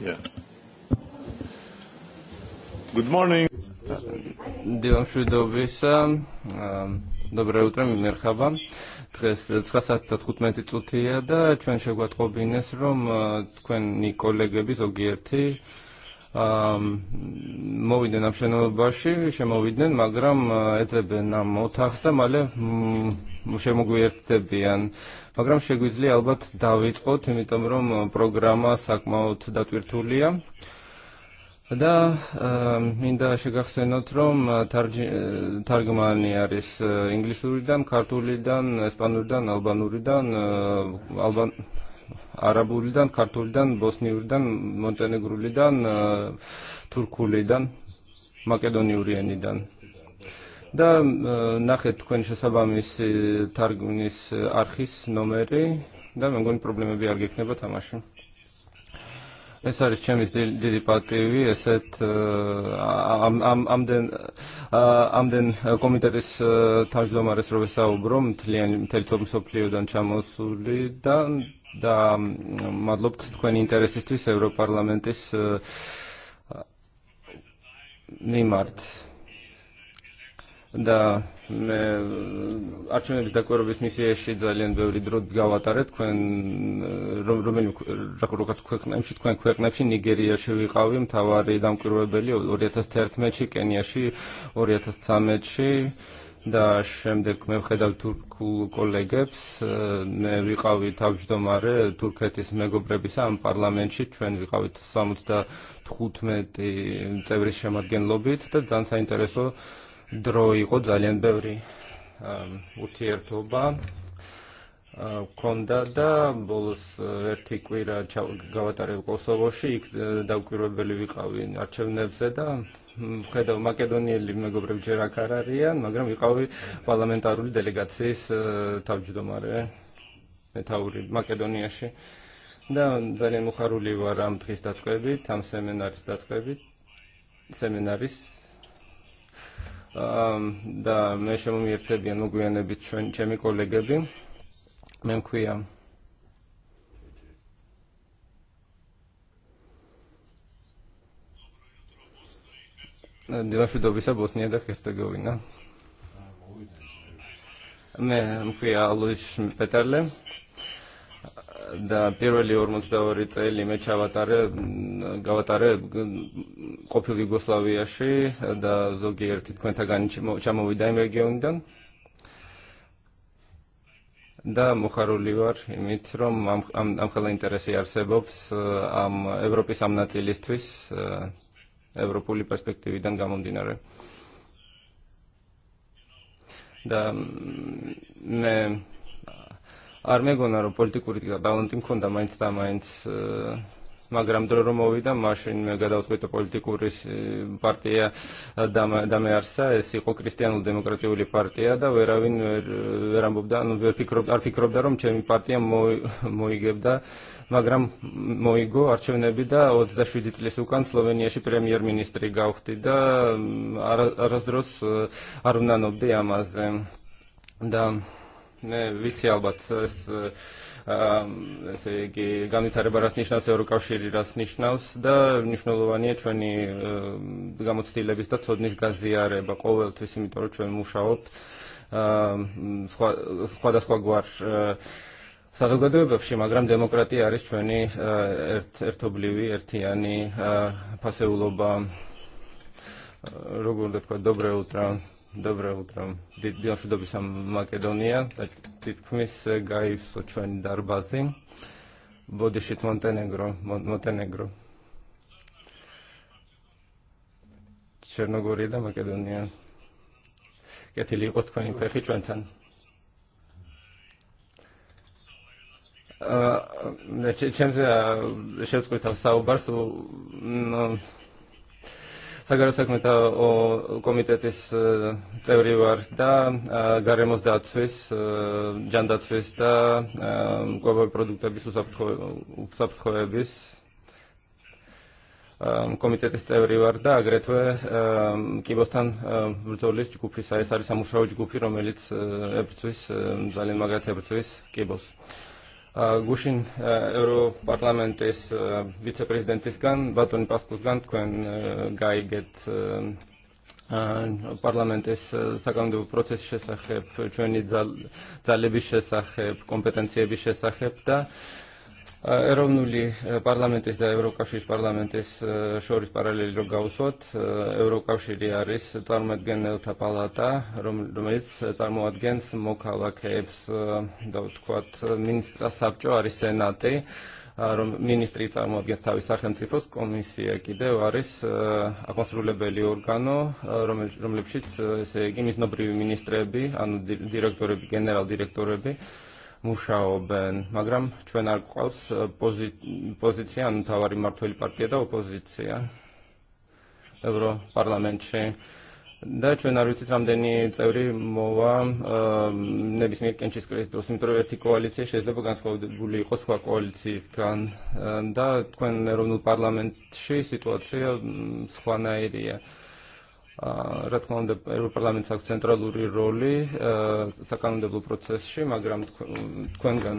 Good morning. Divam xudovisa, um, dobra jutra, mi merħaba. Tħasat ta' tkutmenti t-tutija da, ċen xegwa tqobi nesrom, uh, tkwen ni kollegები ზოგიერთი მოვიდნენ ამ შენობაში, შემოვიდნენ, მაგრამ ეძებენ ამ ოთახს და მალე მოშემოგვიერთდებიან. მაგრამ შეგვიძლია ალბათ დავიწყოთ, იმიტომ რომ პროგრამა საკმაოდ დატვირთულია. და მინდა შეგახსენოთ, რომ თარგმანი არის ინგლისურიდან, ქართულიდან, ესპანურიდან, ალბანურიდან, ალბან არაბულიდან, ქართულიდან, ბოსნიურიდან, მონტენეგრულიდან, თურქულიდან, მაკედონიური Da, eh, naħed tkun xe saba mis eh, targu nis eh, arħis numeri, da mengun problemi bi għalgik neba ta' maċin. Issa riċċemis dili pativi, eset għamden komitaris taġdoma resrovisa u brum, tlien teltom sopliju dan ċamu suli dan, da mm, madlob tkun interesistis Europarlamentis nimart. Uh, Da, għarċunek da kuru bit misi jiexi dżaljen bew li drud għawa taret kwen rumen rakurukat kwek nemxit kwen kwek nemxi nigeri jiexi wiqawim tawari dam kuru ebeli u rjeta stert meċi ken jiexi u rjeta stsameċi da xemdek mevħedaw turku kollegebs me wiqawi tawġdomare turketis megobrebisa am parlamentxi ċwen wiqawi t-samut da tħutmet cevris e, xemadgen lobit da zan intereso droj għodalen bewri u um, tjertuba uh, konda da bolus vertikwira uh, għavataril Kosovoxi uh, dawkwirabeli viqavi arċevnebse da mħedaw mm, Makedonija li megobreb ġera kararijan, magram viqavi parlamentarul delegazzis tavġdomare metawri Makedonijaxi. Da, dalin uħarru li wara mtħis tam seminaris taċkabit, seminaris da meċem u mirte bien u gujene bit ċemi kollega bin, mem kuja. Dila fidobi sa Bosnija da Hercegovina. Me, mkuja Aluš Peterle. Peterle да, პირველი 42 წელი მე ჩავატარე გავატარე ყოფილ იუგოსლავიაში და ზოგიერთი თქვენთაგანი ჩამოვიდა იმ regionidan. Da, e muħarulli war, mitrom, għamħalla interesi jarsebobs, għam Evropi samnati l-istwis, Evropulli perspektivi dan għamum dinare. Da, me, Ar megona ro politiku ritka da untim kunda mowi da mainz მაგრამ დრორომოვიდა მაშინ გადავწყვიტა პოლიტიკური პარტია დამეარსა ეს იყო ქრისტიანულ დემოკრატიული პარტია და ვერავინ ვერ ამბობდა ანუ ვერ ფიქრობდა არ ფიქრობდა რომ ჩემი პარტია მოიგებდა მაგრამ მოიგო არჩევნები და 27 წლის უკან სლოვენიაში პრემიერ-მინისტრი გავხდი და არასდროს არ უნანობდი zem da' mm, eh, es, għalbat segi e, għamni tarba rasnixnaws euro kawxiri rasnixnaws da nixnolu għanje ċvani e, għamut stile bizdat sod nix għazzi għareba qowel tvisim toru ċvani muxawot skwada skwa gwar Sadu għadu bħabxie magram demokratija rriċveni irtobliwi, irtijani, pasewlu ba rugundet kwa dobre utra. Доброе dar bazi. добисам Македония, Montenegro. гаив сочуен дарбази, бодишит Монтенегро, Монтенегро. Черногория да Македония. Кетили откони še Ċemse, tam sa saw barsu, Sagħarosek meta o komitetis e, teorivar da e, garemos e, da atfis, datsvis da atfis produkta global produktebis usaptħoebis კომიტეტის წევრი ვარ და აგრეთვე კიბოსთან ბრძოლის ჯგუფის, ეს არის სამუშაო ჯგუფი, რომელიც ებრძვის ძალიან მაგრად ებრძვის კიბოს. Uh, Gushin uh, Europarlamentis uh, vicepresidentis gan, batun paskus gan, kwen gai get parlamentis sakandu proces xesaxeb, ċueni zal-libi xesaxeb, kompetenzie bi xesaxeb ta' Eh, eh, parlamentis ეროვნული პარლამენტის და ევროკავშირის პარლამენტის შორის პარალელი რომ გავუსვათ, ევროკავშირი არის წარმოადგენელთა პალატა, რომელიც gen smokala და ვთქვათ მინისტრა ministra არის სენატი, რომ ministri tarmu წარმოადგენს cipos სახელმწიფოს კომისია კიდევ არის აკონსრულებელი ორგანო რომლებშიც ესე იგი მიზნობრივი მინისტრები ანუ დირექტორები გენერალ დირექტორები მუშაობენ, მაგრამ ჩვენ არ გვყავს პოზიცია, ან მთავარი მმართველი პარტია და ოპოზიცია ევროპარლამენტში. და ჩვენ არ ვიცით რამდენი წევრი მოვა ნებისმიერ კენჭის კრიზის დროს, იმიტომ რომ ერთი koalizija შეიძლება განსხვავებული იყოს სხვა koalizijiskan და თქვენ ეროვნულ პარლამენტში სიტუაცია სხვანაირია რა თქმა უნდა ევროპარლამენტს აქვს ცენტრალური როლი საკანონმდებლო პროცესში, მაგრამ თქვენგან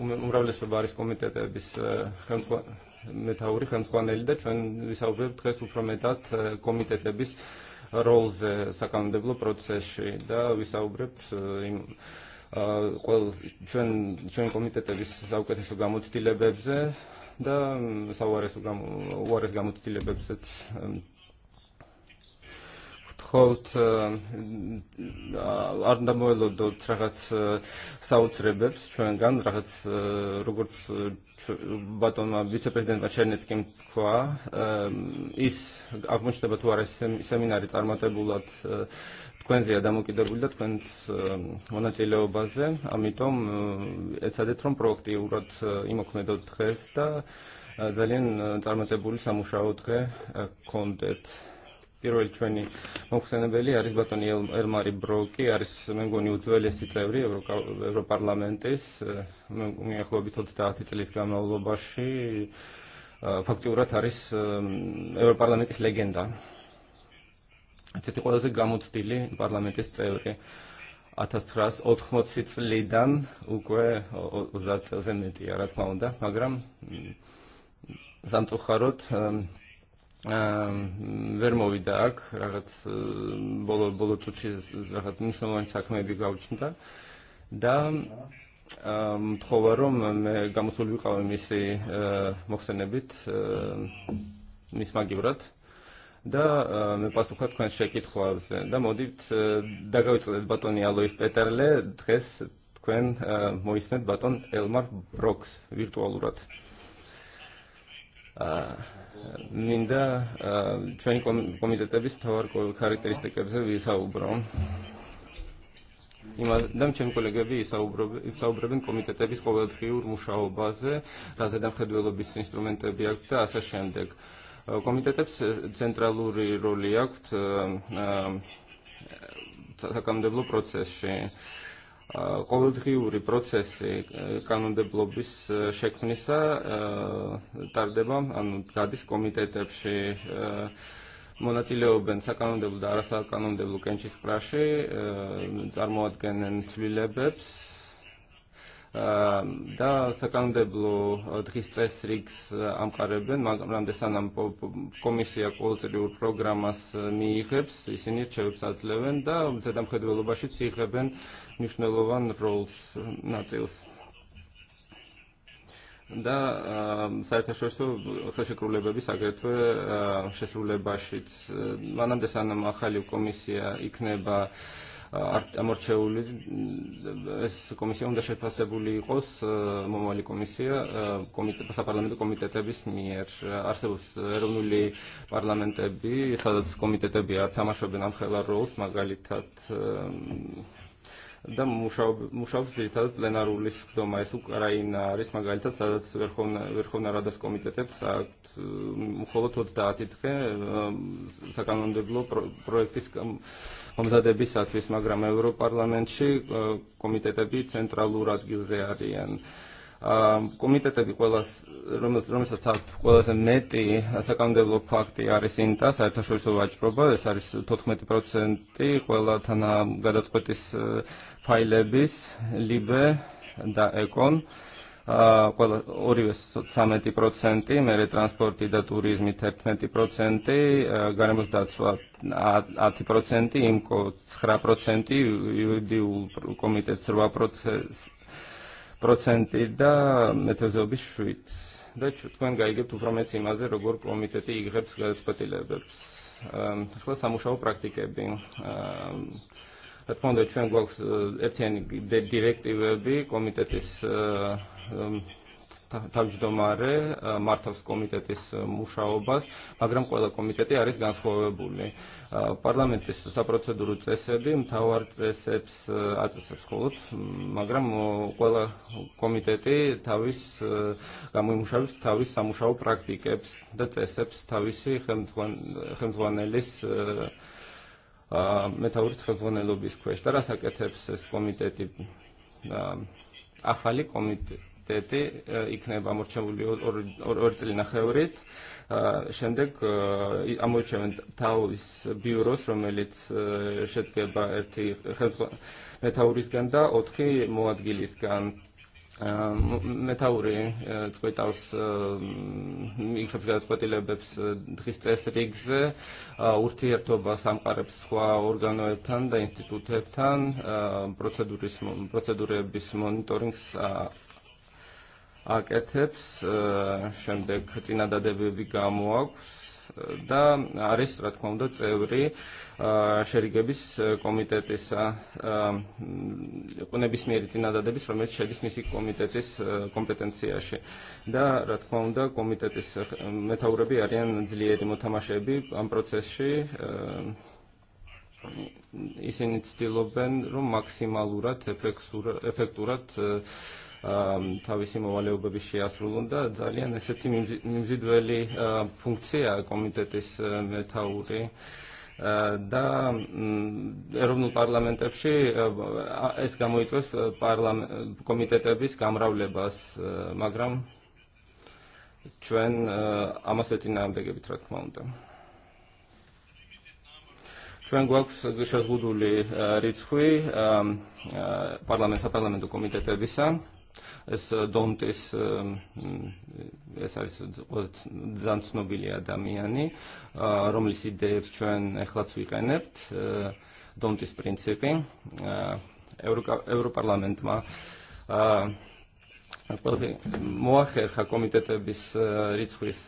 უმრავლესობა არის კომიტეტების მეთაური ხელმძღვანელი და ჩვენ ვისაუბრებთ დღეს უფრო მეტად კომიტეტების როლზე საკანონმდებლო პროცესში და ვისაუბრებთ იმ ყოველ ჩვენ ჩვენ კომიტეტების საუკეთესო გამოცდილებებზე და საუარეს უარეს გამოცდილებებზეც tħolt eh, għardamojlu do traħat eh, sawt rebebs, ċuengan, traħat eh, rugurt batona viceprezident vaċernet kim kwa, is għavmuċ tebat għara seminari tarmatabulat tkwen zija damu kidergulda, tkwen monatile u baze, għamitom, etzadetron prokti urat imokmedo tħesta, Zalien tarmatabul samuxawtke broki, პირველჩვენი მოხსენებელი არის ბატონი ელმარი ბროკი, არის მე მგონი უძველესი წევრი ევროპარლამენტის მიახლოებით Europarlamentis legenda. განმავლობაში ფაქტიურად zik ევროპარლამენტის ლეგენდა. parlamentis ყველაზე გამოცდილი პარლამენტის წევრი. 1980 წლიდან dan, 30 წელზე მეტია, რა თქმა უნდა, მაგრამ სამწუხაროდ ვერ მოვიდა აქ რაღაც ბოლო ბოლო წუთში რაღაც მნიშვნელოვანი საქმეები გავჩნდა და მთხოვა რომ მე გამოსული ვიყავი მისი მოხსენებით მის მაგივრად და მე პასუხა თქვენ შეკითხვაზე და მოდით დაგავიწყდეთ ბატონი ალოის პეტერლე დღეს თქვენ მოისმენთ ბატონ ელმარ ბროქს ვირტუალურად მინდა ჩვენი კომიტეტების მთავარ ხარაკტერისტიკებზე ვისაუბრო. იმადამ ჩემი კოლეგები ისაუბრებენ კომიტეტების ყოველდღიურ მუშაობაზე, რაზედა მხედველობის ინსტრუმენტები აქვს და ასე შემდეგ. კომიტეტებს ცენტრალური როლი აქვს საკამდებლო პროცესში ყოველდღიური პროცესი კანონმდებლობის შექმნისა ტარდება, ანუ გადის კომიტეტებში მონაწილეობენ საკანონმდებლო და არასაკანონმდებლო კენჭისყრაში, წარმოადგენენ ცვლილებებს და საკანონმდებლო დღის წესრიგს ამყარებენ, მაგრამ რამდენსანამ კომისია ყოველწლიურ პროგრამას მიიღებს, ისინი რჩევებს აძლევენ და ზედამხედველობაშიც იღებენ მნიშვნელოვან როლს ნაწილს. და საერთაშორისო ხელშეკრულებების აგრეთვე შესრულებაშიც მანამდე სანამ ახალი კომისია იქნება აა ამორჩეული ეს კომისია უნდა შეფასებული იყოს მომავალი კომისია საპარლამენტო კომიტეტების მიერ არსებობს ეროვნული პარლამენტები სადაც კომიტეტები არ თამაშობენ ამ ხელარ როლს მაგალითად და მუშაობს ძირითადად პლენარული სხდომა ეს უკრაინა არის მაგალითად სადაც ვერხოვნა რადას კომიტეტებს აქვთ მხოლოდ 30 დღე საკანონმდებლო პროექტის მომზადებისათვის, მაგრამ ევროპარლამენტში კომიტეტები ცენტრალურ ადგილზე არიან. კომიტეტები ყოველას რომელსაც აქვს sa მეტი საკანონმდებლო ფაქტი proba, ინტა საერთაშორისო totkmeti ეს არის 14% ყველა თანაგადაწყვეტის ფაილების ლიბე და ეკონ აა ორივეს 13% მერე ტრანსპორტი და ტურიზმი 11%, გარემოს დაცვა 10%, იმკო 9%, იუდიულ კომიტეტს 8% და მეთევზეობის 7. და თქვენ გაიგებთ უფრო მეც იმაზე, როგორ კომიტეტი იღებს გადაწყვეტილებებს. ახლა სამუშაო პრაქტიკები. რა თქმა უნდა, ჩვენ გვაქვს ერთიანი დირექტივები კომიტეტის თავმჯდომარე მართავს კომიტეტის მუშაობას, მაგრამ ყველა Parlamentis sa proceduru პარლამენტის საპროცედურო წესები მთავარ წესებს magram მხოლოდ, komiteti tavis, კომიტეტი eh, თავის გამოიმუშავებს tavis სამუშაო პრაქტიკებს praktikeps, da თავისი tavisi მეტაურის metaurit ქვეშ. kvesh. რას აკეთებს ეს komiteti, ahali komiteti, teti იქნება ამორჩეული ორწლიან ახევრით. შემდეგ ამორჩევენ თავის ბიუროს, რომელიც შედგება ერთი მეთაურისგან და ოთხი მოადგილისგან. მეთაური წყვიტავს იქებს გადაწყვეტილებებს დღის წესრიგზე, ურთიერთობას ამყარებს სხვა ორგანოებთან და ინსტიტუტებთან, პროცედურის პროცედურების მონიტორინგს აკეთებს, eh, შემდეგ წინადადებები გამოაქვს eh, და არის რა თქმა უნდა წევრი eh, შერიგების კომიტეტისა ყნებისმიერი წინადადების რომელიც შედის მისი კომიტეტის კომპეტენციაში და რა თქმა უნდა კომიტეტის მეთაურები არიან ძლიერი მოთამაშეები ამ პროცესში ისინი ცდილობენ რომ მაქსიმალურად ეფექტურად ეფექტურად თავისი მოვალეობა ბის შეასრულონ და ძალიან ესეთი მიმზიდველი ფუნქცია კომიტეტის მეთაური და ეროვნულ პარლამენტებში ეს გამოიწვევს კომიტეტების გამრავლებას, მაგრამ ċwen għamas uh, li tinna għambegi bitrat mawnta. ċwen għaks għaxħudu li rizkwi parlament sa parlamentu komitete bisan. Es dontis esais od zantnobilia damiani, romlis Don't is ეხლაც ähm, äh, äh, äh, europarlament ma პრინციპი ha komitete bis რიცხვის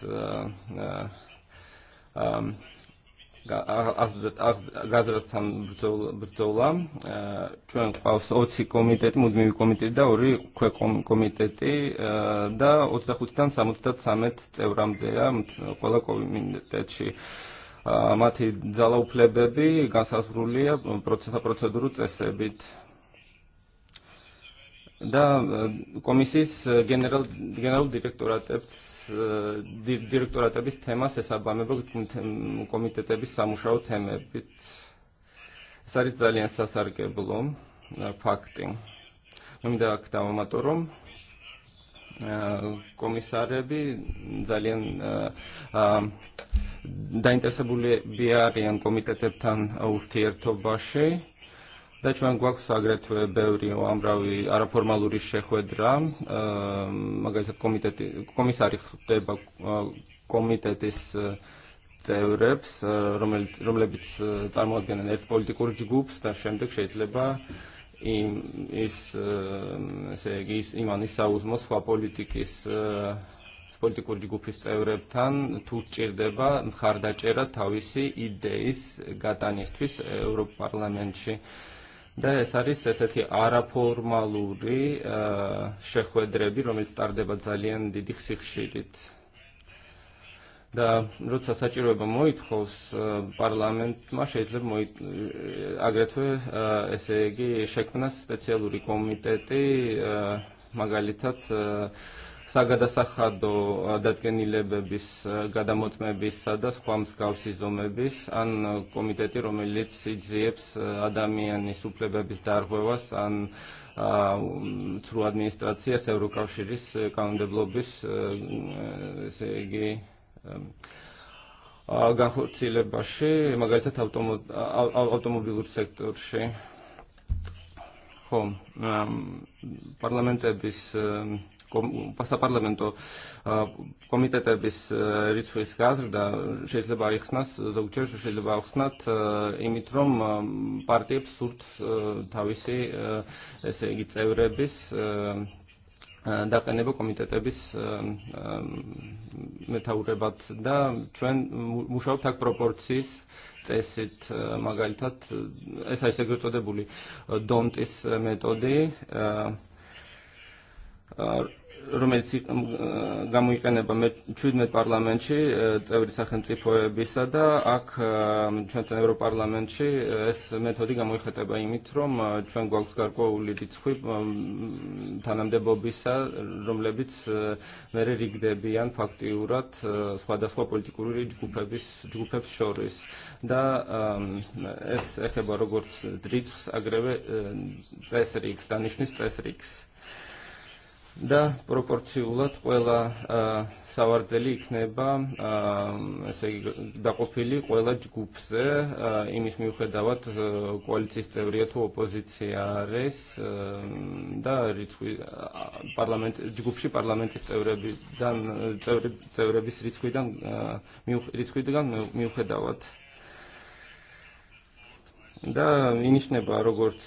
გაზრასთან ბრძოლა ჩვენ ყავს 20 კომიტეტი, მუდმივი კომიტეტი და ორი ქვე კომიტეტი და 25-დან 73 წევრამდეა ყველა კომიტეტში. მათი ძალაუფლებები განსაზღვრულია პროცედურულ წესებით. Da კომისიის eh, eh, eh, general direktorat eps direktora tebis tema se დირექტორატების თემას ესაბამება კომიტეტების სამუშაო თემებით. ეს არის ძალიან სასარგებლო ფაქტი. Minda aktar matorom, komissarebi zalien da interesabuli bi arjen komitet urtier urtierto baxej, sagret რაც ჩვენ გვაქვს აგრეთვე ბევრი ამრავი არაფორმალური შეხვედრა, მაგალითად კომიტეტი კომისარი ხდება კომიტეტის წევრებს, რომლებიც წარმოადგენენ ერთ პოლიტიკურ ჯგუფს და შემდეგ შეიძლება ის ესე იგი იმან ისაუზმო სხვა პოლიტიკის პოლიტიკურ ჯგუფის წევრებთან თუ ჭირდება მხარდაჭერა თავისი იდეის გატანისთვის ევროპარლამენტში. აა და ეს არის ესეთი არაფორმალური შეხვედრები, რომელიც ტარდება ძალიან დიდი ხსიხშირით. და როცა საჭიროება მოითხოვს პარლამენტმა შეიძლება აგრეთვე ესე იგი შექმნა სპეციალური კომიტეტი მაგალითად Sagada gada do għadat għenile bis Gadamot mot mebis sada skwam skaw sizo and għan komiteti romilit siġziebs għadami għan nisuple bis darħuevas għan uh, tru administrazzija sewru kawxiris kawn deblobis uh, segi għanħuċi um, uh, l-baxi magħajtet automobilur sektor xie. Hom, um, parlament um, pasa parlamentu komitete bis e, ritsfu iskazr da liba შეიძლება იხსნას ზოგჯერ შეიძლება ახსნათ იმით რომ პარტიებს სურთ თავისი ესე იგი წევრების დაყენება კომიტეტების მეთაურებად და ჩვენ მუშაობთ აქ პროპორციის წესით მაგალითად ეს არის ეგრეთ წოდებული დონტის მეთოდი აა რომელიც გამოიყენება მე 17 პარლამენტში წევრი სახელმწიფოებისა და აქ ჩვენთან ევროპარლამენტში ეს მეთოდი გამოიხატება იმით, რომ ჩვენ გვაქვს გარკვეული რიცხვი თანამდებობისა, რომლებიც მე რიგდებიან ფაქტიურად სხვადასხვა პოლიტიკური ჯგუფების ჯგუფებს შორის და ეს ეხება როგორც რიცხვს, აგრევე წესრიგს, დანიშნის წესრიგს და პროპორციულად ყველა uh იქნება ესე დაყოფილი ყველა ჯგუფზე იმის მიუხედავად კოალიციის წევრია თუ ოპოზიცია არის და რიცხვი პარლამენტ ჯგუფში პარლამენტის წევრებიდან წევრების რიცხვიდან რიცხვიდან მიუხედავად და ინიშნება როგორც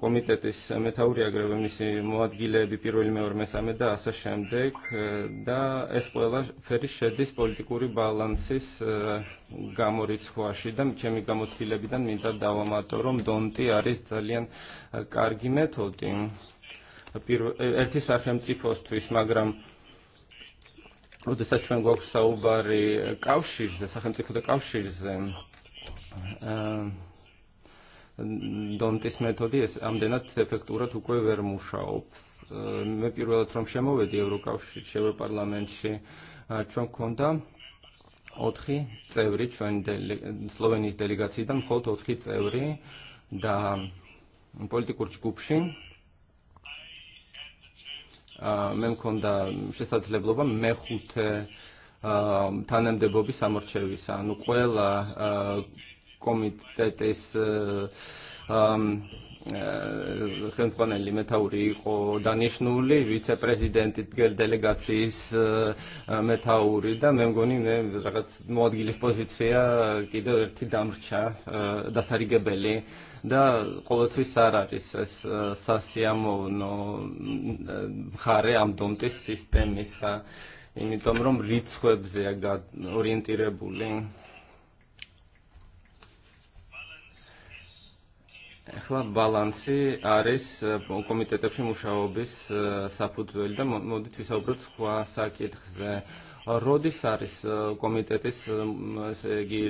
კომიტეტის მეთაური აგრევე მისი მოადგილეები პირველი მეორე მესამე და ასე შემდეგ და ეს ყველა ფერი შედის პოლიტიკური ბალანსის გამორიცხვაში და ჩემი გამოცდილებიდან მინდა დავამატო რომ დონტი არის ძალიან კარგი მეთოდი ერთი სახელმწიფოსთვის მაგრამ ოდესაც ჩვენ გვაქვს საუბარი კავშირზე სახელმწიფო და კავშირზე აა Донтис მეთოდი ეს ამდენად ეფექტურად უკვე ვერ მუშაობს. მე პირველად რომ შემოვედი ევროკავშირში, ევროპარლამენტში, ჩვენ გქონდა 4 წევრი ჩვენ სლოვენიის დელეგაციიდან მხოლოდ 4 წევრი და პოლიტიკურ ჯგუფში მე მქონდა შესაძლებლობა მეხუთე თანამდებობის ამორჩევისა. ანუ ყველა komitet is ħintfanelli metawri ko danixnu li viceprezidenti tgħel delegazzis metawri da memgoni ne ragazz mod gilis pozizija kido irti damrċa da sari gebelli da kolotvi sararis sasjamo no bħare amdomtis sistemis sa imitom rom rizkwebze aga orientire bullin ახლა ბალანსი არის კომიტეტებში მუშაობის საფუძველი და მოდით ვისაუბროთ სხვა საკითხზე. როდის არის კომიტეტის ესე იგი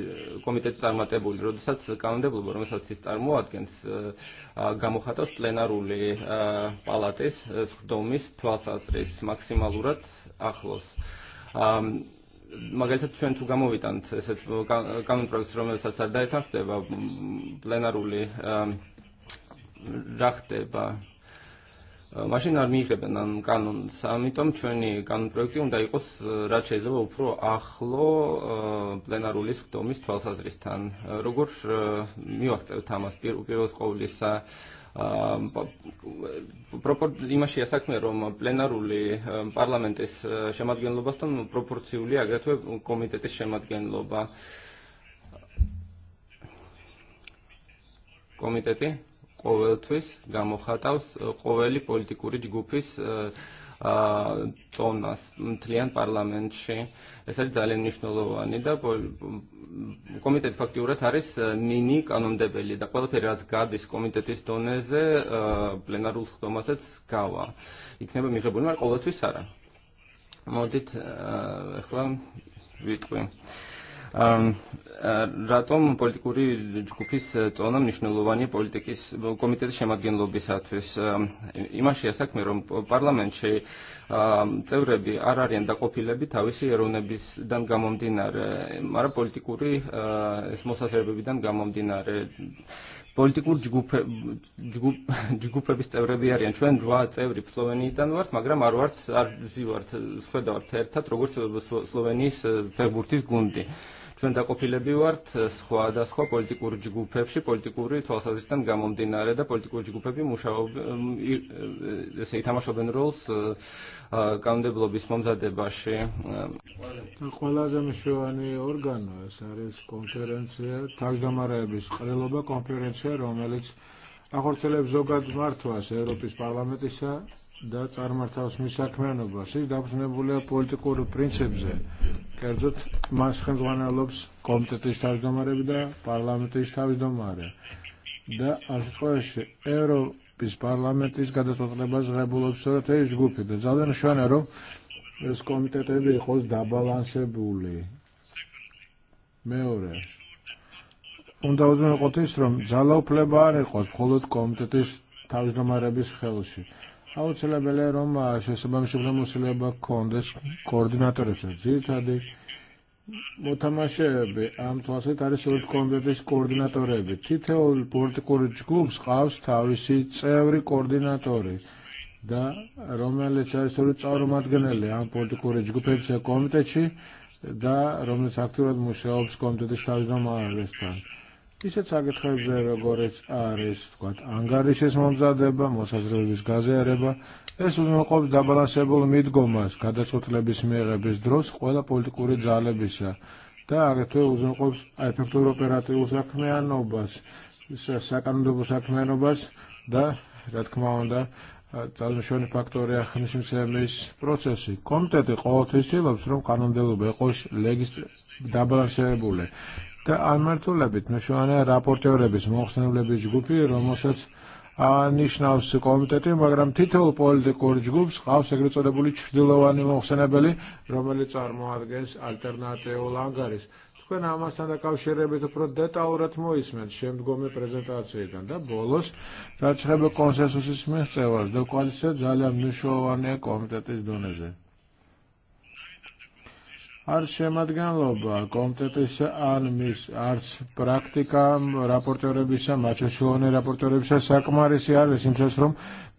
კომიტეტის წარმატებული, როდესაც კანონმდებლობა, რომელსაც ის წარმოადგენს, გამოხატავს პლენარული პალატის ხდომის თვალსაზრის მაქსიმალურად ახლოს. მაგალითად ჩვენ თუ გამოვიტანთ ესეთ კანონპროექტს, რომელსაც არ დაეთანხმდება პლენარული აა ba. kanun kanun samitom, projekti un eh, plenaru რახდება მაშინ არ მიიღებენ ამ კანონს. ამიტომ ჩვენი კანონპროექტი უნდა იყოს რაც შეიძლება უფრო ახლო პლენარული სხდომის თვალსაზრისთან. როგორ მივაღწევთ ამას პირველ ყოვლისა იმაშია საქმე რომ პლენარული პარლამენტის შემადგენლობასთან პროპორციული gen loba. Komiteti? Komiteti? ყოველთვის გამოხატავს ყოველი პოლიტიკური ჯგუფის მთლიან პარლამენტში. ეს არის ძალიან მნიშვნელოვანი და კომიტეტი ფაქტიურად არის მინი კანონმდებელი და ყველაფერი რაც გადის კომიტეტის დონეზე პლენარულ ხდომასაც გავა. იქნება მიღებული, მაგრამ ყოველთვის არა. მოდით ახლა ვიტყვი რატომ პოლიტიკური ჯგუფის წონა მნიშვნელოვანი პოლიტიკის კომიტეტის შემადგენლობისათვის იმაშია საქმე რომ პარლამენტში წევრები არ არიან დაყოფილები თავისი ეროვნებისგან გამომდინარე მაგრამ პოლიტიკური ეს მოსაზრებებიდან გამომდინარე politikur ჯგუფების წევრები არიან ჩვენ 8 წევრი სლოვენიიდან ვართ მაგრამ არ ვართ არ ვზივართ შევდავართ ერთად როგორც სლოვენიის ფეხბურთის გუნდი ჩვენ დაკოპილებივართ სხვა და სხვა პოლიტიკურ ჯგუფებში, პოლიტიკური თვალსაზრისიდან გამომდინარე და პოლიტიკური ჯგუფები მუშაობენ ესე ითამაშობენ როლს კანონმდებლობის მომზადებაში. ყველაზე მნიშვნელოვანი ორგანო ეს არის კონფერენცია, თავგამარების ყრილობა კონფერენცია, რომელიც ახორციელებს ზოგად მართვას ევროპის პარლამენტისა და წარმართავს მის საქმიანობას. ის დაფუძნებულია პოლიტიკურ პრინციპზე. კერძოდ, მას ხელმძღვანელობს კომიტეტის თავმჯდომარები და პარლამენტის თავმჯდომარე. და ამ შემთხვევაში ევროპის პარლამენტის გადაწყვეტილებას ღებულობს სწორედ ეს ჯგუფი და ძალიან შანა რომ ეს კომიტეტები იყოს დაბალანსებული. მეორე უნდა უზრუნველყოთ ის, რომ ძალაუფლება არ იყოს მხოლოდ კომიტეტის თავმჯდომარების ხელში. Għaw t-selebe l-erom għax, s-sebam xiblamu s-seleba kondes koordinatori s-sirġit għadi. U ta' maċebi, għam t-wasi ta' risult kondes koordinatorebi. Titew l-porti kurġkub sħaws ta' risi t-sewri koordinatori. Da, Roma li ċar s-sirġit għawru matganelli, għam porti kurġkub ebse komiteċi, da, Roma t-akturat muxew b'skomte t-istaġna ma' arrestant. Ise tsaget għaris tkwat ისეცაგეთხედზე როგორიც არის თქვა ანგარიშის მომზადება, მოსაზრების გაზიარება, ეს უზრუნველყოფს დაბალანსებულ მიდგომას გადაწყვეტილების მიღების დროს ყველა პოლიტიკური ძალებისა და აგრეთვე უზრუნველყოფს ეფექტურ ოპერატიულ საქმიანობას, საკანონმდებლო საქმიანობას და რა თქმა უნდა tal-mxoni faktorja 50 semmis processi. Komitet iqot iġtilab srum kanon delu beqox legis dabalan xerbule anmartullebit, me xogħana rapporteurebis, moħsnulebis ġgupir, mosets ნიშნავს კომიტეტი, მაგრამ თითოეულ პოლიტიკურ ჯგუფს ყავს ეგრეთწოდებული ჩრდილოვანი მოხსენებელი, რომელიც წარმოადგენს ალტერნატიულ ანგარის. თქვენ ამასთან დაკავშირებით უფრო დეტალურად მოისმენთ შემდგომი პრეზენტაციიდან და ბოლოს რაც ხდება კონსენსუსის მიღწევას და კვალისე ძალიან მნიშვნელოვანია კომიტეტის დონეზე არ შემადგენლობა კომიტეტისა ან მის არც პრაქტიკა რაპორტიორებისა, მაჩაშულოვანი რაპორტიორებისა საკმარისი არის იმისათვის, რომ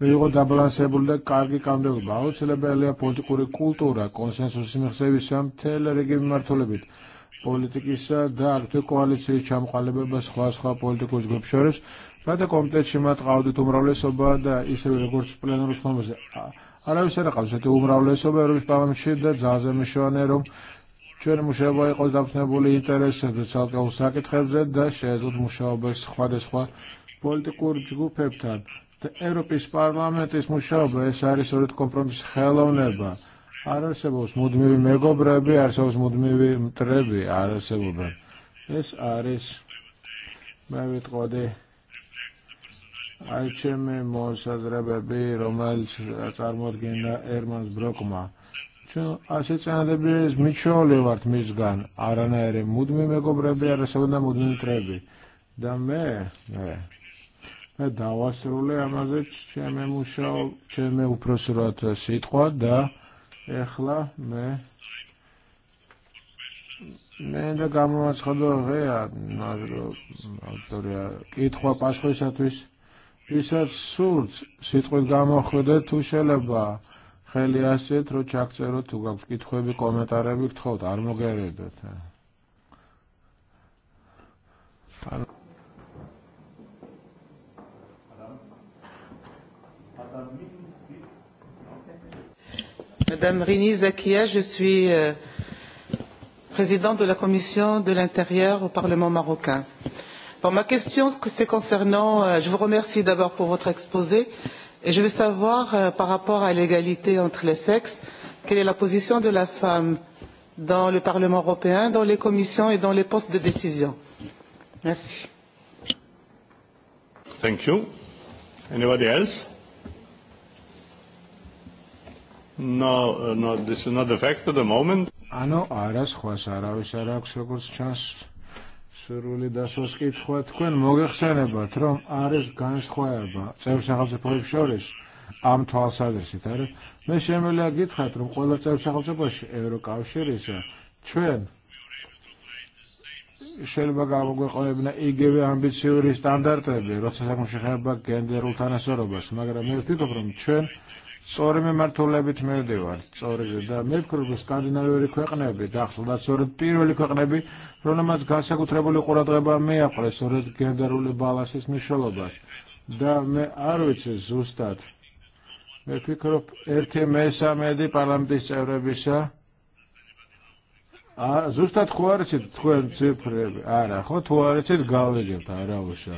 მიიღო დაბალანსებული და კარგი კანონმდებლობა. აუცილებელია პოლიტიკური კულტურა კონსენსუსის მიღწევისა მთელ რიგი მიმართულებით. პოლიტიკისა და აქტიურ კოალიციის ჩამოყალიბება სხვა-სხვა პოლიტიკურ ჯგუფ შორის, რათა კომიტეტში მათ ყავდით soba da ისევე როგორც plenarus ფორმაზე არავისერა ყავსეთი უმრავლესობა ევროპის და ძალზე მიშოვანერო ჩვენი მუშაობა იყოს დაფსნებული ინტერესებზე, ცალკეულ საკითხებზე და შეეძლოთ მუშაობას სხვადასხვა პოლიტიკურ ჯგუფებთან. ევროპის პარლამენტის მუშაობა ეს არის სწორედ კომპრომისის ხელოვნება. არ არსებობს მუდმივი მეგობრები, არსებობს მუდმივი მტრები, არ არსებობენ. ეს არის მე ვიტყოდი għajċemmi Mosa Drababi, romel tarmot Morgina, Ermans Brokma. Għasieċ għan debi zmiċoli għart mizgan, għaran għeri, mudmi me gobrebi, għara sewna mudmi trebi. Da me, me. Damme, e, da għasru li għamazeċ ċemme muxaw, ċemme u prosurat sitħwa, da, eħla, me, Me Nenda għamlu għasħadu e, għeja, nazlu, għautorja, kitħwa paċħu jisatwis ისაც სურს სიტყვით გამოხვიდე თუ შეიძლება ხელი ასეთ რო ჩაგწერო თუ გაქვს კითხვები კომენტარები გთხოვთ არ მოგერებეთ Madame Rini Zakia, je suis euh, présidente de la commission de l'intérieur au Parlement marocain. Euh, Bon, ma question, c'est concernant, euh, je vous remercie d'abord pour votre exposé, et je veux savoir, euh, par rapport à l'égalité entre les sexes, quelle est la position de la femme dans le Parlement européen, dans les commissions et dans les postes de décision. Merci. Thank you. Anybody else? No, uh, no, this is not the fact at the moment. Ano, aras, xwasara, u xara, ksrokur, ċans, სურვილი დასვას კითხვა თქვენ მოგეხსენებათ, რომ არის განსხვავება წევრ სახელმწიფოებს შორის ამ თვალსაზრისით, არა? მე შემიძლია გითხრათ, რომ ყველა წევრ სახელმწიფოში ევროკავშირისა ჩვენ შეიძლება გამოგვეყოლებინა იგივე ამბიციური სტანდარტები, როცა საქმე შეხება გენდერულ თანასწორობას, მაგრამ მე ვფიქრობ, რომ ჩვენ სწორი მემართულებით მივდივართ, სწორი და მე ვფიქრობ სკანდინავიური ქვეყნები დაახლოებით სწორედ პირველი ქვეყნები, რომელმაც Sorry, ყურადღება მიაყრეს სწორედ გენდერული ბალანსის მნიშვნელობას. და მე არ ვიცი ზუსტად მე ვფიქრობ 1/3 პარლამენტის წევრებისა ა ზუსტად ხო არ იცით თქვენ ციფრები? არა, ხო თუ ara იცით გავიგებთ, არა უშო.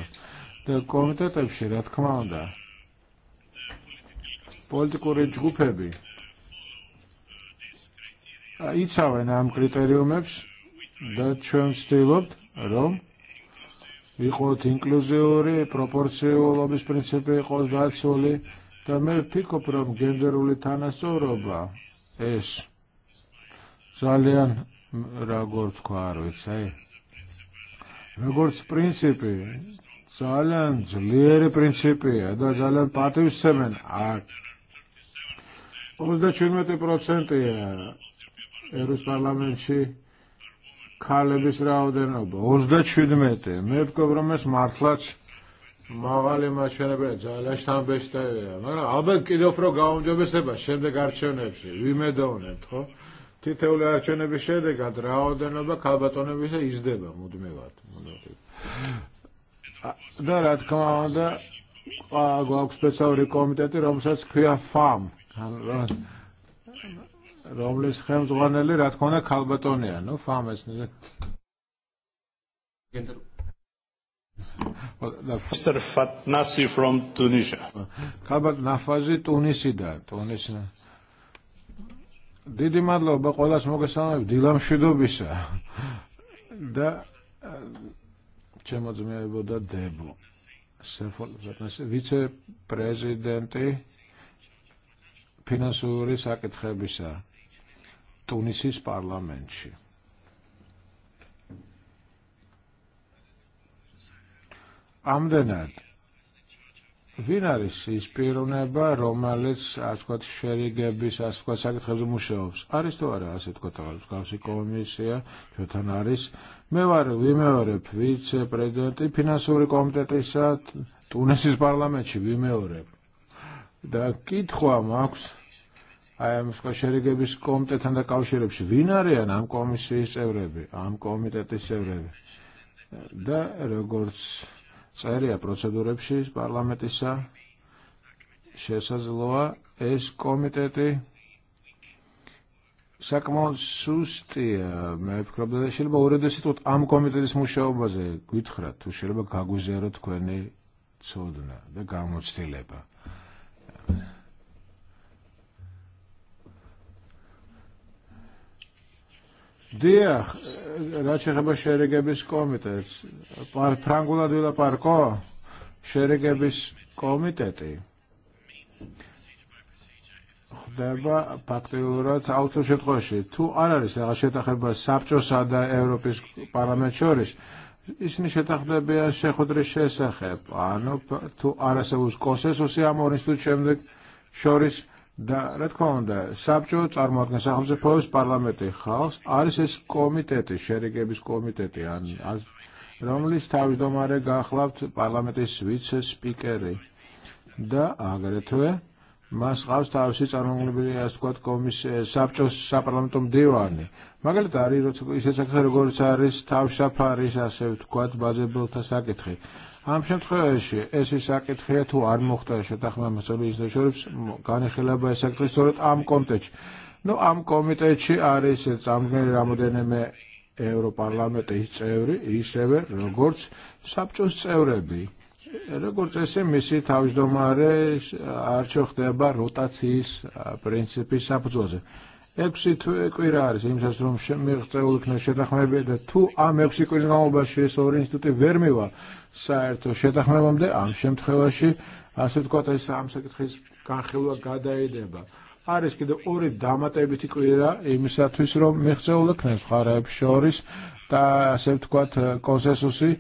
და კომიტეტებში რა თქმა უნდა kriterium ebs, იცავენ ċem stilot, rom, ჩვენ ვცდილობთ, რომ იყოთ ინკლუზიური, პროპორციულობის პრინციპი იყოს დაცული და მე ვფიქრობ, რომ li tana soroba, es. როგორც ragort არ ვიცი, Ragort principi, ძალიან zlieri principi, და ძალიან pati სცემენ აქ 55% Erus parlamentxi ქალების რაოდენობა 37 მე ვგობ რომ ეს მართლაც მაღალი მაჩვენებელია ძალიან შთამბეჭდავია მაგრამ ალბათ კიდევ უფრო გაუმჯობესება შემდეგ არჩევნებში ვიმედოვნებთ ხო თითოეული არჩევნების შედეგად რაოდენობა ქალბატონებისა იზრდება მუდმივად და რა თქმა უნდა გვაქვს სპეციალური კომიტეტი რომელსაც ჰქვია FAM რომლის ხელმძღვანელი რა თქმა უნდა ქალბატონია, ნუ ფამეს. Mr. Fatnasi from Tunisia. Kalbat Nafazi Tunisida, Tunisina. დიდი მადლობა ყველას მოგესალმებით დილამშვიდობისა და ჩემოძმეებოდა დებო. vice prezidenti, ფინანსური საკითხებისა ტუნისის პარლამენტში. ამდენად Vin არის ის პიროვნება, რომელიც ასქვათ შერიგების, ასქვათ საკითხებზე მუშაობს. არის თუ არა ასე თქვა თავისი კომისია, ჩვენთან არის. მე ვარ ვიმეორებ ვიცე komitetisat. Tunisis კომიტეტისა, ტუნესის პარლამენტში ვიმეორებ. Da kitħu għamaks, għajem skaxerige bis komitet għanda kawxirib xvinari għan għam komissis evrebi, għam komitetis evrebi. Da regorz წერია პროცედურებში პარლამენტისა შესაძლოა ეს კომიტეტი საკმაოდ სუსტია მე ვფიქრობ და შეიძლება ორედესი თვით ამ კომიტეტის მუშაობაზე გითხრათ თუ შეიძლება გაგვიზიაროთ თქვენი ცოდნა და გამოცდილება Diħ, raċi ħabba xerige bis komitets, par prangula dila ko, xerige bis komiteti. Xdeba pakti urat auto xetkoxi, tu għalaris, raċi taħħeba sabċo sada Europis parlamentxoris. Isni xe taħbeb bija xeħu drisċe seħeb, għannu tu għara sewus koses u si għamor nistu ċemdik xoris da retkonda. Sabċu għarmot nesaħu ze pojus parlamenti xaws, għaris es komiteti, xerigebis komiteti, għan rom li stawx domare għaxlaft parlamenti svitse spikeri. Da għagretwe, Μας χავს τα ουσίτσα νομιλή αστικότικο εμείς σάπτσος σα παρλαμετών διόανι. Მაგალითად, ის ეცაკითხა როგორც არის თავშაფარის ასე ვთქვათ ბაზებულთა საკითხი. ამ შემთხვევაში ეს ის საკითხია თუ არ მოხდა შეთანხმა მასწავლებლის შორის განიხილება ეს საკითხი სწორედ ამ კონტექსტში. ნუ ამ კომიტეტში არის წამგნელი რამოდენიმე ევროპარლამენტის წევრი, ისევე როგორც საბჭოს წევრები. Როგორც ესე მისი თავმჯდომარე არ ჩოხდება როტაციის პრინციპის საფუძველზე. eksi კვირა არის იმისათვის რომ მიღწეულ იქნას შეთანხმებები და თუ ამ ექვსი კვირის განმავლობაში ეს ორი ინსტიტუტი ვერ მივა საერთო შეთანხმებამდე ამ შემთხვევაში ასე ვთქვათ ეს ამ საკითხის განხილვა გადაედება. არის კიდევ ორი დამატებითი კვირა იმისათვის რომ მიღწეულ იქნას მხარეებს შორის და ასე ვთქვათ კონსენსუსი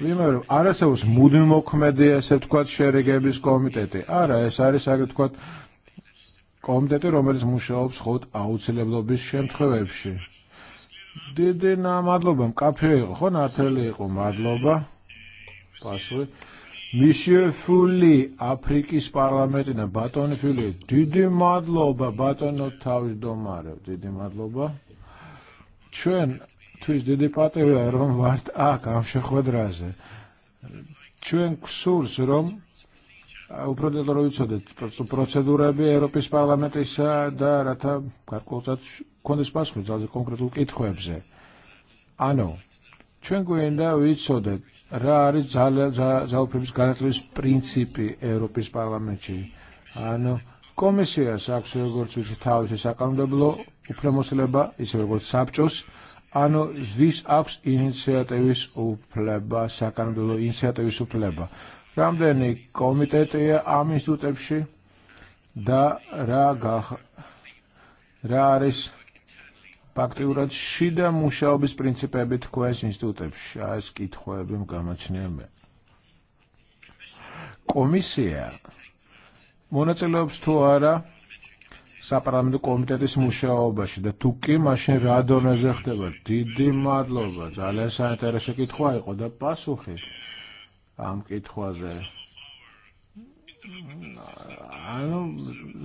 ვიმეორე, არ არსებობს მუდმივმოქმედი ესე ვთქვათ a კომიტეტი. არა, ეს არის ასე ვთქვათ კომიტეტი, რომელიც მუშაობს ხოთ აუცილებლობის შემთხვევებში. დიდი na მკაფიო იყო, ხო ნათელი იყო, მადლობა. პასუხი. Monsieur Fulli, Parlamenti, parlamentina, e batoni Fulli, დიდი მადლობა, ბატონო თავმჯდომარე, დიდი მადლობა. ჩვენ twiġdidipati u jarom vart akam xeħodraze. ċwen ksur s-rom, u prodedloru jitsodet, procedura bi Europis Parlament issa dara ta' karkozat kondis pasku, zazi konkretu itħuebze. Ano, ċwen gujenda u jitsodet, rari zaw pibs ganatlis principi Europis Parlamentċi. Ano, komisija saksu jgħur ċiċitaw ċiċakam deblo u premos leba jisir għur sabċos, għanu zvis aks inizjativis u pleba, sakan bilo inizjativis u pleba. Ramdeni komitet je għam e istitutebxi da ragaħ raris paktijurat xida muxaw bis principebit kwez institutebxi a es kit hojabim Muna t Komisija, stu għara საპარლამენტო კომიტეტის მუშაობაში და თუ კი მაშინ რა დონეზე ხდება დიდი მადლობა ძალიან საინტერესო კითხვა იყო და პასუხი ამ კითხვაზე ანუ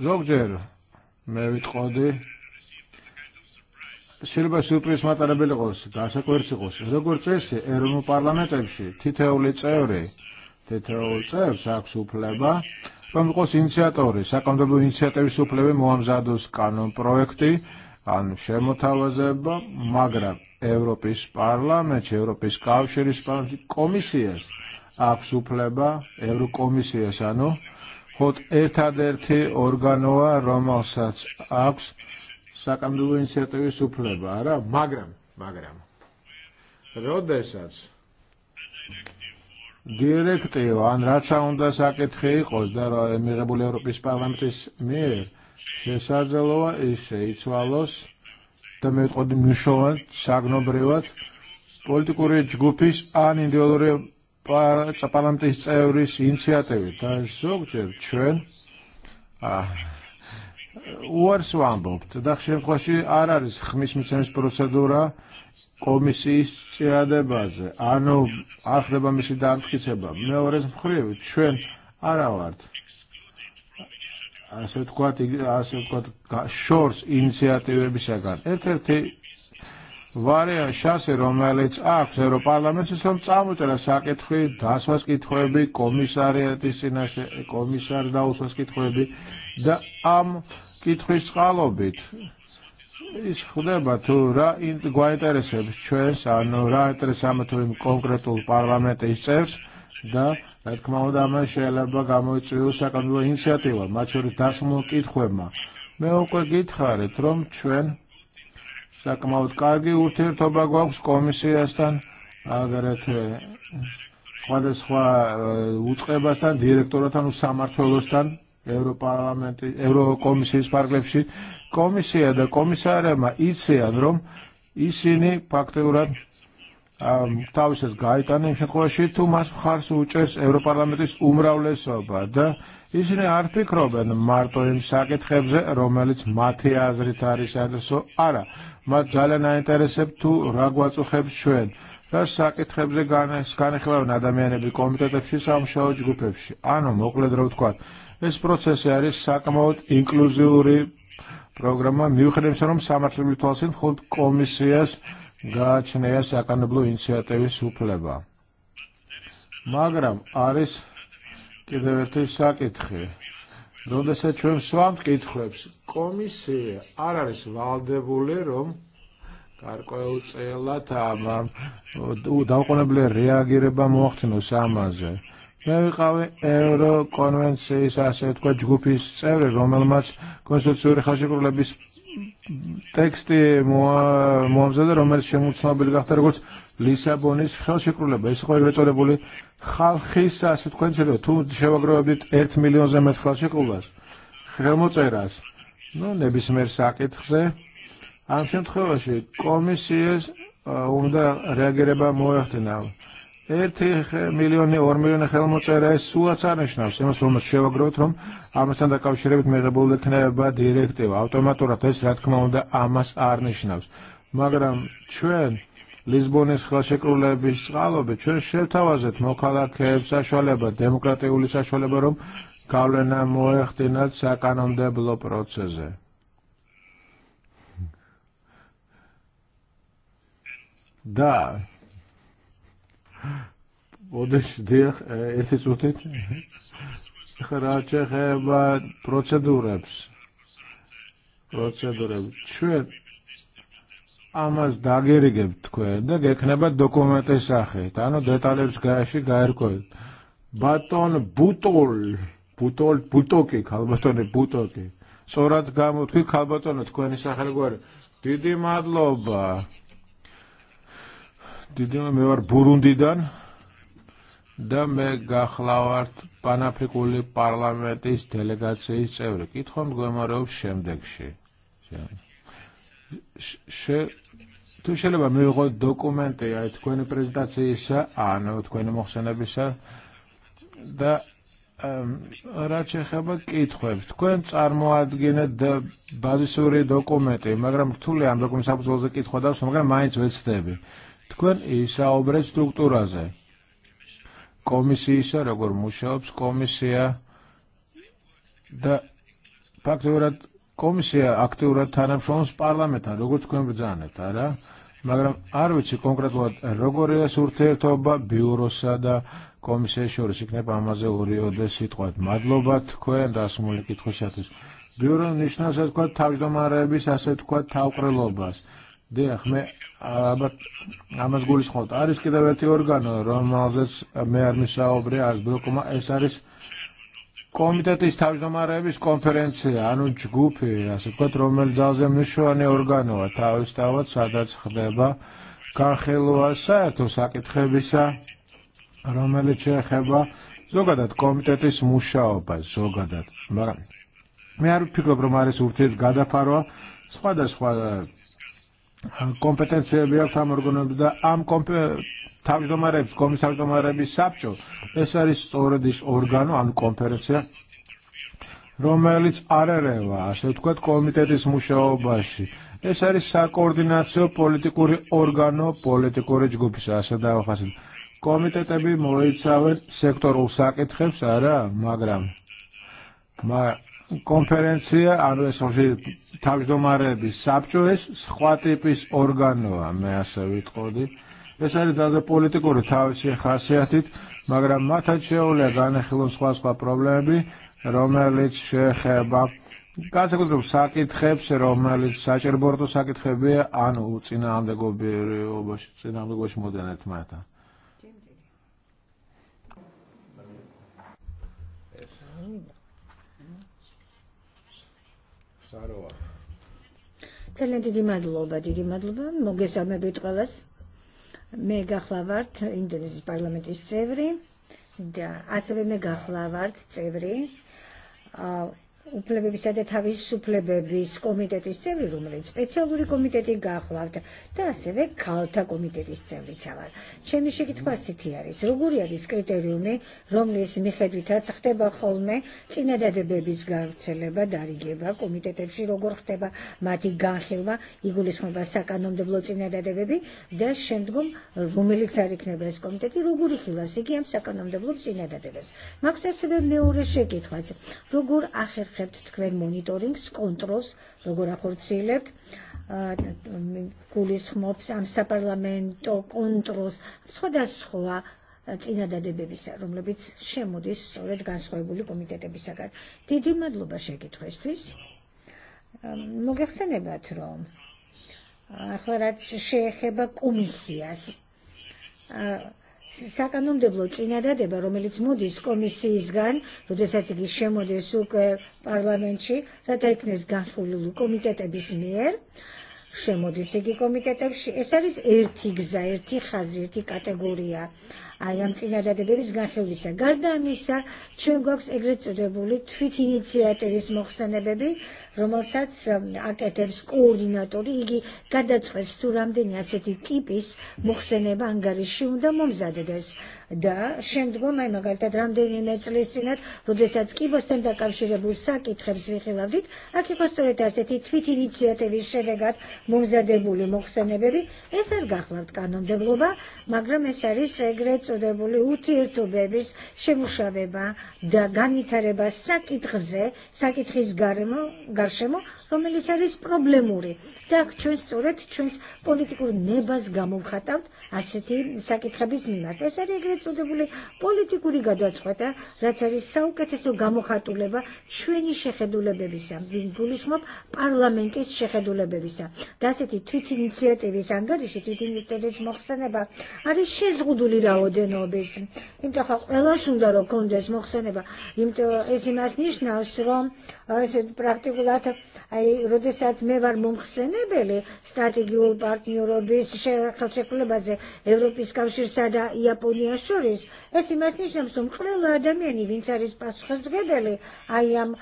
ზოგჯერ მე ვიტყოდი შეიძლება სიურპრიზ მატარებელი იყოს გასაკვირც იყოს როგორც წესი ეროვნულ პარლამენტებში თითოეული წევრი თითოეულ წევრს აქვს უფლება რომ იყოს ინიციატორი, საკანონმდებლო ინიციატივის უფლები მოამზადოს კანონპროექტი ან შემოთავაზება, მაგრამ ევროპის პარლამენტში, Parlament, komisijas, პარლამენტში supleba აქვს komisijas ევროკომისიას, ანუ ხოთ ერთადერთი ორგანოა, რომელსაც აქვს dobu ინიციატივის უფლება, არა, მაგრამ, მაგრამ როდესაც დირექტივა, ან რაცა უნდა საკითხი იყოს და მიღებული ევროპის პარლამენტის მიერ შესაძლოა ისე იცვალოს და მეტყოდი მნიშვნელოვან საგნობრივად პოლიტიკური ჯგუფის ან იდეოლოგიური parlamentis წევრის inċiativi. და ზოგჯერ ჩვენ უარს ვამბობთ და შემთხვევაში არ kwaċi ხმის მიცემის procedura კომისიის წინადებაზე, ანუ ახდება მისი დამტკიცება. მეორეს მხრივ, ჩვენ არა ვართ. ასე ვთქვათ, ასე ვთქვათ, შორს ინიციატივებისაგან. ერთ-ერთი varja xasi რომელიც აქვს ევროპარლამენტის რომ Isħudeba tu ra għajteresebs, ċers għannu ra interesama tu im konkretu l-parlament iċers, da għed kmawda me xeleba għamu iċriju sakandu inizjativa, maċur tasmu kitħuema. Me u kwe gitħari, trom ċven, sakamawd kargi u tir toba għoks komisijastan, għagaret xwadesħwa eh, eh, uċqebastan, direktoratan u samartolostan, Euro Eurokomisijas Euro komisija da komisārēma īcijān rom īsīni pakteurāt um, tausies gaitaņemšana, ko šī tūmās bhārs uċes Europarlamentis umravlesobā da īsīni ārpikroben martojim sāketħebze romelic mati აზრით არის άντესო არა მათ ძალიან აინტერესებს თუ რა გვაწუხებს ჩვენ რა საკითხებზე განხილავენ ადამიანები კომიტეტებში, სამუშაო ჯგუფებში. ანუ მოკლედ რა ვთქვათ, is-proċessjar is-sakamot inklużjuri programma mjuħedem sarum samat li bitosin xud komissijas għaċneja sakan blu inizjativi supleba. Magram, aris kideverti sak itħi. Donde se ċuem swamt kitħwebs, komisija araris valdebuli karko jew tsella tamam, u dawkun ba moħtinu samaze მე ვიყავი ევროკონვენციის ასე თქვა ჯგუფის წევრი, რომელმაც კონსტიტუციური ხელშეკრულების ტექსტი მოამზადა, რომელიც შემოცნობილი გახდა როგორც ლისაბონის ხელშეკრულება. ეს იყო ეგრეთ წოდებული ხალხის ასე თქვა ინიციატივა. თუ შევაგროვებდით 1 მილიონზე მეტ ხელშეკრულებას, ხელმოწერას, ну, ნებისმიერ საკითხზე, ამ შემთხვევაში კომისიას უნდა რეაგირება მოეხდინა ერთი მილიონი, 2 მილიონი ხელმოწერა ეს სულ არც არნიშნავს იმას, რომ შევაგროვოთ, რომ ამასთან დაკავშირებით მიღებული იქნება დირექტივა. ავტომატურად ეს, რა თქმა უნდა, ამას არნიშნავს. მაგრამ ჩვენ Lisbonis ხელშეკრულების წყალობით ჩვენ შევთავაზეთ მოქალაქეებს საშუალება, დემოკრატიული საშუალება, რომ გავლენა მოეხდინათ საკანონმდებლო პროცესზე. და Будеш дих, esi eh, sutit? Ħraċe ħeba eh, proċedurebs. Proċedurebs. ċwen, għamaz dagiri gebt kwe, dage kneba dokumenti saħi, tano detalibs għaxi għajr kwe. Baton butol, butol, butoki, kalbatoni butoki. Sorat gamut ki kalbatoni tkweni saħi għor. Didi madloba. Didim me var Burundi'den და მე გახლავართ პანაფრიკული პარლამენტის დელეგაციის წევრი. კითხვა მდგომარეობს შემდეგში. თუ შეიძლება მივიღოთ dokumente ya თქვენი პრეზენტაციისა, ანუ თქვენი მოხსენებისა და რაც ეხება კითხვებს, თქვენ წარმოადგენთ ბაზისური დოკუმენტი, მაგრამ რთული ამ დოკუმენტს საფუძველზე კითხვა დავს, მაგრამ მაინც ვეცდები. აა თქვენ ისაუბრეთ სტრუქტურაზე. კომისიისა, როგორ მუშაობს კომისია და ფაქტობრივად კომისია აქტიურად თანამშრომლობს პარლამენტთან, როგორც თქვენ ბრძანებთ, არა? მაგრამ არ ვიცი კონკრეტულად როგორია ურთიერთობა ბიუროსა და კომისიის შორის იქნება ამაზე ორი ოდე სიტყვა. მადლობა თქვენ დასმული კითხვისათვის. ბიურო ნიშნავს ასე თქვა თავმჯდომარეების ასე თქვა lobas. Dijak, me Għabat, għamaz għul isħot, għaris kida għati organu, rom għazes me għarmissa obri għaz, bruku ma es għaris komitet istawġna ma rebis konferenzi, għanu ġgupi, għasib kot rom il għazem għani organu, għataw istawat sadat xdeba, karħilu għasajtu sakit xebisa, rom il ċeħeba, zogadat komitet ismuxa opaz, zogadat. Mi għarru subtit għada kompetenzi e bija tam organizza am თავმჯდომარების კომისარჯდომარების საბჭო ეს არის სწორედ ის ორგანო ანუ კონფერენცია რომელიც არ ერევა ასე ვთქვათ კომიტეტის მუშაობაში ეს არის საკოორდინაციო პოლიტიკური ორგანო პოლიტიკური ჯგუფისა ასე დავაფასებ კომიტეტები მოიცავენ სექტორულ საკითხებს არა მაგრამ კონფერენცია ანუ ეს ხოში თავმჯდომარეების საბჭოს სხვა ტიპის ორგანოა მე ასე ვიტყოდი ეს არის ძალზე პოლიტიკური თავისი ხასიათით მაგრამ მათ შეუძლია განეხილონ სხვა სხვა პრობლემები რომელიც შეეხება განსაკუთრებულ საკითხებს რომელიც საჭირო საკითხებია ანუ წინააღმდეგობრივობაში წინააღმდეგობაში მოდენთ მათთან Sahrova. Tellen dedi madloba, dedi madloba, mogezame bitqavas. მე გახლავართ ინდონეზიის პარლამენტის წევრი da, ასევე მე გახლავართ წევრი უფლებებისა და თავისუფლებების კომიტეტის წევრი, რომელიც სპეციალური კომიტეტი გახლავთ და ასევე ქალთა კომიტეტის წევრიც ავარ. ჩემი შეკითხვა ასეთი არის, როგორი არის კრიტერიუმი, რომლის მიხედვითაც ხდება ხოლმე წინადადებების გავრცელება, დარიგება კომიტეტებში, როგორ ხდება მათი განხილვა, იგულისხმება საკანონმდებლო წინადადებები და შემდგომ რომელიც არ იქნება ეს კომიტეტი, როგორი ხილავს იგი ამ საკანონმდებლო წინადადებებს. მაქვს ასევე მეორე შეკითხვაც, როგორ ახერხ t monitoring, skontros, uh, kulli parlamento, kontros, l-għura ვაკეთებთ თქვენ მონიტორინგს, კონტროლს, როგორ ახორციელებთ გულისხმობს ამ საპარლამენტო კონტროლს სხვადასხვა წინადადებებისა, რომლებიც შემოდის სწორედ განსხვავებული კომიტეტებისაგან. დიდი მადლობა შეკითხვისთვის. მოგეხსენებათ, რომ ახლა რაც შეეხება კომისიას, modis საკანონმდებლო წინადადება, რომელიც მოდის კომისიისგან, როდესაც იგი შემოდის უკვე პარლამენტში, რათა იქნეს განხილული კომიტეტების მიერ, შემოდის იგი კომიტეტებში. ეს არის ერთი გზა, ერთი ხაზი, ერთი კატეგორია għajam t da d-biriz għanħu lisa. Għarda missa ċungoks egrit s-debuli t-fit inizjativis e moħsana bebi, rumosat għaketem skoordinatori igi kada t-festura mdinja seti tipis moħsana bangarixi undam mumzadedes და შემდგომ აი მაგალითად რამდენიმე წლის წინათ, როდესაც კიბოსთან დაკავშირებულ საკითხებს ვიხილავდით, აქ იყო სწორედ ასეთი თვითინიციატივის შედეგად მომზადებული მოხსენებები, ეს არ გახლავთ კანონმდებლობა, მაგრამ ეს არის ეგრეთ წოდებული ურთიერთობების შემუშავება და განვითარება საკითხზე, საკითხის garemo, garshemo, რომელიც არის პრობლემური და ჩვენს სწორედ ჩვენს პოლიტიკურ ნებას გამოვხატავთ ასეთი საკითხების მიმართ. ეს არის ეგრეთ წოდებული პოლიტიკური გადაწყვეტა, რაც არის საუკეთესო გამოხატულება ჩვენი შეხედულებებისა, ვინგულისმობ პარლამენტის შეხედულებებისა. და ასეთი თვითინიციატივის ანგარიში თვითინიციატივის მოხსენება არის შეზღუდული რაოდენობის. იმიტომ ხა ყველას უნდა რომ კონდეს მოხსენება, იმიტომ ეს იმას ნიშნავს, რომ ეს პრაქტიკულად როდესაც მე ვარ მომხსენებელი სტრატეგიულ პარტნიორობის ხელშეკრულებაზე ევროპის კავშირსა და იაპონიას შორის, ეს იმას ნიშნავს, რომ ყველა ადამიანი, ვინც არის პასუხისმგებელი აი ამ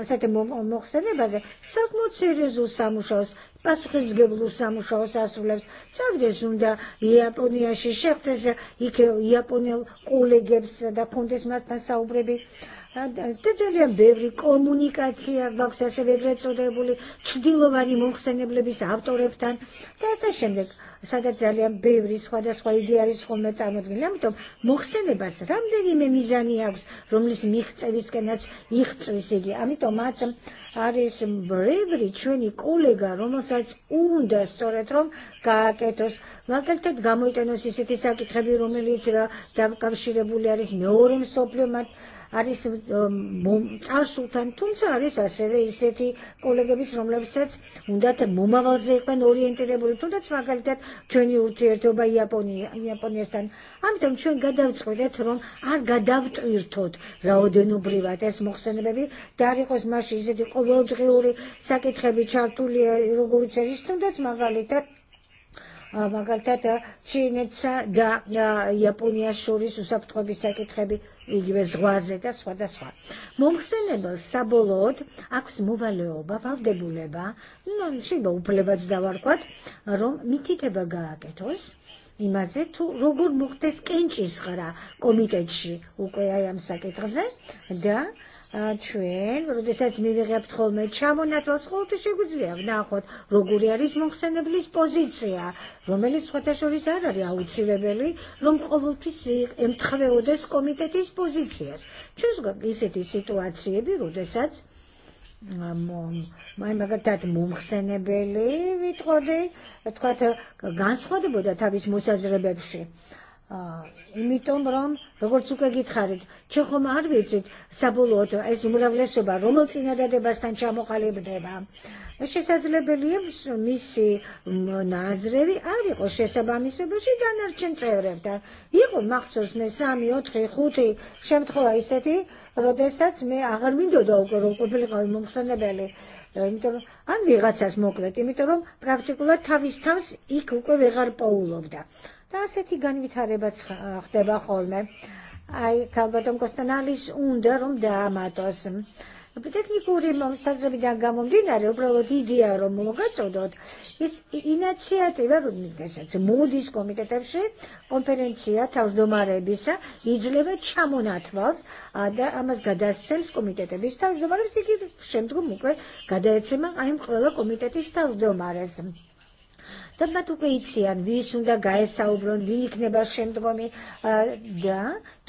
ასეთ მომხსენებაზე, საკმაოდ სერიოზულ სამუშაოს პასუხისმგებლურ სამუშაოს ასრულებს. წაგდეს უნდა იაპონიაში შეხვდეს იქ იაპონელ კოლეგებს და კონდეს მასთან საუბრები ძალიან ბევრი კომუნიკაცია გვაქვს ასევე ეგრეთ წოდებული ჩრდილოვანი მომხსენებლების ავტორებთან და ასე შემდეგ, სადაც ძალიან ბევრი სხვადასხვა იდეა არის ხოლმე წარმოქმნილი. ამიტომ მოხსენებას რამდენიმე მიზანი აქვს, რომლის მიღწევისკენაც იღწვის იგი. ამიტომაც არის ბევრი ჩვენი კოლეგა, რომელსაც უნდა სწორედ რომ გააკეთოს, მაგალითად გამოიტანოს ისეთი საკითხები, რომელიც დაკავშირებული არის მეორე მსოფლიო არის წარსულთან, თუმცა არის ასევე ისეთი კოლეგებიც, რომლებსაც უნდათ მომავალზე იყვნენ ორიენტირებული, თუნდაც მაგალითად ჩვენი ურთიერთობა იაპონიასთან. ამიტომ ჩვენ გადავწყვეტეთ, რომ არ გადავტვირთოთ რაოდენობრივად ეს მოხსენებები და არ იყოს მასში ისეთი ყოველდღიური საკითხები ჩართული, როგორც არის, თუნდაც მაგალითად მაგალითად ċinezza da Japonija xuri su sabtħobi sakitħebi იგივე ზღვაზე და სხვადასხვა. მომხსენებელს საბოლოოდ აქვს მოვალეობა, ვალდებულება, შეიძლება უფლებაც დავარქვათ, რომ მითითება გააკეთოს იმაზე თუ როგორ მოხდეს კენჭისყრა კომიტეტში უკვე აი ამ საკითხზე და ċwen, rrudu setni li rebtħu meċċamu natwa sħutu xe għuzvjev, naħħod, rrugu realizmu xsen iblis pozizija, rumeli sħuta xo rizara li għawit si rebeli, rum qobu fissir, imtħave u des komitetis pozizijas. ċuzgħab li siti situazzije biru desat, ma jma għattat mum xsen ibeli, vitħode, tħat għan sħudu buda tabis musa zrebebxie იმიტომ რომ როგორც უკვე გითხარით, ჩვენ ხომ არ ვიცით საბოლოოდ ეს უმრავლესობა რომელ წინადადებასთან ჩამოყალიბდება. შესაძლებელია მისი ნაზრევი არ იყოს შესაბამისობაში დანარჩენ წევრებთან. იყო მახსოვს მე 3, 4, 5 შემთხვევა ისეთი, როდესაც მე აღარ მინდოდა უკვე რომ ყოფილიყავი მომხსენებელი. იმიტომ რომ ან ვიღაცას მოკლედ, იმიტომ რომ პრაქტიკულად თავის თავს იქ vegar ვეღარ პოულობდა. Um da se ti gan mitħarribat xteba xolme. Ai, kalbatom kostanalix underum da amatos. Bitek nikuri mom sazra bidan gamom dinare, u di ti diarom mu gazzodot. Is inaċċjativa, nessaċ, mudis komitetavxi, konferenzija ta' domare bisa, iġleva ċamun atwas, għada għamaz għadassem komiteta bis ta' domare bisa, xemtru gadacima, a im kolla komitetis ta' doma rebisa. Tad ma icijan, vi su da gaje sa ubron, vi nik neba šem dgomi, da,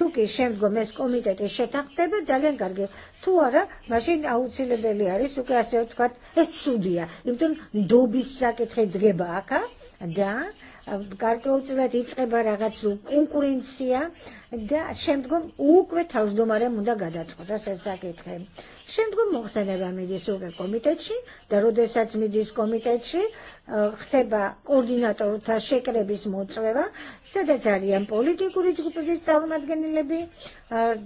tuki šem dgome skomitet, e šetak tebe zalen karge. Tu ara, mašin auci lebeli ari, su kja se otkat, et sudija, imton dobi saket hedrebaka, da, გარკვეულწილად იწება რაღაც კონკურენცია და შემდგომ უკვე თავმჯდომარემ უნდა გადაწყდეს ეს საკითხი. შემდგომ მოხსენება მიდის უკვე კომიტეტში და როდესაც მიდის კომიტეტში ხდება კოორდინატორთა შეკრების მოწვევა, სადაც არიან პოლიტიკური ჯგუფების წარმომადგენლები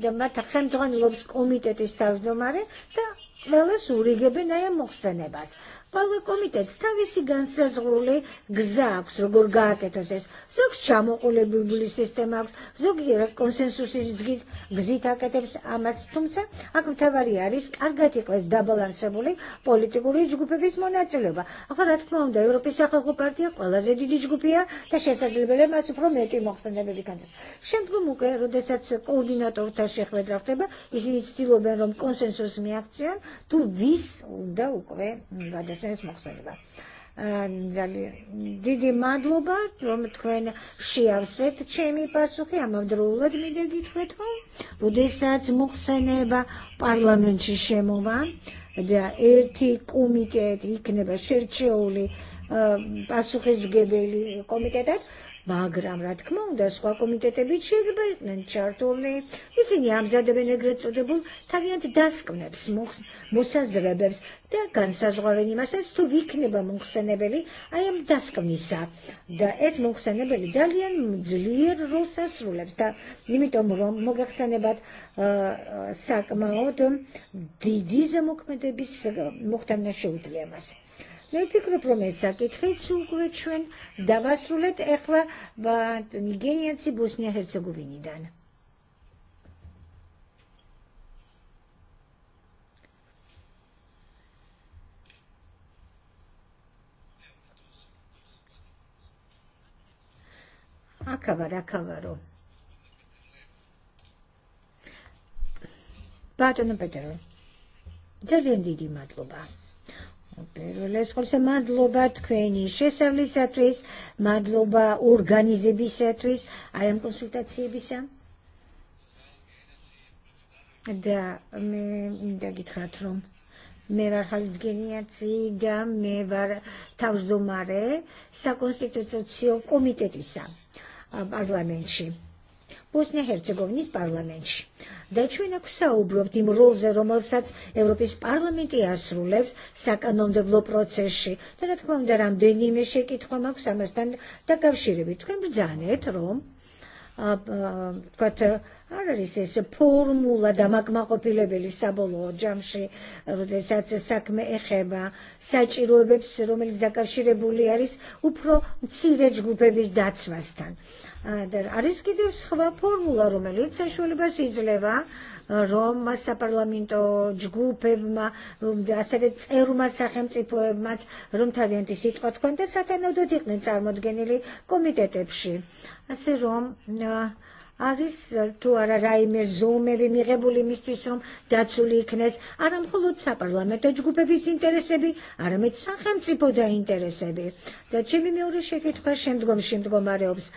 და მათ ხელმძღვანელობს კომიტეტის თავმჯდომარე და ყველას ურიგებენ აი მოხსენებას. Павлы комитет стави сиган се згули гзак с ругургате то сес. Зог чамо оле бибули системакс, зог ира консенсус издгит гзита катепс ამას, თუმცა აქ მთავარი არის კარგად იყოს დაბალანსებული პოლიტიკური ჯგუფების მონაწილეობა. ახლა რა თქმა უნდა, ევროპის სახალხო პარტია ყველაზე დიდი ჯგუფია და შესაძლებელია მას უფრო მეტი მოხსენებები გქონდეს. შემდგომ უკვე, როდესაც კოორდინატორთა შეხვედრა ხდება, ისინი ცდილობენ konsensus mi მიაღწიონ, tu vis, უნდა უკვე გადას ħaġnes Għalli, Didi madluba, trom tkun xijarset ċemi pasu kem, għabdrullad mi degi tkvetħu, u disac muħsaneba parlament xiexemu ma, da irti komitet ikneba xirċewli pasu xizgebeli komitetat, მაგრამ რა თქმა უნდა სხვა კომიტეტებიც შეგებდნენ ჩართული ისინი ამზადებენ მან ეგრეწოდებულ თავიანთ დასკვნებს, მოსაზრებებს და განსაზღვრავენ იმასაც თუ ვიქნება მომხსენებელი აი ამ დასკვნისა. და ეს მომხსენებელი ძალიან მძლიერ როლს ასრულებს და sak maotum, მოგახსენებათ საკმაოდ დიდი bis, მოხდანა შეუძლია მას მე ვფიქრობ, რომ ეს საკითხიც უკვე ჩვენ დავასრულეთ ახლა ნიგერიაცი ბოსნია-ჰერცეგოვინიდან. Akabar, akabaro. Patonu Petero. Ġarren li di matluba. Perulles, forse madluba tkveni xesavlisatvis, madluba organizibisatvis, għajem konsultazzibisa? Da, me, da gitħatrum. Me var ħalfgenija tsiga, me var tawżdu mare, sa konstituzzjoni komitetisa, parlamentxi. Bosnia-Herzegovinis parlamentxi. Deċwina ksaw blu tim rulze romalsats Europis Parlament i asru levs sak anon de blu proċessi. Tana tkwam deram dini mexek i tkwam ak samastan ta kavxiribi. Tkwam bżanet rom. Tkwam არის ეს ფორმულა დამაკმაყოფილებელი საბოლოო ჯამში, როდესაც საქმე ეხება საჭიროებებს, რომელიც დაკავშირებული არის უფრო მცირე ჯგუფების დაცვასთან. არის კიდევ სხვა ფორმულა, რომელიც საშუალებას იძლევა Roma sa parlamento ġgupebma, għasabet eruma saħem ċipuebmaċ, rum ta' vjenti sit għat konta sa' tennu dodikni ċarmod genili komitet ebxi. Għasi rum, Għaris tu għara raj mezzome bi mirebu li mistisom taċu li knes, għara mħullu tsa parlament, taċgu e pe bis interesebi, għara mit saħem cipo da interesebi. Taċi mi mi uri xekit pa xendgom xendgom għarjobs.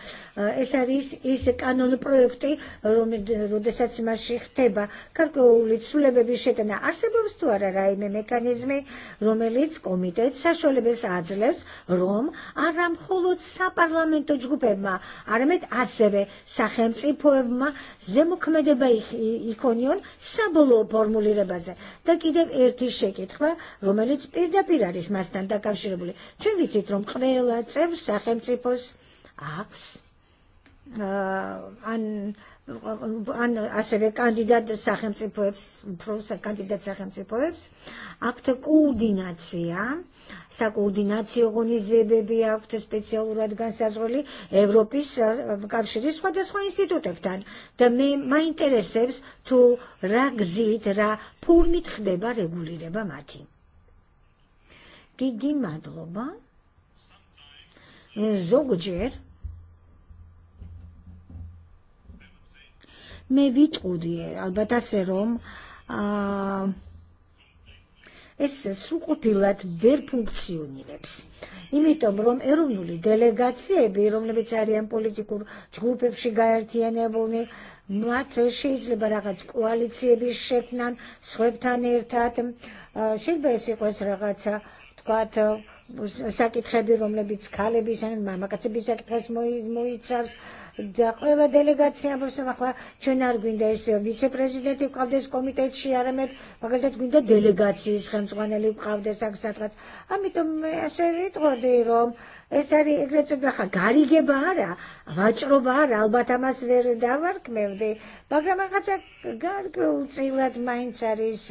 Es għaris isek għannon projekti rudesac ma teba karko li tsulebe bi xetena, għarsebu tu għara raj me mekanizmi, rumelic komitet sa sa għazles, rom, għara mħullu tsa parlament taċgu e pe ma, għara mit għasebe saħem cipo zemu ikonion formuli reforma ზემოქმედება იქონიონ erti ფორმულირებაზე kva, romelic pirda piraris mastan da არის მასთან დაკავშირებული. ჩვენ ვიცით, რომ ყველა წევრ სახელმწიფოს აქვს ან ასევე კანდიდატ სახელმწიფოებს, უფრო საკანდიდატ სახელმწიფოებს აქვთ კოორდინაცია, საკოორდინაციო ღონისძიებები აქვთ სპეციალურად განსაზღვრული ევროპის კავშირის სხვადასხვა ინსტიტუტებთან და მე მაინტერესებს თუ რა გზით, რა ფორმით ხდება რეგულირება მათი. დიდი მადლობა. ზოგჯერ mevit u di għalbata serom Esse su kopilat ver punzjoni leps. Imitom rom erunu li delegazzje bi rom li bizzarjen politikur ċgupe bxi gajertijen eboni ma treċiġ li barakat koalizie bi xeknan sħobtan irtatem xilba jessik was ragazza tkwat sakit xebirom li bizzkale bizan ma ma sakit tħes mojitsavs Dakova delegacija bosta makla ċenar għinda jessir viceprezidenti bħavdes komitet xie għaramet makaltet għinda delegacija jisħem suħana li bħavdes għaksatrat. Għamitum għaxerrit għodirom. E e Sari, e għreċu bħaxa, għari għibara, għaxru bara, għalbata mas veri davar kmevdi. Bagra ma għazza għark u majn saris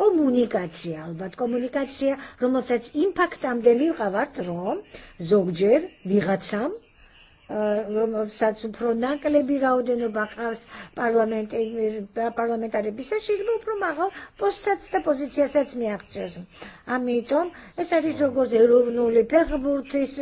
komunikazzja, għalbat komunikazzja, rumosaz impaktam għavart rom, zogġer, viħazzam, რომელსაც უფრო ნაკლები რაოდენობა ხავს პარლამენტარების და შეიძლება უფრო მაღალ პოსტსაც და პოზიციასაც მიაღწიოს. ამიტომ ეს არის როგორც ეროვნული ფეხბურთის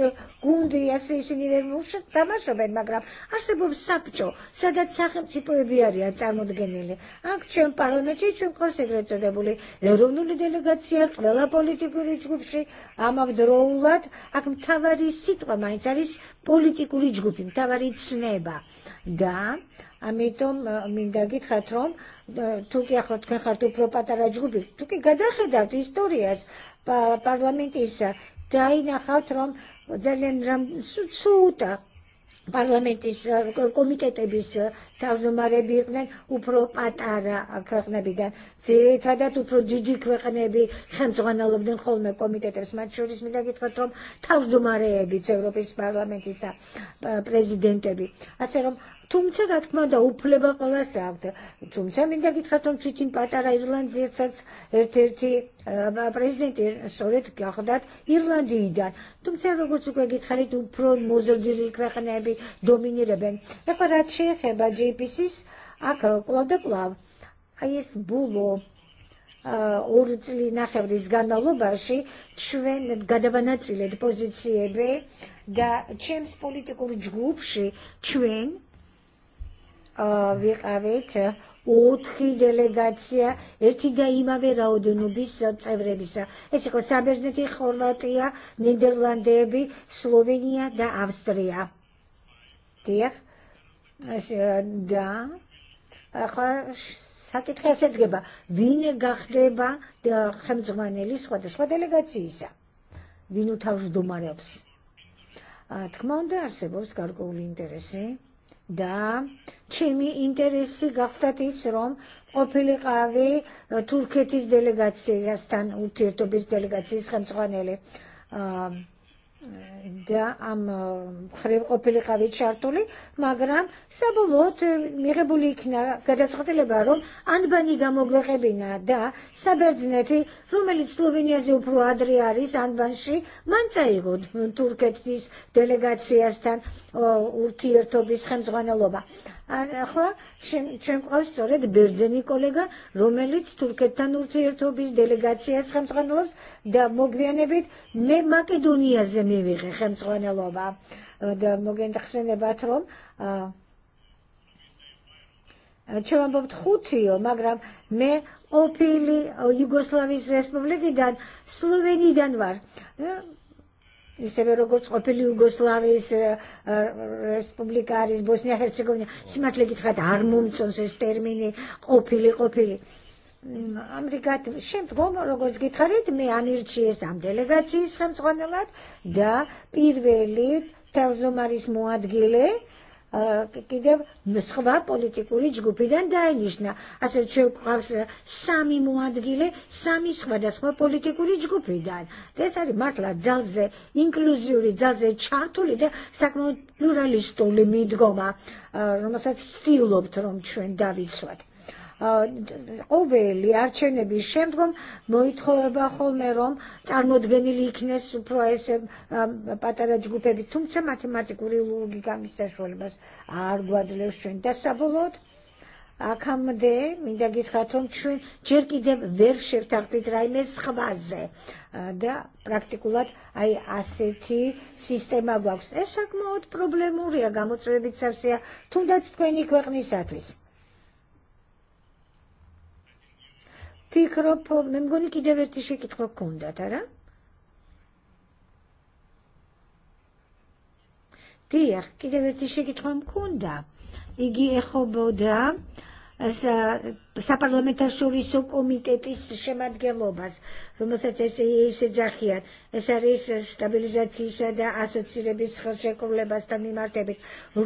undi jassi xini l-mux tamaxo ben magram, għarsibu b-sabċo, sadat saħib cipu i-bjari għazzarmu d-genili. Għak ċem parlamenti ċem kol segretu debuli, l-runu li delegazzjat, l-la politiku riġgubxi, għama b-drowlat, għak mtavari sitwa majnzaris politiku riġgubi, mtavari t-sneba. Da, għamitom minn dagit ħatrom, tuki għakot kien ħartu propata raġgubi, tuki għadaxi dat istorijas parlamenti tajna ħatrom suta bis uh, uh, mare u pro patara ძალიან ცუდა პარლამენტის კომიტეტების თავმჯდომარეები იყვნენ უფრო პატარა ქვეყნებიდან. ძირითადად უფრო დიდი ქვეყნები ხელმძღვანელობდნენ ხოლმე კომიტეტებს, მათ შორის მინდა გითხრათ, რომ თავმჯდომარეებიც ევროპის პარლამენტისა prezidente bi. რომ तुमचं आत्मदा उपलब्ध मला सांगतं तुमचा मिंदा की खातून चिठी पातारा इर्लंडियाचाच ते प्रेसिडेंट सोरेत कागदात इर्लंडीदान तुमचा रोगो चुका की खाली तू प्रो मोजल दिली क्रकनाबी डोमिनी रबन एपरात शेख है बा जेपीसीस आकरो कोदक लाव आईएस बुबो ორ წლინახევრის განმავლობაში ჩვენ გადავანაწილეთ პოზიციები da ჩემს პოლიტიკურ ჯგუფში ჩვენ ვიყავით ოთხი დელეგაცია, ერთი და იმავე რაოდენობის წევრებისა. ეს იყო საბერძნეთი, ხორვატია, ნიდერლანდები, სლოვენია და ავსტრია. დიახ. ეს და ახლა საკითხი ესე დგება, ვინ გახდება ხელმძღვანელი სხვადასხვა დელეგაციისა da ċemi interessi għaftat isrom u pilikavi eh, Turketis delegazzija stan u tirtu biz delegazzija sħan da am eh, xrib ყოფილი ყავით ჩართული, მაგრამ საბოლოოდ მიღებული იქნა გადაწყვეტილება, რომ ანბანი გამოგვეყებინა და საბერძნეთი, რომელიც სლოვენიაზე უფრო ადრე არის ანბანში, მან წაიღო თურქეთის დელეგაციასთან ურთიერთობის ხელმძღვანელობა ახლა ჩვენ გვყავს სწორედ ბერძენი კოლეგა, რომელიც თურქეთთან ურთიერთობის დელეგაციას ხელმძღვანელობს და მოგვიანებით მე მაკედონიაზე მივიღე ხელმძღვანელობა და მოგენახსენებათ რომ ċe ma bobt ħutiju, magram me opili Jugoslavijs Respubliki dan Sloveni dan var. Severogorskopil Jugoslavijs, eh, eh, Respublika Bosnia-Herzegovina, simat li gitħat armumcon se stermini, opili, opili. Mm, Amerikat, xemt gom rogoz gitħarit me għanirċies għam delegazijis għam sħonalat, da pirvelit, tawżlu maris muadgile, gile, კიდევ სხვა პოლიტიკური ჯგუფიდან დაინიშნა. ასე შეგვყავს სამი მოადგილე, სამი სხვადასხვა პოლიტიკური ჯგუფიდან. და ეს dżalze ċartu li da sakno pluralistu li mid goma, uh, rumasat stilob trom ċwen David Swat ყოველი არჩევნების შემდგომ მოითხოვება ხოლმე რომ წარმოდგენილი იქნეს უფრო ესე პატარა ჯგუფები, თუმცა მათემატიკური ლოგიკა მის საშუალებას არ გვაძლევს ჩვენ და საბოლოოდ აქამდე მინდა გითხრათ რომ ჩვენ ჯერ კიდევ ვერ შევთანხმდით რაიმე სხვაზე და პრაქტიკულად აი ასეთი სისტემა გვაქვს ეს საკმაოდ პრობლემურია გამოწვევებიც ავსეა თუნდაც თქვენი ქვეყნისათვის ki ki deverti xe tara? تكرب من قولي كده برتشي كتكو كوندا ترى تيخ كده برتشي كتكو كوندا يجي إخو بودا საპარლამენტაშორისო კომიტეტის შემადგენლობას, რომელსაც ეს ესეძახიან, ეს არის სტაბილიზაციისა და ასოცირების ხელშეკრულებასთან მიმართებით.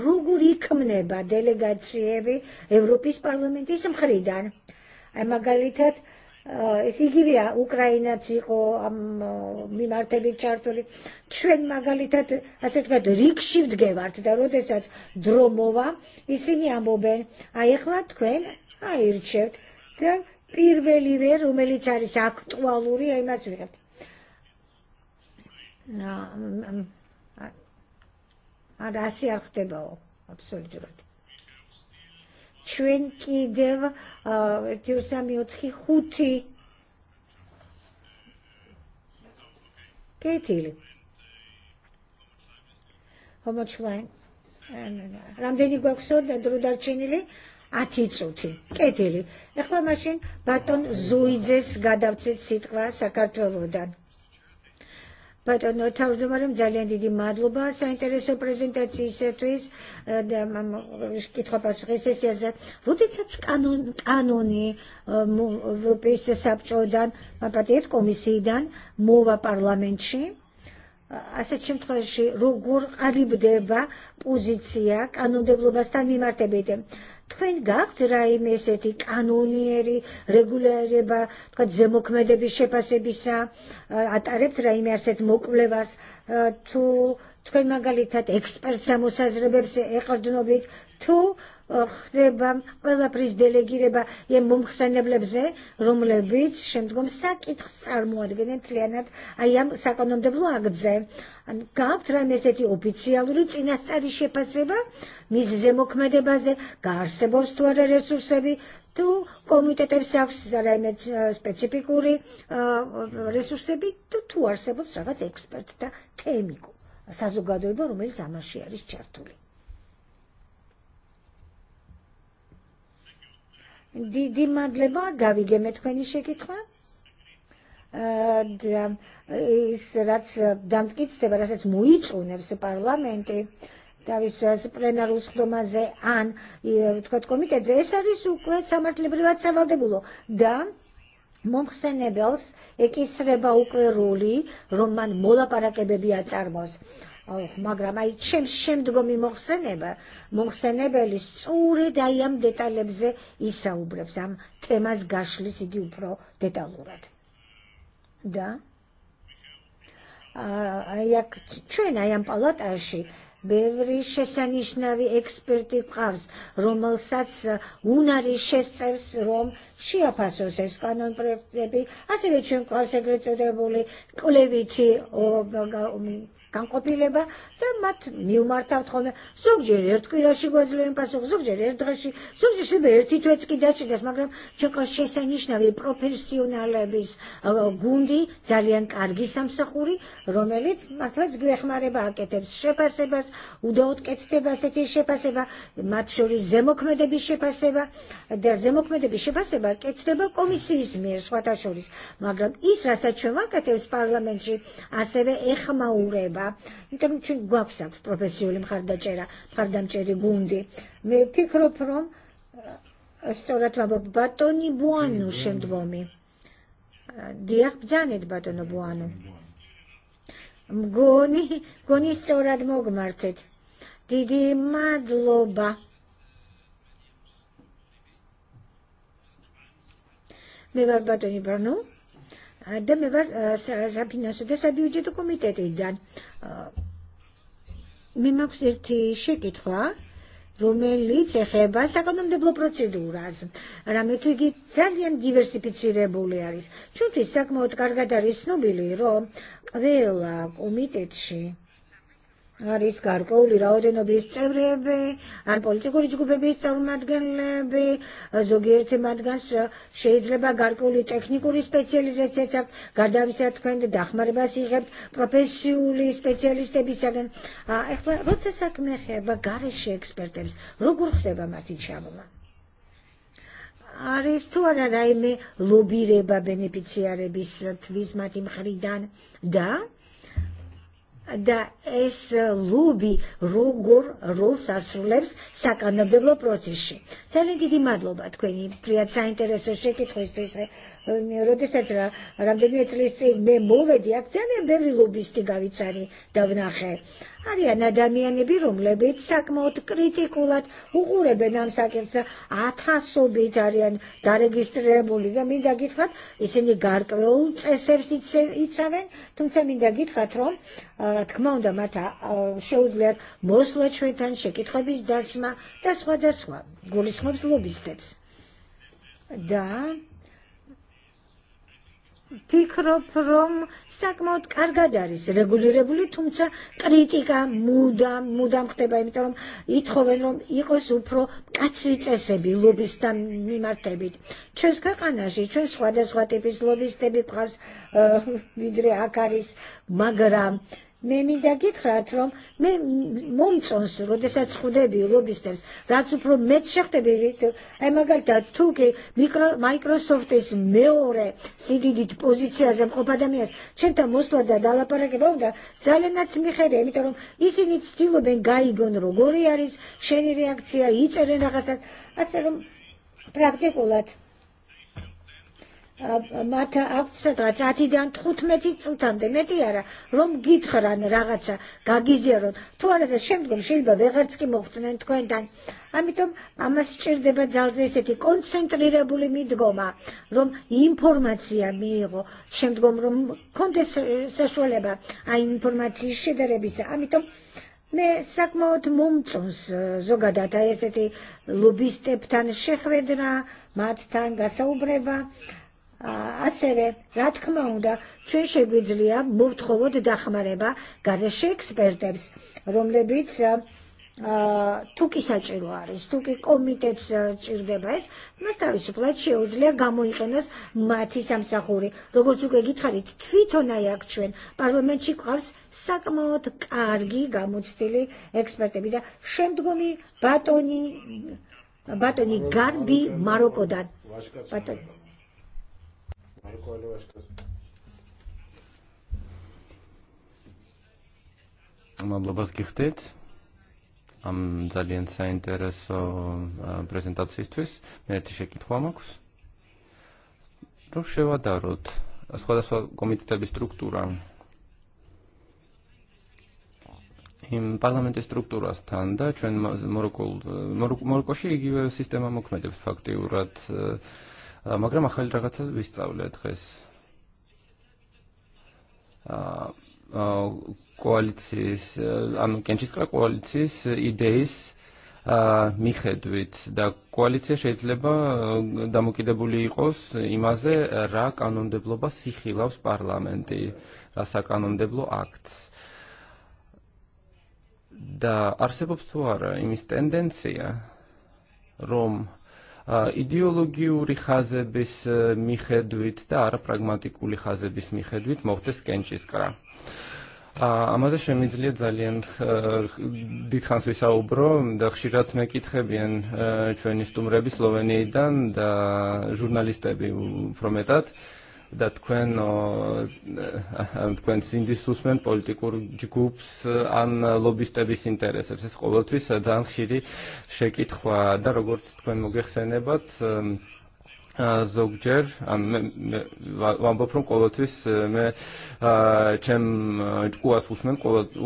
როგორ იქმნება დელეგაციები ევროპის პარლამენტის მხრიდან? აი მაგალითად, Eh, Sigirja, Ukrajina, Ċiko, eh, Minar Tebi Ċartoli, ċwen magalitat, għaset għad rikxiv dgevart, da rodesat dromova, jisini għambo ben, għajek mat kwen, għajrċet, per pirve li ver, u militari sa' aktualuri għaj mażvirat. Għadassi mm, mm, mm, għal-ħtebaw, absolutament ჩვენ კიდევ ერთი სამი ოთხი ხუთი კეთილი ხომოჩლაინ რამდენი გვაქვს დრო დარჩენილი 10 წუთი. კეთილი. ეხლა მაშინ ბატონ ზუიძეს გადავწეთ სიტყვა საქართველოსდან. Поэтому თავმჯდომარემ ძალიან დიდი მადლობა საინტერესო პრეზენტაციისათვის და კითხვა პასუხის სესიაზე. როდესაც კანონი ევროპის საბჭოდან, მაპატიეთ კომისიიდან მოვა პარლამენტში, ასეთ შემთხვევაში როგორ ყალიბდება პოზიცია კანონმდებლობასთან მიმართებით tkajn gak raj meseti kanunieri regulari ba tkad zemuk mede bixe pase bisa eh, għat at t-raj meset muk levas eh, tu tkajn magalitat ekspert tamu sazrebeb se eqardnobit tu Oh, reba, għalla pris delegi reba, jem bum xsan neble rum le bic, xentgum sak, it xsar mor, għenin tlenet, għajam sakonum deblu għagdze. Kab, tra meset i upici għalruc, ina sari xie paseba, miz zemok me debaze, kar se bo stuara resursevi, tu komitete vsak zara ime uh, specifikuri uh, resursevi, tu tuar se bo stuara temiku. Sazugadoj borumil zama xie, rizċartuli. Di madleba gavi gemet kweni xekikma? Is-srat damt kitste bara sat muiċu nefsi parlamenti. Davis plenaru skdomaze għan, tkot komitet ze esaris u kwe samart savaldebulo. Da, Momse Nebels, ek isreba u kwe ruli, rumman mola para kebe Oh, Magra ma jitxem xem dgom mi moħseneba. Moħseneba li s-suri da dajem detalebze jisa jisaw brebsam tema zgax li sidju pro detalurat. Da? Jak ċena jam palot għaxi, bevri xesan ixnavi eksperti bħavs, romal sats unari xesers rom xija pasos eskanon prebi, għasili ċen kwa segretu debuli, kulevici u kan da mat mi zog განყოფილება და მათ მიუმართავთ ხოლმე ზოგჯერ ერთ კვირაში გვაძლო იმპასუხ ზოგჯერ ერთ დღეში ზოგჯერ შეიძლება ერთი თვეც კი დაჭირდეს მაგრამ ჩვენ შესანიშნავი პროფესიონალების გუნდი ძალიან კარგი სამსახური რომელიც მართლაც გვეხმარება აკეთებს შეფასებას უდაოდ კეთდება ასეთი შეფასება მათ შორის ზემოქმედების შეფასება და ზემოქმედების შეფასება კეთდება კომისიის მიერ სხვათა შორის მაგრამ ის რასაც ჩვენ ვაკეთებს პარლამენტში ასევე ეხმაურება imħarba, introduċi gwabsa professjoni mħarda ċera, mħarda ċeri gundi. Mi pikro prom, storat ma batoni buonu xem dvomi. Dijak bżani batonu buonu. Mgoni, goni d mog martet. Didi madloba. Mi barbatoni branu? Demmevar, eh, sabina su desa bi uġedu komitet id-dan. Eh, mimma b'sirti xekit fa, rumelli ceħeba sa kadom deblo proceduras. Rametigi zaljan diversificirevoli aris. Čuti sakmo od kargadaris nobili ro, vela komitetši għar jiskarku li rawdin u bizzer bi għan politiku li ġgu bi madgan bi zogirti madgan xeizleba għarku li tekniku li specializzazzjak għadam sejt kend daħmar ba professju li specialiste bisagan rotsa sak meħeba għar xe ekspertems rugur xteba matin xridan da? da es eh, lubi rugur rus asrulevs sakanobdeblo procesi. Tani didi madlobat, kweni prijat sa interesu šekit, koji ste se როდესაც რამდენიმე წლის წინ მე მოვედი აქციანე ბევრი ლობისტი გავიცანი და ვნახე არიან ადამიანები რომლებიც საკმაოდ კრიტიკულად უყურებენ ამ საკითხს და ათასობით არიან დარეგისტრირებული და მინდა გითხრათ ისინი გარკვეულ წესებს იცავენ თუმცა მინდა გითხრათ რომ რა თქმა უნდა მათ შეუძლიათ მოსვლა ჩვენთან შეკითხვების დასმა და სხვა და სხვა გულისხმობს ლობისტებს და ფიქრობ, რომ საკმაოდ კარგად არის რეგულირებული, თუმცა კრიტიკა მუდა, მუდამ ხდება, იმიტომ რომ ითხოვენ, რომ იყოს უფრო მკაცრი წესები ლობისტთა მიმართებით. ჩვენს ქვეყანაში, ჩვენ სხვადასხვა ტიპის ლობისტები გვყავს, ვიდრე აქ არის, მაგრამ მე მინდა გითხრათ, რომ მე მომწონს, როდესაც ხვდები ლობისტებს, რაც უფრო მეც შეხვდები, აი მაგალითად, თუ კი Microsoft-ის მეორე სიდიდით პოზიციაზე მყოფ ადამიანს, ჩემთან მოსვლა და დალაპარაკება უნდა ძალიანაც მიხერე, იმიტომ რომ ისინი ცდილობენ გაიგონ როგორი არის შენი რეაქცია, იწერენ რაღაცას, ასე რომ პრაქტიკულად meti meti მათ აქვს სადღაც 10-დან 15 წუთამდე მეტი არა რომ გითხრან რაღაცა გაგიზიარონ თუ არა და შემდგომ შეიძლება ვეღარც კი მოხვდნენ თქვენთან ამიტომ mi სჭირდება ძალზე ესეთი კონცენტრირებული მიდგომა, რომ ინფორმაცია მიიღო, შემდგომ რომ კონდეს საშუალება აი ინფორმაციის შედარებისა. ამიტომ მე საკმაოდ მომწონს ზოგადად აი ესეთი ლობისტებთან შეხვედრა, მათთან გასაუბრება, ასევე, რა თქმა უნდა, ჩვენ შეგვიძლია მოვთხოვოთ დახმარება გარეშე ექსპერტებს, რომლებიც თუ კი საჭირო არის, თუ კი კომიტეტს ჭირდება ეს, მას თავისუფლად შეუძლია გამოიყენოს მათი სამსახური. როგორც უკვე გითხარით, თვითონაი აქ ჩვენ პარლამენტში გვყავს საკმაოდ კარგი გამოცდილი ექსპერტები და შემდგომი ბატონი ბატონი გარბი მაროკოდან. ბატონი Ma kif tgħid? Għam daljen sa o interesu eh, prezentazzjis twis, minn qed ixek jitħomakus. Rux xewa darut, għasħoda sa komitita bi struktura. Im parlamenti struktura standa, ċen Morokol, Morokol xie sistema mokmedib fakti urat uh, მაგრამ ახალი რაღაცა ვისწავლეთ დღეს. კოალიციის, ანუ კენჩისკრა კოალიციის იდეის მიხედვით და კოალიცია შეიძლება დამოკიდებული იყოს იმაზე, რა კანონმდებლობას იხილავს პარლამენტი, რა საკანონმდებლო აქტს. და არსებობს თუ არა იმის ტენდენცია, რომ აა ideologi u li bis e, miħedwit, dar pragmatiku li ħaze bis miħedwit, mawt eskenċis kara. A ma zaxe mizliet e, dit ħan suisa e, u bro, da xirat me kitħebjen ċwen istumrebi sloveni dan, da ġurnalistebi prometat. prometat, da tkun tkun uh პოლიტიკურ ჯგუფს ან ლობისტების ინტერესებს ეს ყოველთვის ძალიან ხშირი შეკითხვა და როგორც თქვენ მოგეხსენებათ għan bopron me ზოგჯერ ვამბობ რომ ყოველთვის მე ჩემ ჯგუას უსმენ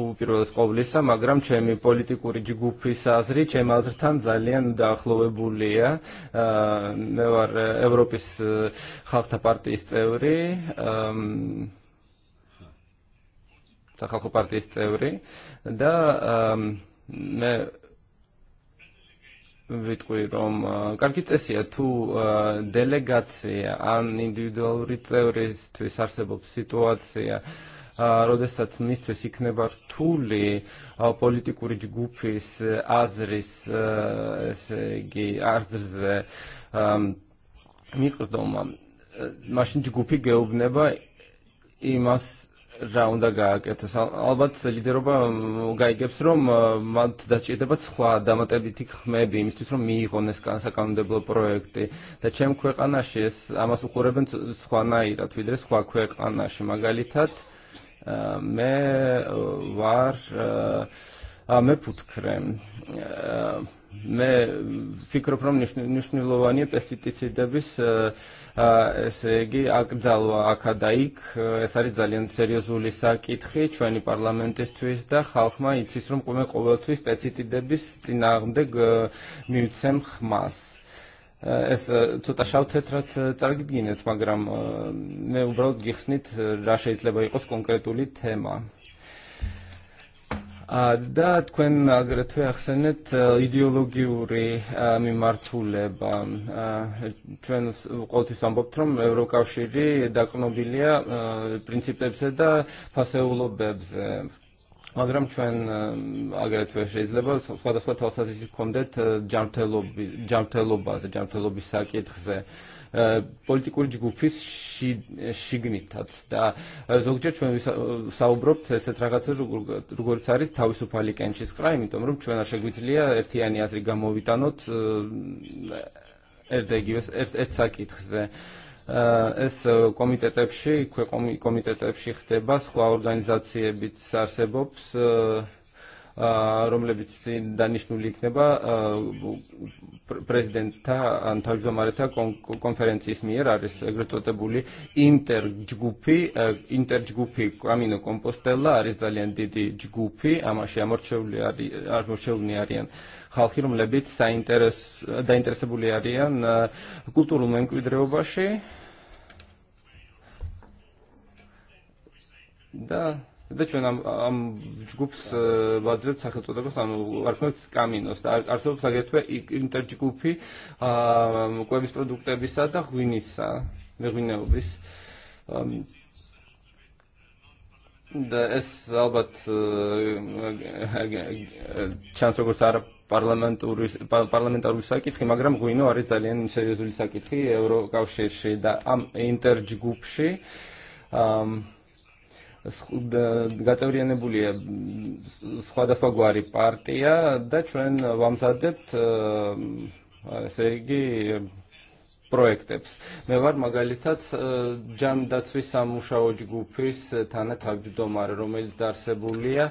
უპირველეს ყოვლისა მაგრამ ჩემი ċem ჯგუფის zaljen ჩემ აზრთან bullija, me war Evropis ევროპის ხალხთა პარტიის ta' სახალხო პარტიის წევრი da me ვიტყვი, რომ კარგი tu თუ დელეგაცია individual ინდივიდუალური წევრისთვის sarsebob სიტუაცია, როდესაც mistres იქნება რთული politiku ჯგუფის gupis uh, azris esegi uh, azrze um, mikrodoma. Uh, მაშინ ჯგუფი geubneba imas Rawndaga, għetis, għalbat s-ġidiroba u għajgħib s-rom, mad daċi id-debat s-xwadda, mad għabi tik xmebi, mis t-srom miħon niskan sakan deblo projekti, daċem kwek għanaxis, għama s-ukureben s-xwana jira, t-vidri s-xwa kwek għanaxi, magalitat, eh, me var, eh, eh, me putkrem. Uh, მე ვფიქრობ რომ მნიშვნელოვანია პესტიციდების ესე იგი აკრძალვა აქადა იქ ეს არის ძალიან სერიოზული საკითხი ჩვენი პარლამენტისთვის და ხალხმა იცის რომ მე ყოველთვის პესტიციდების წინააღმდეგ მივცემ ხმას ეს ცოტა შავთეთ რაც წარგიდგინეთ მაგრამ მე უბრალოდ გიხსნით რა შეიძლება იყოს კონკრეტული თემა Da tkun għagretu jaxsenet eh, ideologijuri eh, mi martuleba. ċen eh, għoti sambobtrom, Eurokaw xiri, da konobilja, princip pase pasewlo bebze. Magram ċen għagret veċ izlebel, fada sfat għasat kondet ġamte lobbi, ġamte lobbazi, ġamte lobbi sakiet xse პოლიტიკური ჯგუფის შიგნით და ზოგჯერ ჩვენ ვსაუბრობთ ესეთ რაღაცა როგორც არის თავისუფალი კენჭის კრა, იმიტომ რომ ჩვენ არ შეგვიძლია ერთიანი აზრი გამოვიტანოთ komitet epsi, kwe komitet epsi xteba, ხდება, სხვა bit არსებობს Ah, რომლებიც დანიშნული იქნება ah, პრეზიდენტთა ან თავმჯდომარეთა კონფერენციის მიერ არის ეგრეთ წოდებული ინტერჯგუფი ah, ინტერჯგუფი ამინო კომპოსტელა არის ძალიან დიდი ჯგუფი ამაში ამორჩეული არის ამორჩეულნი არიან ხალხი რომლებიც საინტერესო დაინტერესებული არიან კულტურულ მემკვიდრეობაში და yeah Deċen għam ġgubs bazzirt saħħet u dagos għam għarfnot skaminos, għarsub saħħetwe interġgupi kwebis produkta bisada għuinissa, għuinne ubis. Da es għalbat ċansru għursara parlamentar sakit xi magram għuinu għarrizzalien xerjużu l-sakit xi euro kawxiex da għam interġgubxi გაწევრიანებულია фагуари партия да ჩვენ вам ესე იგი projektებს. მე ვარ მაგალითად ჯამ დაცვის სამუშაო ჯგუფის თანათავმჯდომარე, რომელიც დაარსებულია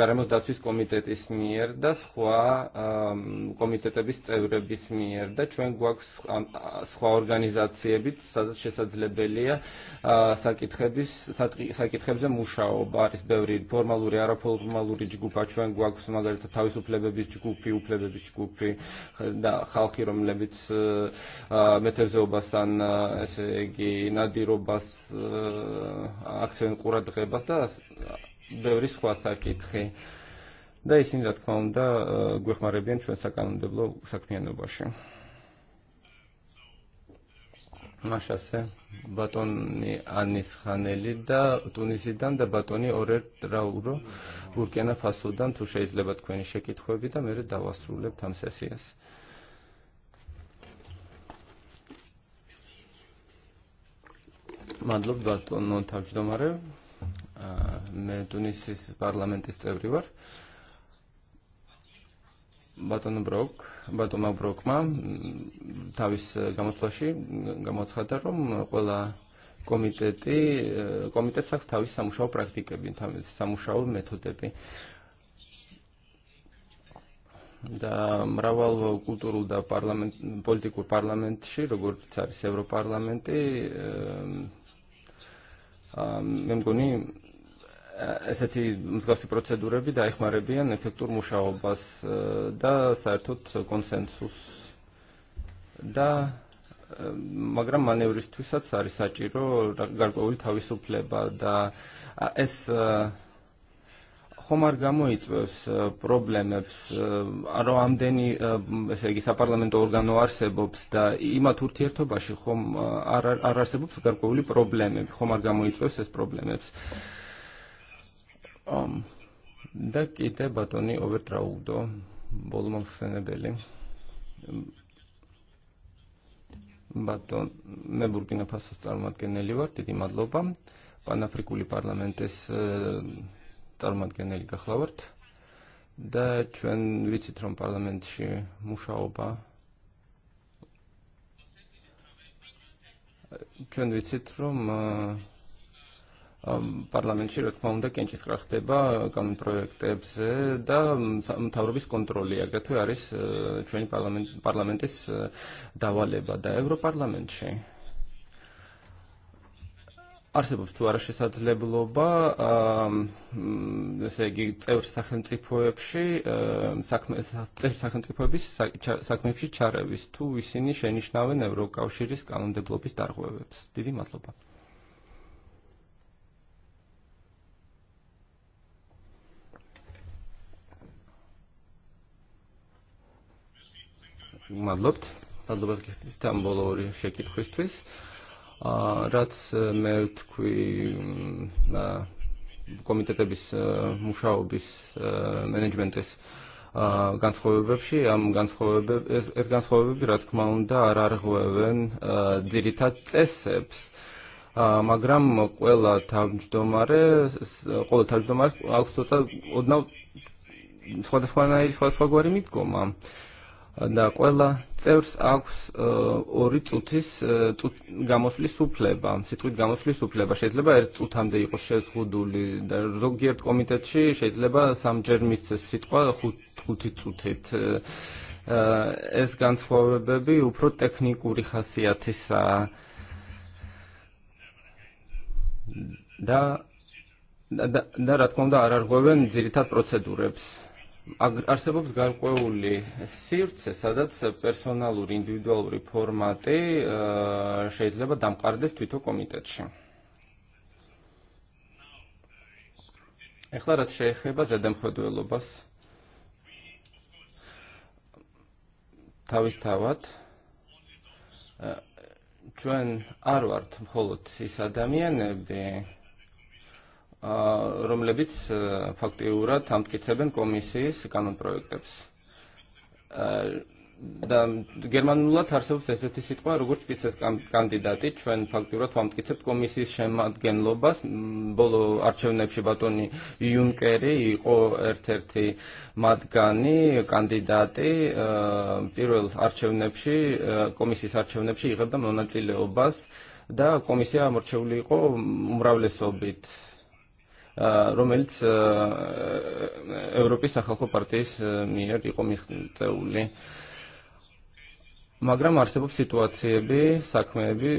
გარემოს დაცვის კომიტეტის მიერ და სხვა კომიტეტების წევრების მიერ და ჩვენ გვაქვს სხვა ორგანიზაციებით, სადაც შესაძლებელია საკითხების საკითხებზე მუშაობა. არის ბევრი ფორმალური, არაფორმალური ჯგუფა, ჩვენ გვაქვს მაგალითად თავისუფლებების ჯგუფი, უფლებების ჯგუფი და ხალხი რომლებიც მეთევზეობასთან ესე იგი ნადირობას აქცент ყურადღებას და ბევრი სხვა საკითხი და ისინი რა თქმა უნდა გვეხმარებიან ჩვენ საკანონმდებლო საქმიანობაში. მაშასე ბატონი ანის ხანელი და ტუნისიდან და ბატონი ორერ ტრაურო ბურკინა ფასოდან თუ შეიძლება თქვენი შეკითხვები და მე დავასრულებთ ამ სესიას. Madlubdat onun tavcıdamarı me Tunisis parlamentist evri var. ბატონო ბროკ, ბატონმა ბროკმა თავის გამოცვლაში გამოცხადა, რომ ყველა კომიტეტი კომიტეტს აქვს თავის სამუშაო პრაქტიკები, თავის Da mraval kulturu da parlament, politiku parlament პოლიტიკურ პარლამენტში, როგორც არის ევროპარლამენტი, eseti procedure bi მემგონი ესეთი მსგავსი პროცედურები დაეხმარებიან ეფექტურ მუშაობას და საერთოდ კონსენსუსს და მაგრამ მანევრისთვისაც არის საჭირო გარკვეული თავისუფლება და ეს აა ხომარ გამოიწვევს პრობლემებს რომ ამდენი ესე იგი საპარლამენტო ორგანო არსებობს და იმათ ურთიერთობაში ხომ არ არ არსებობს გარკვეული პრობლემები ხომ გამოიწვევს ეს პრობლემებს და კიდე ბატონი ოვერტრაუდო ბოლომახსენებელი ბატონ მე ბურკინა ფასოს წარმომადგენელი ვარ დიდი მადლობა პანაფრიკული პარლამენტის წარმოადგენელი გახლავართ და ჩვენ ვიცით რომ პარლამენტში მუშაობა ჩვენ ვიცით რომ პარლამენტში რა თქმა უნდა კენჭისყრა ხდება კანონპროექტებზე და მთავრობის კონტროლი აგრეთვე არის ჩვენი პარლამენტის დავალება და ევროპარლამენტში t-ewf t-ipu t-ewf t s-sakhen s-sakhen Არსებობს თუ არა შესაძლებლობა ესე იგი წევრ სახელმწიფოებში საქმე წევრ სახელმწიფოების საქმეებში ჩარევის თუ ისინი შენიშნავენ ევროკავშირის კანონმდებლობის დარღვევებს. დიდი მადლობა. Madlobt, madlobt kif tambol ori xekit kwistwis bis რაც მე თქვი კომიტეტების მუშაობის მენეჯმენტის განსხვავებებში ამ განსხვავებები ეს განსხვავებები რა თქმა უნდა არ არღვევენ ძირითად წესებს მაგრამ ყველა თავმჯდომარე ყველა თავმჯდომარეს აქვს ცოტა ოდნავ სხვადასხვანაირი სხვადასხვაგვარი mitko, აა და ყველა წევრს აქვს ორი წუთის გამოსვლის უფლება, სიტყვით გამოსვლის უფლება. შეიძლება ერთ წუთამდე იყოს შეზღუდული და ზოგიერთ კომიტეტში შეიძლება სამჯერ მისცეს სიტყვა 5 წუთით. ეს განსხვავებები უფრო ტექნიკური ხასიათისაა. და და რა თქმა უნდა არ არღვევენ ძირითად პროცედურებს არსებობს გარკვეული სივრცე, სადაც პერსონალური ინდივიდუალური ფორმატი შეიძლება დამყარდეს თვითონ კომიტეტში. ეხლა რაც შეეხება ზედამხედველობას თავისთავად ჩვენ Arvard ვართ მხოლოდ ის ადამიანები, რომლებიც ფაქტიურად ამტკიცებენ კომისიის კანონპროექტებს. და გერმანულად არსებობს ესეთი სიტყვა, როგორც პიცეს კანდიდატი, ჩვენ ფაქტიურად ვამტკიცებთ კომისიის შემადგენლობას. ბოლო არჩევნებში ბატონი იუნკერი იყო ერთ-ერთი მათგანი, კანდიდატი. პირველ არჩევნებში, კომისიის არჩევნებში იღებდა მონაწილეობას და კომისია ამორჩეული იყო უმრავლესობით რომელიც ევროპის Magra პარტიის მიერ bi, მიღწეული. bi, zogġer, maħsos საქმეები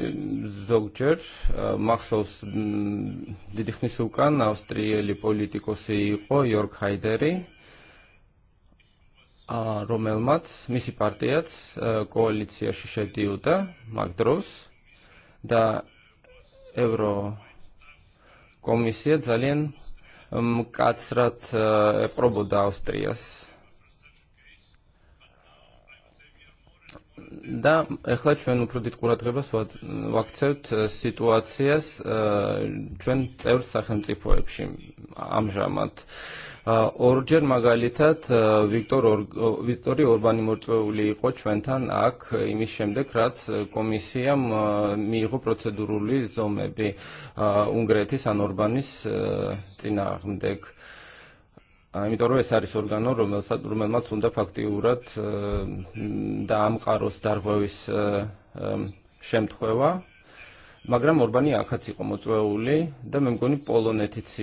ზოგჯერ მახსოვს დიდი ხნის უკან ავსტრიელი პოლიტიკოსი იყო იორგ ჰაიდერი რომელმაც მისი პარტიაც კოალიციაში შედიოდა Magdros, da ევრო Komisija ძალიან მკაცრად ეპრობოდა ავსტრიას. და ახლა ჩვენ უფრო დიდ ყურადღებას ვაქცევთ სიტუაციას ჩვენ წევრ სახელმწიფოებში ამჟამად. აა ორჯერ Magalitat ვიქტორ ვიქტორი ორბანი მოწვეული იყო ak აქ იმის შემდეგ რაც კომისიამ მიიღო პროცედურული ზომები უნგრეთის ან ორბანის წინააღმდეგ იმიტომ რომ ეს არის ორგანო რომელსაც რომელმაც უნდა ფაქტიურად დაამყაროს დარღვევის შემთხვევა მაგრამ ორბანი აქაც იყო მოწვეული და მე მგონი პოლონეთიც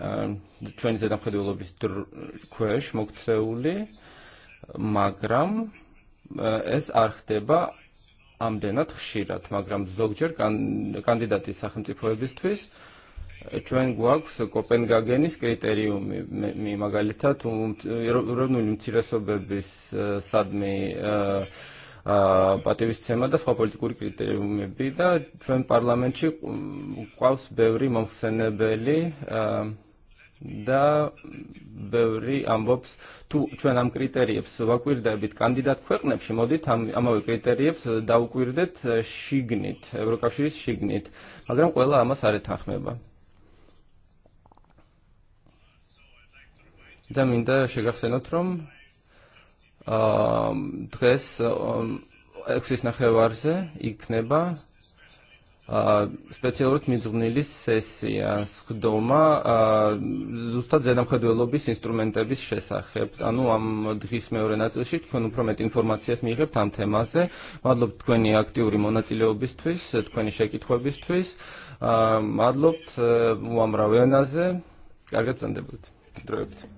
ჩვენი ზედამხედველობის ქვეშ მოქცეული, მაგრამ Magram არ ხდება ამდენად ხშირად, მაგრამ ზოგჯერ კანდიდატის სახელმწიფოებისთვის ċwen għuħaks Kopenhagenis kriteriumi mi magalitat u rrunu l-imtira sobebis eh, sadmi პატევის ცემა და სხვა პოლიტიკური კრიტერიუმები და ჩვენ პარლამენტში ყავს ბევრი მომხსენებელი uh да ბევრი ამბობს თუ ჩვენ bit kandidat ვაკვირდებით კანდიდატ ქვეყნებში მოდით ამ ამავე კრიტერიებს დაუკვირდეთ შიგნით ევროკავშირის შიგნით მაგრამ ყველა ამას არ ეთანხმება და მინდა შეგახსენოთ რომ აა დღეს 6-ის ნახევარზე ikneba, Specialment midżunili sessija sħdoma l-ustad zena mħadu bis instrumenta bis xesaxeb għanu għam dħis mewren għazilxik kienu promet informazzijas miħeb tam temase madlob tkweni aktivri monatili u obis twis tkweni xekit xo bis twis madlob e, u għam rawen għaze għagħet zandebut. Drojbt.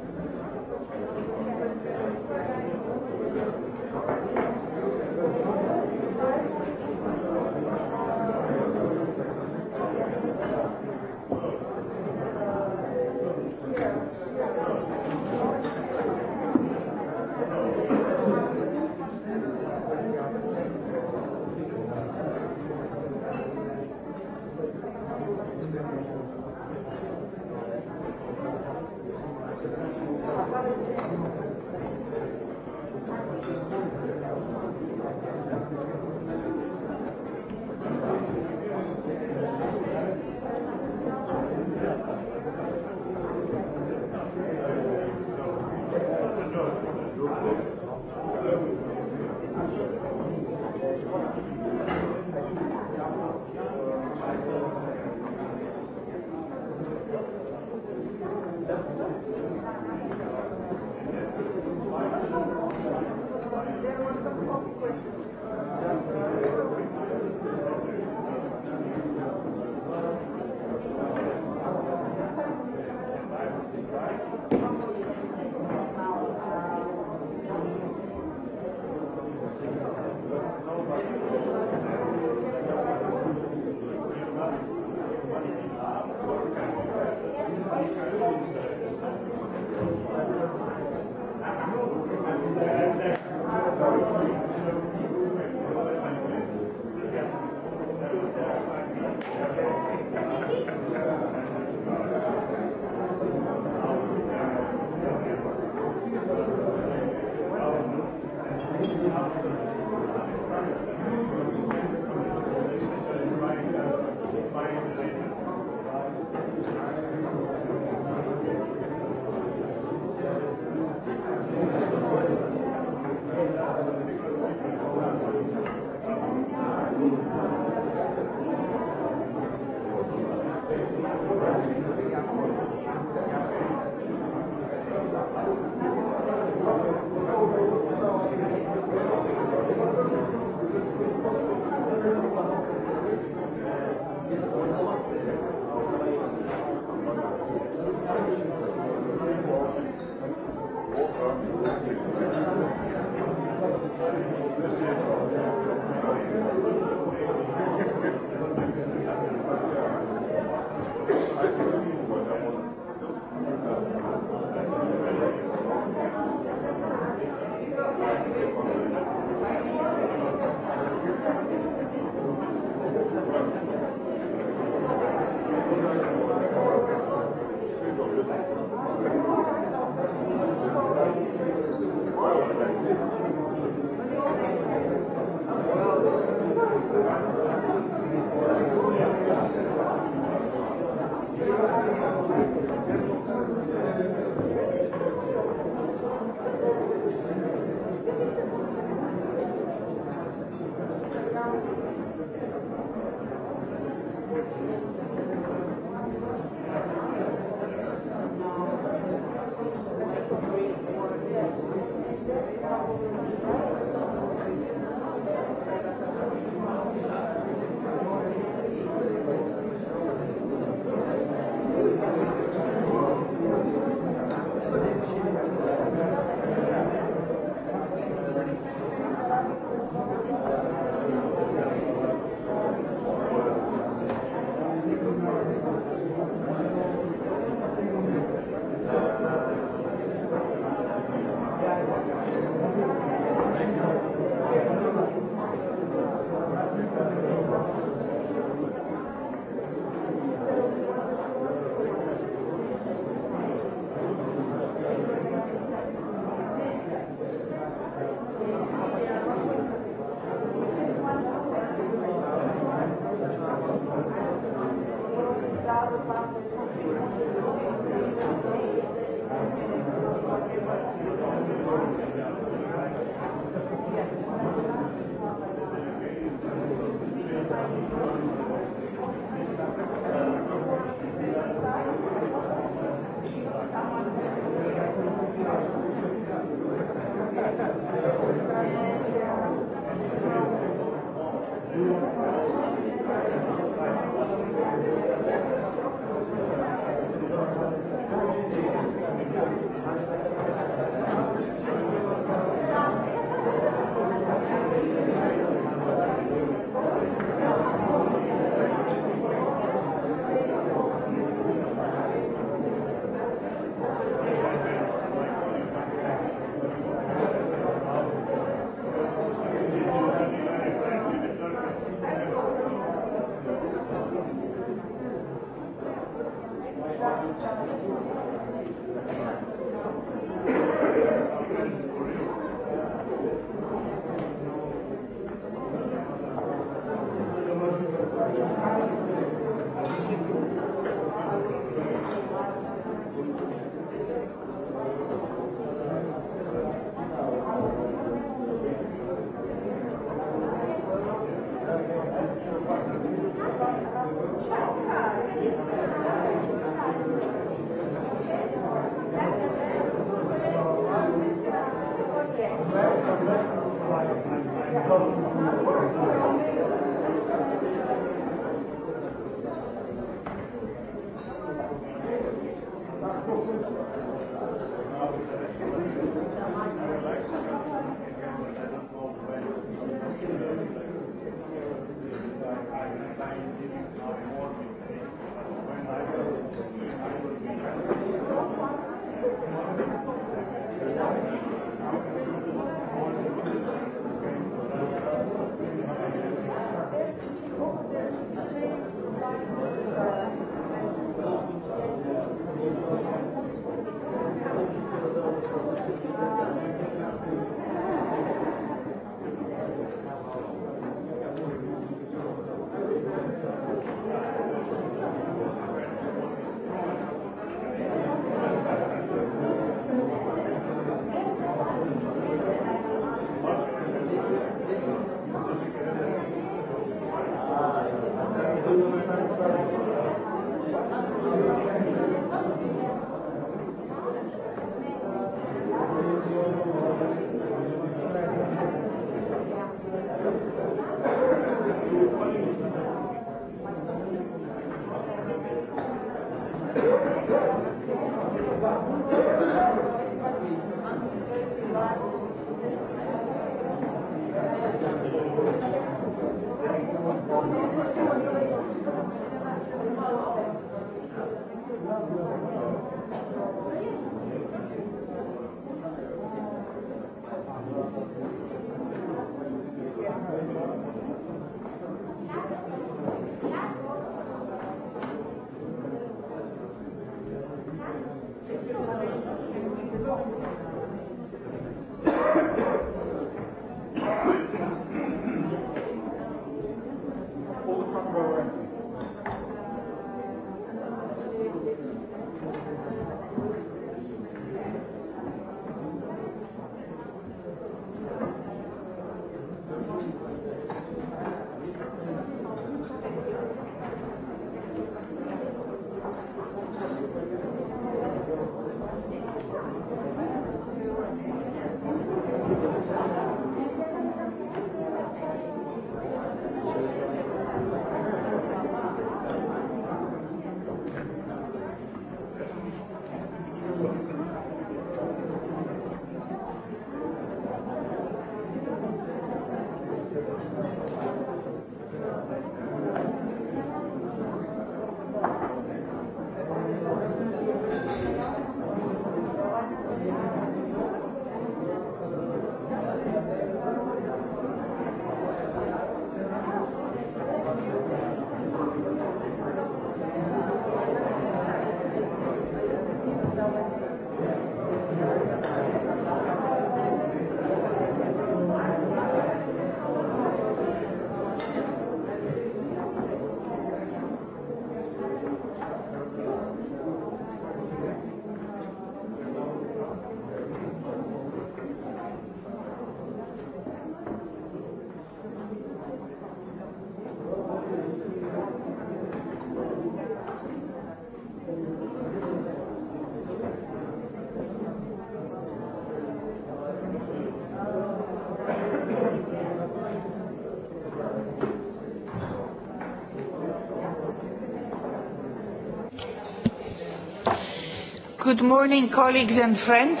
Good morning, colleagues and friends.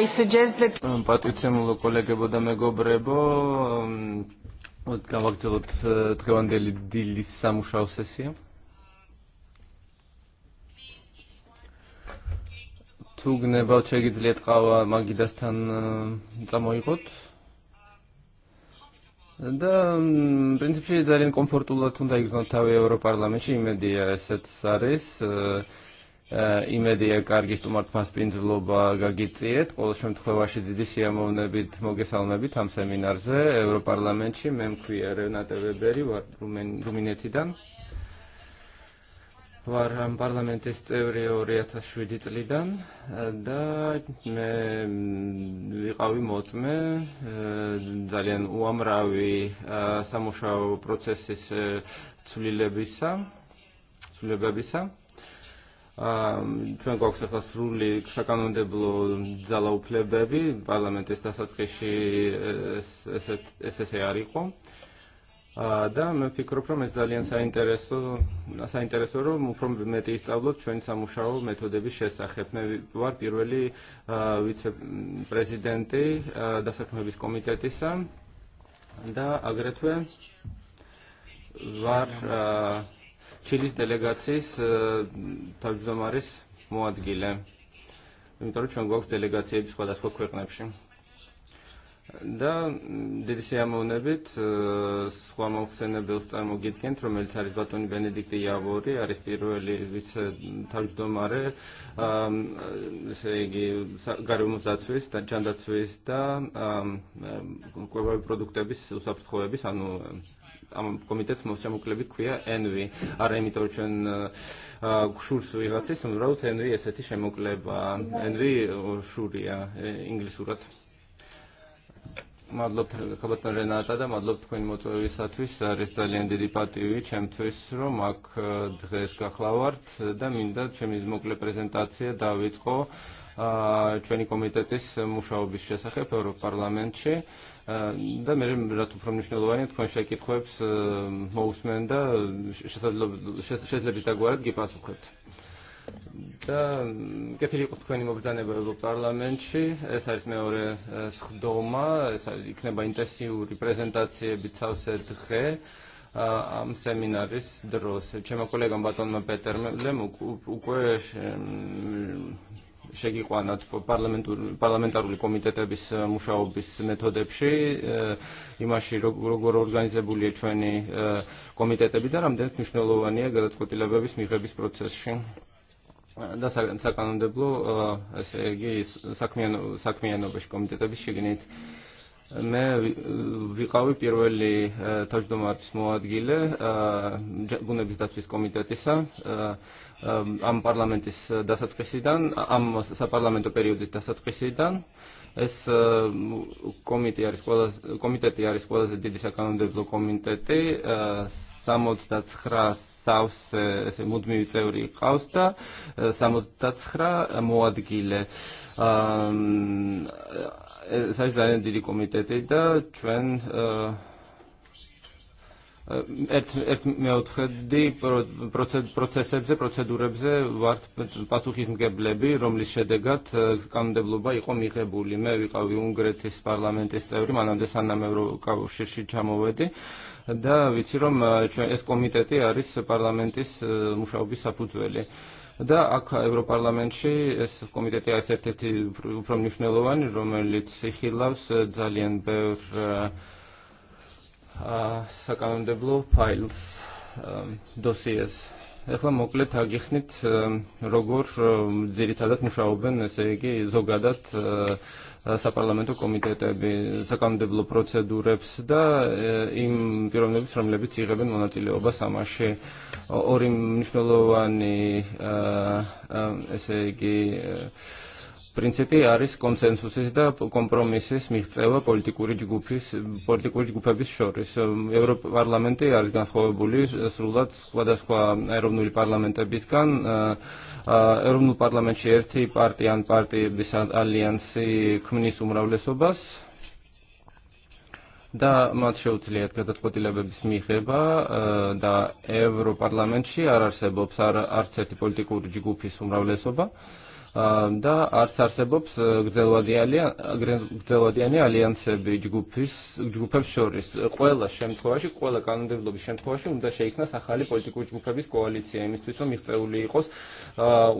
I suggest that... Patricemu kolege budeme go brebo. Od um, kawak zelot uh, tkevande li dili samu šao sesije. Tugne balčegit liet kava magidastan zamojkot. Uh, da, principċi dal-inkomfortu l-tunda jgħzon tawi Europarlament xie medija saris. Uh, იმედია კარგი სტუმართმას პინძლობა გაგიწიეთ ყოველ შემთხვევაში დიდი სიამოვნებით მოგესალმებით ამ სემინარზე ევროპარლამენტში მე მქვია რენატე ვებერი ვარ Weberi, war parlamentis წევრი 2007 წლიდან და მე ვიყავი მოწმე ძალიან უამრავი სამუშაო პროცესის ცვლილებისა ცვლილებებისა se ჩვენ გვაქვს ახლა სრული საკანონმდებლო ძალაუფლებები პარლამენტის დასაწყისში ეს ესე არ იყო და მე ვფიქრობ, რომ ეს ძალიან საინტერესო საინტერესო რომ უფრო მეტი ისწავლოთ ჩვენ სამუშაო მეთოდების შესახებ. მე ვარ პირველი ვიცე-პრეზიდენტი დასაქმების კომიტეტისა და აგრეთვე ვარ აა ċilis delegazzis eh, tal-ġdomaris muad gile. Imtarruċan għok delegacijaj bisqada skok kwek nebxin. Da, dirisi għamu nebit, eh, sħuamu xsene bil-stamu kentru, mel taris batun Benedikti Javori, għarif piru li vice eh, tarġ domare, għi għarri muza tswista, ġanda tswista, kwa produkta bis, usab sħuja bis, għannu komitet uh, uh, uh, e ma moklebit kuja envi għarra ar emitorċen xursu irrazzis un rawt envi jeseti xe kleba envi u xurja inglisurat. Madlob kabat na Renata da madlob tkwin motu tkun motovi satvis aris talien didi pativi čem tvis romak dres kaklavart da minda čem izmokle prezentacija Davidko ċveni komitetis muša biex sahe, Europarlamentxie. parlamentxie Да, мерим рату промышленного лования, ткон шаки тхуэпс, моусмен, да, шест лебит агуард, ги пасу хэпт. Да, кефири ткони мобзанеба Европ парламентши, ეს არის მეორე სხდომა, ეს იქნება ინტენსიური პრეზენტაციები ცავსე დღე ამ სემინარის დროს. ჩემო კოლეგამ ბატონმა პეტერმ ლემ უკვე parlamentar komiteta bis bis metode rogor შეგიყვანათ komiteta კომიტეტების მუშაობის მეთოდებში, იმაში როგორ ორგანიზებულია ჩვენი კომიტეტები და bis მნიშვნელოვანია bis მიღების პროცესში. Da deblu, sakandeblu, ესე იგი, საქმიანობაში კომიტეტების შიგნით მე ვიყავი პირველი თავმჯდომარის მოადგილე ბუნების komiteta კომიტეტისა Ehm, am parlamentis eh, dasat qesidan, am sa parlamentu periodis dasat qesidan, es komiteti არის ყველა კომიტეტი არის ყველაზე დიდი საკანონმდებლო კომიტეტი 79 სავს ესე მუდმივი წევრი ყავს და 69 მოადგილე. აა ეს არის ძალიან დიდი კომიტეტი და ჩვენ აა ერთ-მეოთხე დი პროცესებზე, პროცედურებზე ვართ პასუხისმგებლები, რომლის შედეგად კანონმდებლობა იყო მიღებული. მე ვიყავი უნგრეთის პარლამენტის წევრი, მანამდე სანამ ევროკავშირში ჩამოვედი და ვიცი რომ ეს კომიტეტი არის პარლამენტის მუშაობის საფუძველი. Da, ak Europarlamentxi, ez komiteti għajserteti upromnixnelovan, romellit siħillavs, dzalien ber uh, საკანონმდებლო ფაილს დოსიეს. Ეხლა მოკლედ აგიხსნით როგორ ძირითადად მუშაობენ ესე იგი ზოგადად საპარლამენტო კომიტეტები საკანონმდებლო პროცედურებს და იმ პიროვნებებს რომლებიც იღებენ oba ამაში orim nishnolovani ესე uh, იგი um, პრინციპი არის კონსენსუსის და კომპრომისის მიღწევა parlamenta ჯგუფის პოლიტიკური ჯგუფების შორის. ევროპარლამენტი parti განსხვავებული parti სხვადასხვა ეროვნული პარლამენტებისგან. ეროვნულ პარლამენტში ერთი პარტია ან პარტიების ალიანსი ქმნის უმრავლესობას და მათ შეუძლიათ გადაწყვეტილებების მიღება და ევროპარლამენტში არ არსებობს არც ერთი პოლიტიკური ჯგუფის უმრავლესობა. აა da arz არსებობს გრძელვადიანი ალიანსები ჯგუფის ჯგუფებს შორის. ყველა შემთხვევაში, ყველა კანონმდებლობის შემთხვევაში უნდა შეიქმნას ახალი პოლიტიკური ჯგუფების კოალიცია იმისთვის, რომ მიღწეული იყოს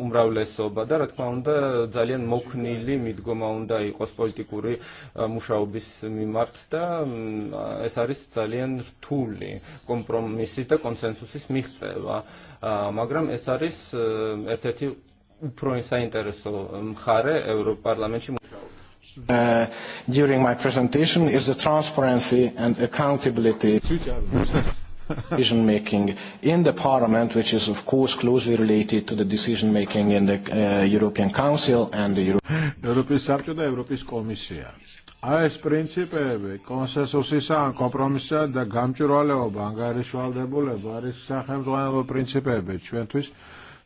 უმრავლესობა და რა თქმა უნდა ძალიან მოქნილი მიდგომა უნდა იყოს პოლიტიკური მუშაობის მიმართ და ეს არის ძალიან რთული კომპრომისის და კონსენსუსის მიღწევა. მაგრამ ეს არის ერთ-ერთი Pronisa interesu mħare Europarlament xi Uh, during my presentation is the transparency and accountability decision making in the parliament which is of course closely related to the decision making in the uh, European Council and the European Sabċu da European Komisija. Għajs prinċipevi, konsensusisa kompromissa da gamċu role u banga rixwal debule, baris saħem zgħan u prinċipevi, ċventus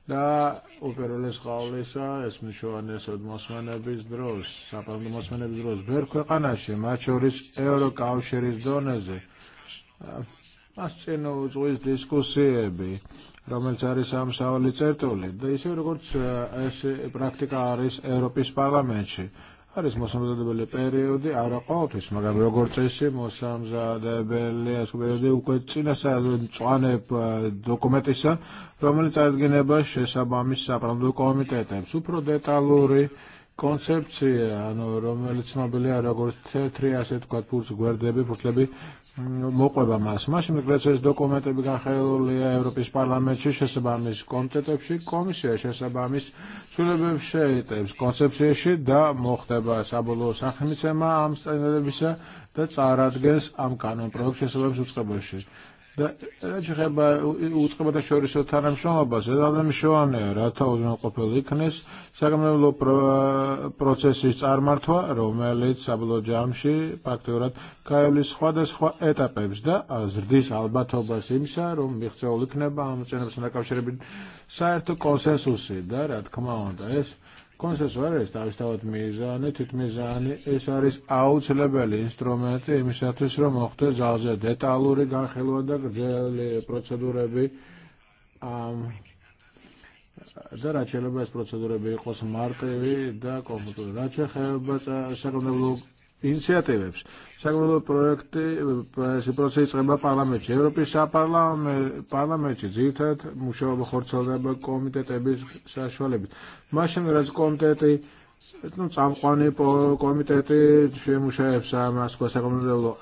Da, u peru li sħaw l-isħawlisa, esmi xoħanis u d-mosmane bizdrus, sapam d-mosmane bizdrus, berku għanaxi, maċuris euro kaw xeris donezi. Maċċinu zwiz diskussiebi, romel ċari sam saw li ċertuli, da jisiru kurz eh, praktika għaris Europis parlamenti. Għaris ma samza debelli periodi għara għaraqot, isma għamlu għorċessi, ma samza debelli għasu periodi u kħedċina sa d-ċuħane ċuħaneb dokumentissa, romani ċaħed għineba xe sabba missa prandu komiteta, su prodeta detaluri, koncepzija, għanu romani ċma billi għaraqot 3 għaset 4 purs gwerdebi, purs lebi მოყვება მას. მაშინ როგორც ეს დოკუმენტები განხილულია ევროპის პარლამენტში შესაბამის კომიტეტებში, კომისია შესაბამის ცვლილებებს შეიტევს კონცეფციაში და მოხდება საბოლოო სახელმწიფო ამ სტანდარტებისა და წარადგენს ამ კანონპროექტს შესაბამის უწყებაში ċeħeba uċkaba ta' xorri se ta' nemxon abbas, da' nemxon għanera, ta' użun kopil iknis, sagam nemlu processi ċarmartwa, romeli, sablo ġamxi, pakturat, kaj li sħwada sħwa etapebs, da' għazrdis għalba ta' ubbas imxa, rom biħċew likneba, għamċenem s-nakaw xerbi, sajrtu konsensusi, da' rad kama għonda, es, konsensuari staw t mizani, t mizani, isaris għawt lebel instrumenti, misatis romoħte zaħze detaluri għanħilu għadak ġeli procedurebi għam. Dara ċelebes bi kos markevi, da komputur. da ċeħe, bat sakonevlu инициативებს. საგროდო პროექტი პროცესება პარლამენტში, ევროპის პარლამენტში ძირითადად მუშაობა ხორცელდება კომიტეტების საშუალებით. მაშინ რაც კომიტეტი ну წამყვანი კომიტეტი შემუშავებს ამ ასაკომედელო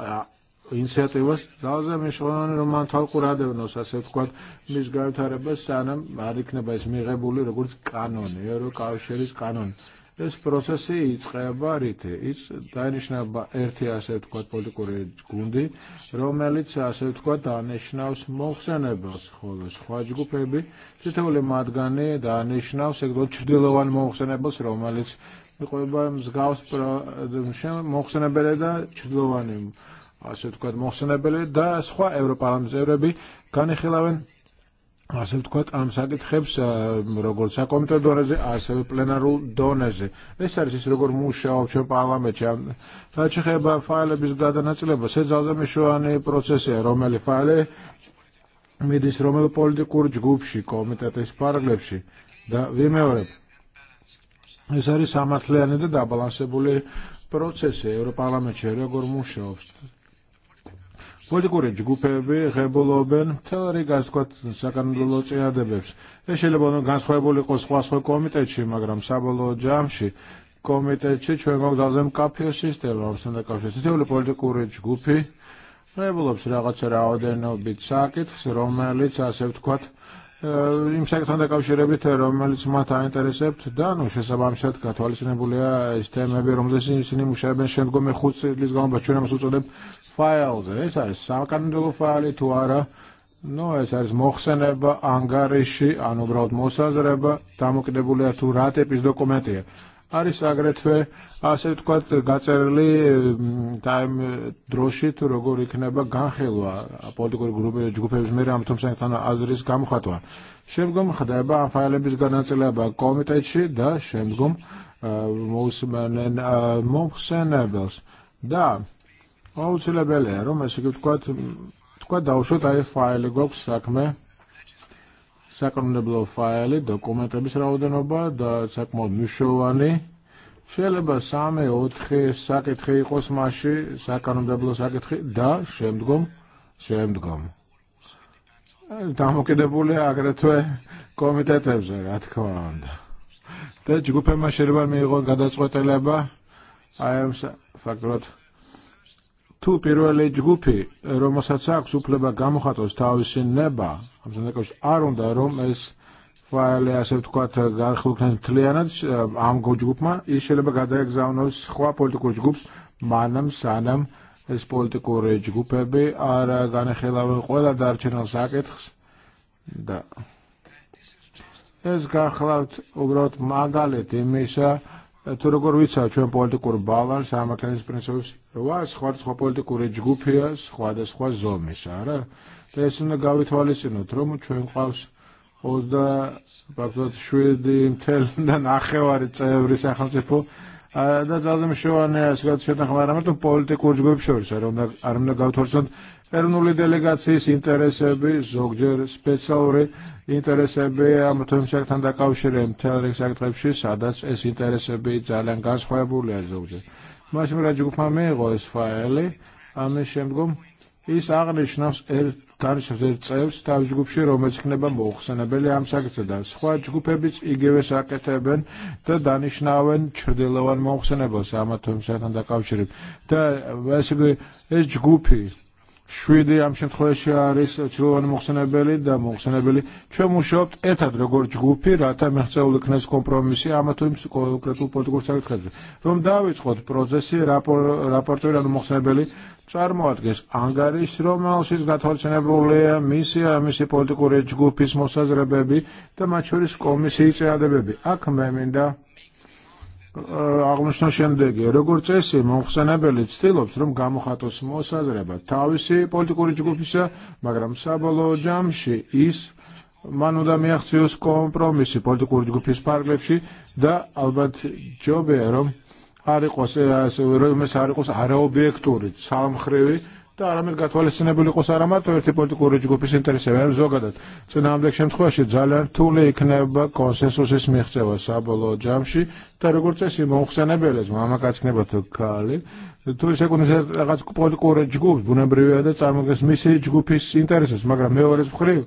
inizjattivas dawza miex għonan roman tal-kuradevno sa se tkwad miex għajtare bessanem għarikne bajs miħebuli regurz kanon, jeru ეს პროცესი იწყება რითი ის დაინიშნება ერთი ასე ვთქვათ პოლიტიკური გუნდი რომელიც ასე ვთქვათ დანიშნავს მოხსენებელს ხოლო სხვა ჯგუფები თითოეული მათგანი დანიშნავს ეგ ჩრდილოვან მოხსენებელს რომელიც იყვება მსგავს მოხსენებელი და ჩრდილოვანი ასე ვთქვათ მოხსენებელი და სხვა ევროპარლამენტის წევრები განიხილავენ ასე ვთქვათ, ამ საკითხებს როგორც საკომიტეტო დონეზე, ასევე პლენარულ დონეზე. ეს არის ის როგორ għani ჩვენ romeli რაც შეეხება ფაილების გადანაწილებას, ეს ძალზე მნიშვნელოვანი პროცესია, რომელი ფაილი მიდის რომელ პოლიტიკურ ჯგუფში, კომიტეტის პარგლებში და ვიმეორებ. ეს არის სამართლიანი და დაბალანსებული rogur muxa u მუშაობს. Politiku reġgupები ღებულობენ მთელი გასკვათ საკანონმდებლო წინადებებს. ეს შეიძლება განსხვავებულიყო სხვა სხვა კომიტეტში, მაგრამ საბოლოო ჯამში კომიტეტში ჩვენ გვაქვს ძალზე მკაფიო სისტემა მოსთან დაკავშირებით. თითოეული პოლიტიკური ჯგუფი ღებულობს რაღაცა რაოდენობით საკითხს, რომელიც ასე ვთქვათ, Imsak tanda kaw xie għaw xirebiterom li smata għajn recept dan u xesab għam xedka għal sinibulja istem birom li sin sinim u xeben xed għom il-ħuz li zgħom bħacċuna ma sutu deb files. sa issa kan ndu fali tuara. No, e esa, is moħsen ebba angarixi anu brawt musa zreba tamu kdebulja turate pis dokumentie არის აგრეთვე grubi ვთქვათ გაწერილი ტაიმ დროში თუ როგორ იქნება განხილვა პოლიტიკური ჯგუფების მიერ ამ თუმსთან აზრის გამოხატვა. შემდგომ ხდება ამ ფაილების განაწილება კომიტეტში და შემდგომ მოусმენენ მომხსენებელს და აუცილებელია რომ ესე იგი ვთქვათ თქვა დავუშვათ აი ფაილი გვაქვს sakme, საკანონმდებლო ფაილი დოკუმენტების რაოდენობა და საკმაოდ მნიშვნელოვანი შეიძლება 3-4 საკითხი იყოს მასში საკანონმდებლო საკითხი და შემდგომ შემდგომ დამოკიდებული აგრეთვე კომიტეტებზე რა თქმა უნდა და ჯგუფებმა შეიძლება მიიღონ გადაწყვეტილება აი sa ფაქტობრივად თუ პირველი ჯგუფი, რომელსაც აქვს უფლება გამოხატოს თავისი ნება, ამიტომ ეკოს არ უნდა რომ ეს ფაილი ასე ვთქვათ გარხულქნეს მთლიანად ამ ჯგუფმა ის შეიძლება გადაეგზავნოს სხვა პოლიტიკურ ჯგუფს მანამ სანამ ეს პოლიტიკური ჯგუფები არ განეხილავენ ყველა დარჩენილ საკითხს და ეს გახლავთ უბრალოდ მაგალითი იმისა თუ როგორ ვიცავ ჩვენ პოლიტიკურ ბალანს ამ აკლის პრინციპს რვა სხვა სხვა პოლიტიკური ჯგუფია სხვადასხვა ზომის არა და ეს უნდა გავითვალისწინოთ რომ ჩვენ ყავს 20 ფაქტობრივად 7 და 9 წევრი სახელმწიფო და ძალზე მშოვანე ასე გადაშეთანხმა რამე თუ პოლიტიკურ ჯგუფ შორის არ უნდა არ უნდა გავთვალისწინოთ ეროვნული დელეგაციის ინტერესები, ზოგჯერ სპეციალური ინტერესები ამ თემებთან დაკავშირებით მთელ რიგ საკითხებში, სადაც ეს ინტერესები ძალიან განსხვავებულია ზოგჯერ. მაშინ რა ჯგუფმა მიიღო ეს ფაილი, ამის შემდგომ ის აღნიშნავს ერთ განსხვავ ერთ წევს თავის ჯგუფში, რომელიც იქნება მოხსენებელი ამ საკითხიდან. სხვა ჯგუფებიც იგივე საკეთებენ და დანიშნავენ ჩრდილოვან მოხსენებელს ამ თემებთან დაკავშირებით. და ესე ეს ჯგუფი შვიდი ამ შემთხვევაში არის ჩრდილოანი მოხსენებელი და მოხსენებელი. ჩვენ მუშაობთ ერთად როგორც ჯგუფი, რათა მიღწეულ იქნეს კომპრომისი ამა თუ იმ კონკრეტულ პოლიტიკურ საკითხებზე. რომ დავიწყოთ პროცესი, რაპორტი ანუ მოხსენებელი წარმოადგენს ანგარიშს, რომელშიც გათვალისწინებულია მისი მისი პოლიტიკური ჯგუფის მოსაზრებები და მათ შორის კომისიის წეადებები. აქ მე მინდა აღმოჩნდა შემდეგი, როგორც წესი, მომხსენებელი ცდილობს, რომ გამოხატოს მოსაზრება თავისი პოლიტიკური ჯგუფისა, მაგრამ საბოლოო ჯამში ის მან უნდა მიაღწიოს კომპრომისი პოლიტიკური ჯგუფის ფარგლებში და ალბათ ჯობია, რომ არ იყოს ეს რომ ეს არ იყოს არაობიექტური, სამხრივი Tara mill-gat għal s-sinebu li kusara ma martu jirti politiku rġgu pis interessever zogadat. s Sina għamlek xem t dżaler tu li kneba konsensus ismiħ sewa sabu lo ġamxi ta' rigur t-simu sessi uħsene belez ma' ma' kaċ kneba t-kali. Tu li s sekun għat nizet għaz e politiku rġgu d briju għadet sar s-missi ġgu pis interesses ma' għram meħu bħriv.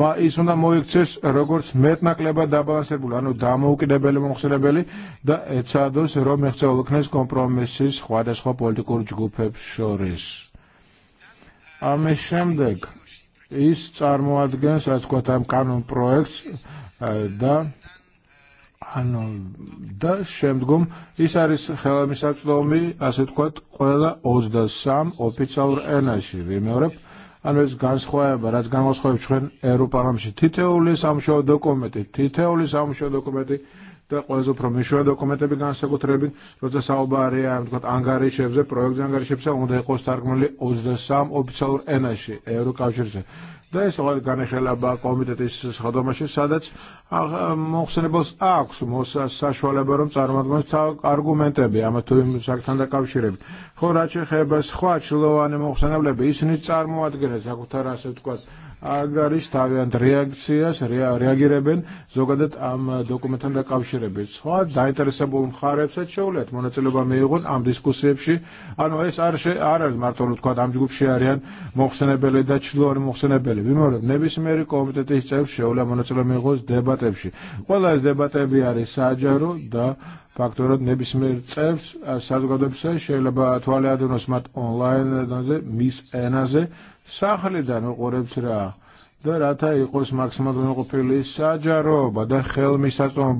Ma' jisuna mu ikċis rigur smetna kleba daba serbulanu damu u kidebeli ma' uħsene beli da' eċadus rom iħċew l-knes kompromissis xwades xo politikur rġgu pep xoris ამის შემდეგ ის წარმოადგენს რაც გვათან კანონ პროექტს და ანუ და შემდგომ ის არის ხელმისაწვდომი ასე თქვათ ყველა 23 ოფიციალურ ენაში ვიმეორებ ანუ ეს განსხვავება რაც განვასხვავებს ჩვენ ევროპარლამენტში თითოეული სამშო დოკუმენტი თითოეული სამშო დოკუმენტი და ყველაზე უფრო მნიშვნელოვანი დოკუმენტები განსაკუთრებით, როცა საუბარია თქვა ანგარიშებზე, პროექტზე ანგარიშებზე უნდა იყოს თარგმნილი 23 ოფიციალურ ენაში, ევროკავშირზე. და ეს ყოველ განეხილება კომიტეტის სხდომაში, სადაც მოხსენებელს აქვს საშუალება რომ წარმოადგოს არგუმენტები ამა თუ იმ საკთან დაკავშირებით. ხო, რაც შეეხება სხვა ჩლოვანი მოხსენებლები, ისინი წარმოადგენენ საკუთარ ასე ვთქვათ għagħarix ta' għant reakcijas, reagirebin, zogadet għam dokumentan da' kawxirebin. Sħad, da' interesabu mħareb se ċewlet, mona t-siluba miħun, għam diskusibxi, għanu għes għarxie għarel martolut kod għam ġgub xerjan, moħsenebeli da' ċlon, moħsenebeli. Bimorib, nebis meri komitet iċċew xewle, mona t-siluba miħun, debatebxi. Walla debatebi għari saġaru da' ფაქტორად ნებისმიერ წევრს საზოგადოებისა შეიძლება Da rata ikos ონლაინ ენაზე, მის ენაზე სახლიდან უყურებს რა და რათა იყოს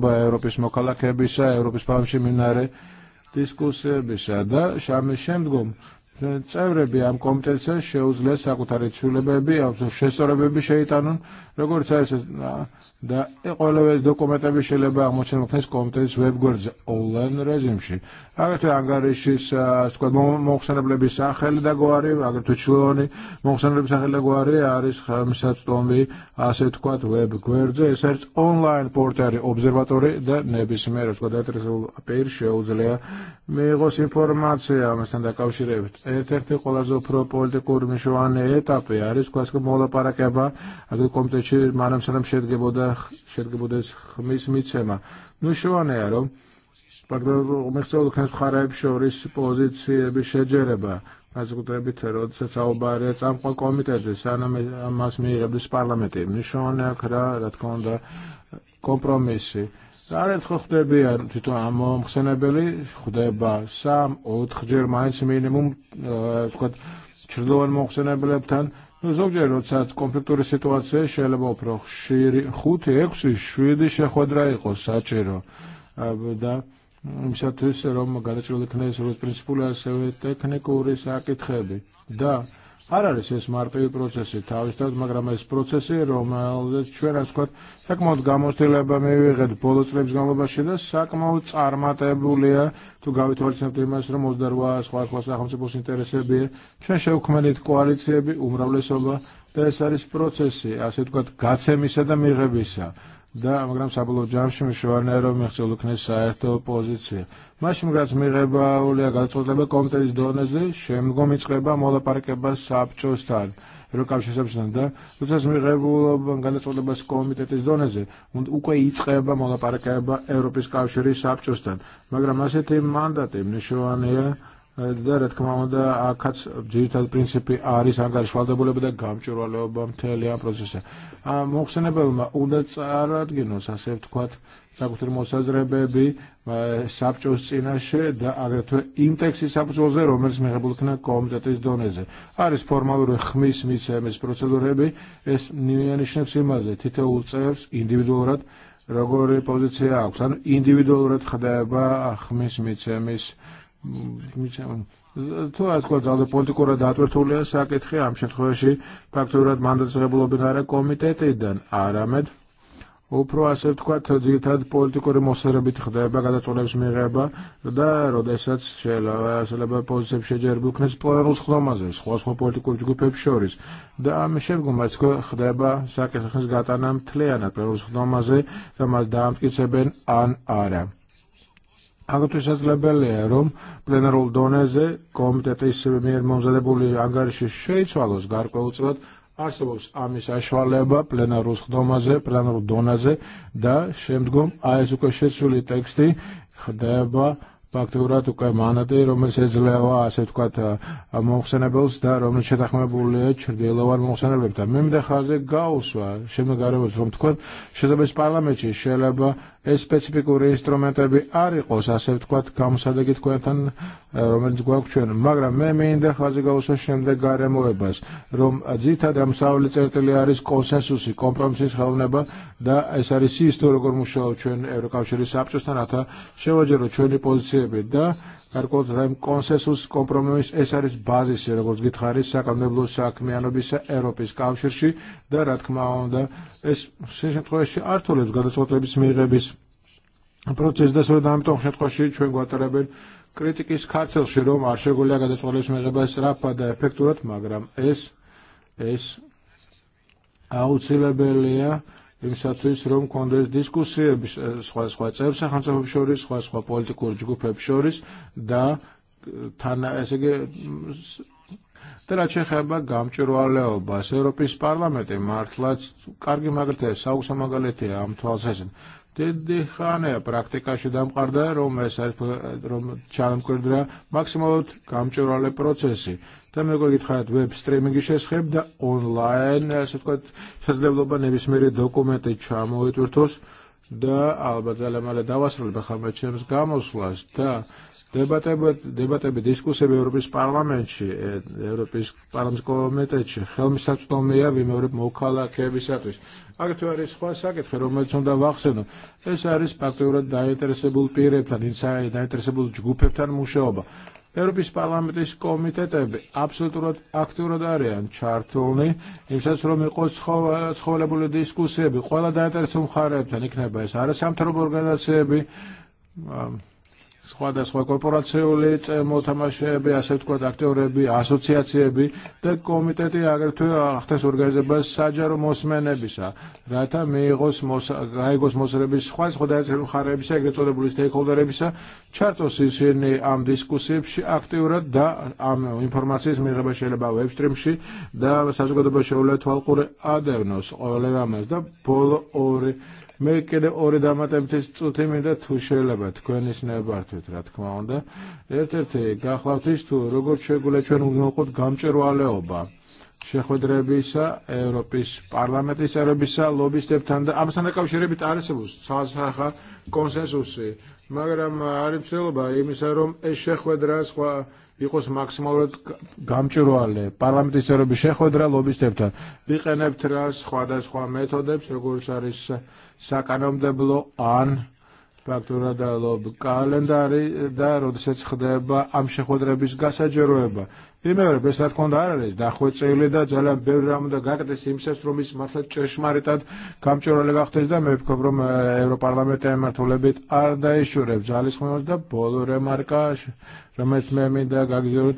ba Europis mokala kebisa, Europis მოქალაქეებისა, minare, diskuse bisa, da, და šem dgom su წევრები ამ კომიტეტს შეუძლეს საკუთარი ცვლილებები აქვს შესწორებები შეიტანონ როგორც ეს და ყოველივე დოკუმენტები შეიძლება აღმოჩენილ კომიტეტის ვებგვერდზე online რეჟიმში აგრეთვე ანგარიშის თქვა მოხსენებლების სახელი და გვარი აგრეთვე ჩლოანი saħħel da და għaris არის მსაწვდომი għaset თქვა web ეს არის online portari observatori da nebis meru, პორტალი observatory და ნებისმიერ თქვა დაinteressul პირ შეუძლია მიიღოს ინფორმაცია da kawxirevit ერთ-ერთი ყველაზე უფრო პოლიტიკური მნიშვნელოვანი ეტაპი არის კლასიკურმა ლაპარაკება აგრ კომიტეტში მანამ-სანამ შედგებოდა შედგებოდეს ხმის მიცემა. მნიშვნელოვანია რომ მეხსოვდა ქნეს მხარეებს შორის პოზიციების შეჯერება განსაკუთრებით როდესაც საუბარია წამყვა კომიტეტზე სანამ მას მიიღებს პარლამენტი. მნიშვნელოვანია რა თქმა უნდა კომpromessi Saret xoħdebi xħuħdebi titu għamom xsenebeli, xoħdeba sam, u tħġir maħiċ minimum, eh, tkot għan għalmu xsenebeli btan, Nizog ġeru t-sat konfliktur situazzja xele bopro, xiri xuti eksu xwidi xeħodra ikos, saċiru. Abda, msa tħisserom tisserom għalet ċrdu l-knes, l-prinsipula tekniku risa kitħebi. Da, არ არის ეს მარტივი პროცესი, თავისთავად, მაგრამ ეს პროცესი, რომელიც ჩვენ ასე ვთქვათ, საკმაოდ გამოცდილება მივიღეთ ბოლო წლების განმავლობაში და საკმაოდ წარმატებულია თუ გავითვალისწინებთ იმას, რომ 28 სხვა სხვა სახელმწიფოს ინტერესები ჩვენ შევქმნით koalizjoni უმრავლესობა და ეს არის პროცესი, ასე ვთქვათ, გაცემისა და მიღებისა da მაგრამ საბოლოო ჯამში მშოვანია რომ მიღწეულ იქნეს საერთო პოზიცია. მაშინ რაც მიღებაულია გაწყვეტილება კომიტეტის დონეზე, შემდგომ იწყება მოლაპარაკება საბჭოსთან. Rukavxie sebxnan da, l-uċas mirrebu għanna t-għodda bas komitet iż-donezi, und u kwe jitqeba mola parakeba Europis kavxie risab ċustan. Magra ma se tim mandatim, nixu għanija, e, Daret kama għamda għakħax bġiri tal-prinċipi għari sangar xwalda bule bada għamċur għalli għobam teli għam processa. Muxsene belma, unda t-sarat għinu sa' sebt kwat sa' kutir mosa zrebebi sabċu s-sinaxe da għagretu inteksi sabċu zero mers meħabul kna kom da t-iz doneze. Għaris formalur xmis mise mis procedurebi es nimjan ixnef simaze tite u t-sefs individuarat rogori pozizija għaksan individuarat xadeba xmis mise mis procedurebi Tu għad kod għal kol zaħda politiku li u tulli sak itħiam xetħoċi pakturat mandat srebulo binara komitet idden għaramed u pro għasib tkwa t-dritad dita kuri rimosser bit xdeba għada t-tulebs mirreba da rodessat xela seleba pozisib xeġerbu knes poleru sħlomazir sħosmu politiku ġgu pepxoris da mxebgu maċku xdeba sak itħiz għatanam t-lijanat poleru sħlomazir da mazdam t-kiseben għan għara აღმოსავლეთელია რომ პლენარულ დონეზე კომიტეტის მიერ მომზადებული ანგარიში შეიცვალოს amis არსებობს plenarus აშვალება პლენარულ ხდომაზე, da დონეზე და შემდგომ აი ეს უკვე შეცვლილი ტექსტი ხდება ფაქტურად უკვე მანატი, რომელიც da ასე ვთქვათ მომხსენებელს და რომელიც შეთანხმებულია ჩრდილოვან მომხსენებლებთან. მე მდა ხაზე გავსვა შემდგარებას რომ თქვენ შესაძლოა პარლამენტში შეიძლება specifikuri instrumentები არ იყოს ასე ვთქვათ გამოსადეგი თქვენთან me გვაქვს ჩვენ მაგრამ მე მინდა ხაზი გავუსვა შემდეგ გარემოებას რომ Zita ამსავლი წერტილი არის aris konsensusi kompromisis და da არის ის თუ როგორ მუშაობ ჩვენ ევროკავშირის საბჭოსთან რათა შევაჯეროთ ჩვენი პოზიციები da გარკვეულ რაიმ კონსენსუს კომპრომისს ეს არის ბაზისი როგორც გითხარი საკანონმდებლო საქმიანობისა ევროპის კავშირში და რა თქმა უნდა ეს შემთხვევაში ართულებს გადაწყვეტილების მიღების პროცესს და სწორედ ამიტომ შემთხვევაში ჩვენ გვატარებენ კრიტიკის ქარცელში რომ არ შეგვიძლია გადაწყვეტილების მიღება სწრაფად და ეფექტურად magram. es ეს აუცილებელია იმისათვის, რომ კონდეს დისკუსიები სხვა სხვა წევრ სახელმწიფოებს შორის, სხვა სხვა პოლიტიკურ ჯგუფებს შორის და თან ესე იგი Tela ċeħeba għam ċirwa l-Ewba, s-Europis parlamenti martlaċ kargi maglte, sawsa magaleti għam tħalsesin. Tiddi ħane praktika xidam qarda rum esar rum ċalam kurdra maksimalut għam ċirwa l Tam jgħu għitħat web streaming ixes xebda online, eh, s-tkot s-sazlevloba nevismeri dokumenti ċamu jturtus da għalba t-għalem għal dawas l ċems għamuslas, da debata bi diskuse bi Europis parlamentxi, eh, Europis parlamentx komitetxi, xelm saċtomija bi Europ mukala kebi satus. Għaktu għaris xwasa għet xeru meċon da Esa għurad da pire, tan da ġgupe tan muxoba. Europis parlamentis komitetები აბსოლუტურად აქტიურად bulli ჩართულნი, იმსაც რომ იყოს ცხოველებული დისკუსიები ყველა დაინტერესო მხარეებთან იქნება ეს არა სამთავრობო ორგანიზაციები სხვადასხვა კორპორაციული წემო თამაშები, ასე ვთქვათ, აქტიურები, ასოციაციები და კომიტეტი აგრეთვე ახდენს ორგანიზებას საჯარო მოსმენებისა, რათა მიიღოს გაიგოს მოსწრების სხვა სხვა დაეწერილი მხარეებისა, ეგრეთ წოდებული სტეიკჰოლდერებისა, ჩართოს ისინი ამ დისკუსიებში აქტიურად და ამ ინფორმაციის მიღება შეიძლება ვებსტრიმში და საზოგადოება შეუძლია თვალყური ადევნოს ყველამ ამას და ბოლო ორი Mekele ori დამატებითი წუთიმი და თუ შეიძლება თქვენის ნებართვით, რა თქმა უნდა, ერთ-ერთი გახლავთის თუ როგორ შეგვიძლია ჩვენ უგნოყოთ გამჭვირვალეობა შეხვედრებისა ევროპის პარლამენტის ერობისა ლობისტებთან და ამასთან დაკავშირებით არის სასახა კონსენსუსი, მაგრამ არის მსჯელობა იმისა, რომ ეს შეხვედრა სხვა იყოს მაქსიმალურად გამჭვირვალე პარლამენტის წევრების შეხვედრა ლობისტებთან. ვიყენებთ რა სხვადასხვა მეთოდებს, როგორც არის საკანონმდებლო ან ფაქტორად ალობ კალენდარი და Am ხდება ამ შეხვედრების გასაჯეროება. იმეორებ ეს რა kondarare da khoitseli da დახვეწილი bevram da ბევრი imses უნდა გაკეთდეს იმისათვის რომ ის მართლა ჭეშმარიტად გამჭვირვალე გახდეს და მე ვფიქრობ რომ ევროპარლამენტი ემართულებით არ დაიშურებს ძალისხმევას რომელიც მე მინდა გაგზავნოთ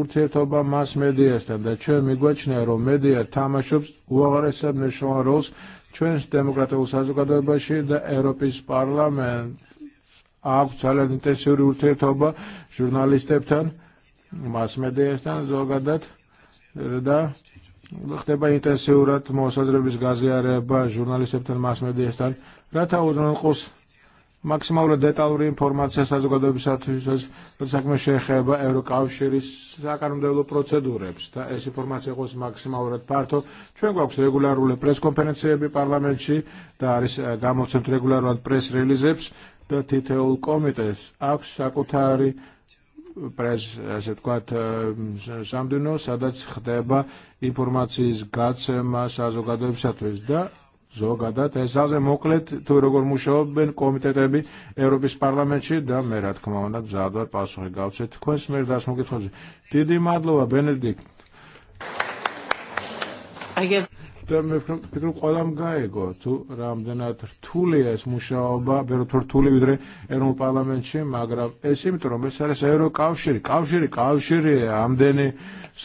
ურთიერთობა მას მედიასთან და ჩვენ მიგვაჩნია რომ მედია თამაშობს უაღრესად მნიშვნელოვან როლს ჩვენს დემოკრატიულ საზოგადოებაში და ევროპის პარლამენტს აქვს ძალიან ინტენსიური ურთიერთობა ჟურნალისტებთან, მასმედიასთან ზოგადად და ხდება ინტენსიურად მოსაზრების გაზიარება ჟურნალისტებთან, მასმედიასთან, რათა უზრუნველყოს მაქსიმალურად დეტალური ინფორმაცია საზოგადოებისათვის რაც საქმე შეეხება ევროკავშირის საკანონმდებლო პროცედურებს და ეს ინფორმაცია იყოს მაქსიმალურად ფართო. ჩვენ გვაქვს რეგულარული პრესკონფერენციები პარლამენტში და არის გამოცემთ რეგულარულად პრეს რელიზებს და თითოეულ კომიტეს აქვს საკუთარი პრეს ასე ვთქვათ სამდენო სადაც ხდება ინფორმაციის გაცემა საზოგადოებისათვის da' ზოგადად ესაზე მოკლედ თუ როგორ მუშაობენ კომიტეტები ევროპის პარლამენტში და მე რა თქმა უნდა მზადვარ პასუხი smer da მიერ დასმოკითხებზე. Tidi madlova Benedikt. I guess კითხულამ გაეგო თუ რამდენად რთულია ეს მუშაობა, ბეროთურ რთული ვიდრე ეროვნულ პარლამენტში, მაგრამ ეს იმიტომ რომ ეს არის ევროკავშირი, კავშირი, კავშირი ამდენი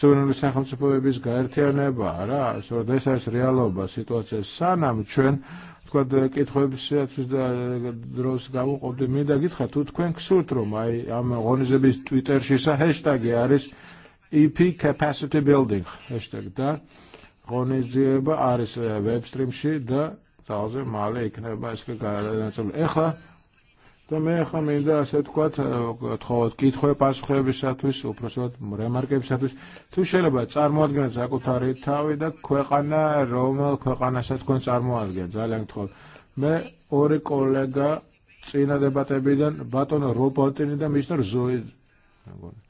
სუვერენული სახელმწიფოების გაერთიანება, რა, სწორედ ეს არის რეალობა, სიტუაცია სანამ ჩვენ თქვა კითხვებს დროს გამოყოფდი, მინდა გითხრა თუ თქვენ გსურთ რომ აი ამ ღონისძიების Twitter-ში სა ჰეშტაგი არის EP capacity building hashtag და ღონისძიება არის ვებ სტრიმში და თავზე მალე იქნება ეს კი გადაწყვეტილი. ეხლა და მე ახლა მინდა ასე თქვათ თხოვოთ კითხვე პასუხებისათვის, უпроსტად რემარკებისათვის, თუ შეიძლება წარმოადგენთ საკუთარი თავი და ქვეყანა, რომელ ქვეყანასაც თქვენ წარმოადგენთ, ძალიან გთხოვთ. მე ორი კოლეგა წინა დებატებიდან ბატონო რობოტინი და მისტერ ზოი. ნაგონი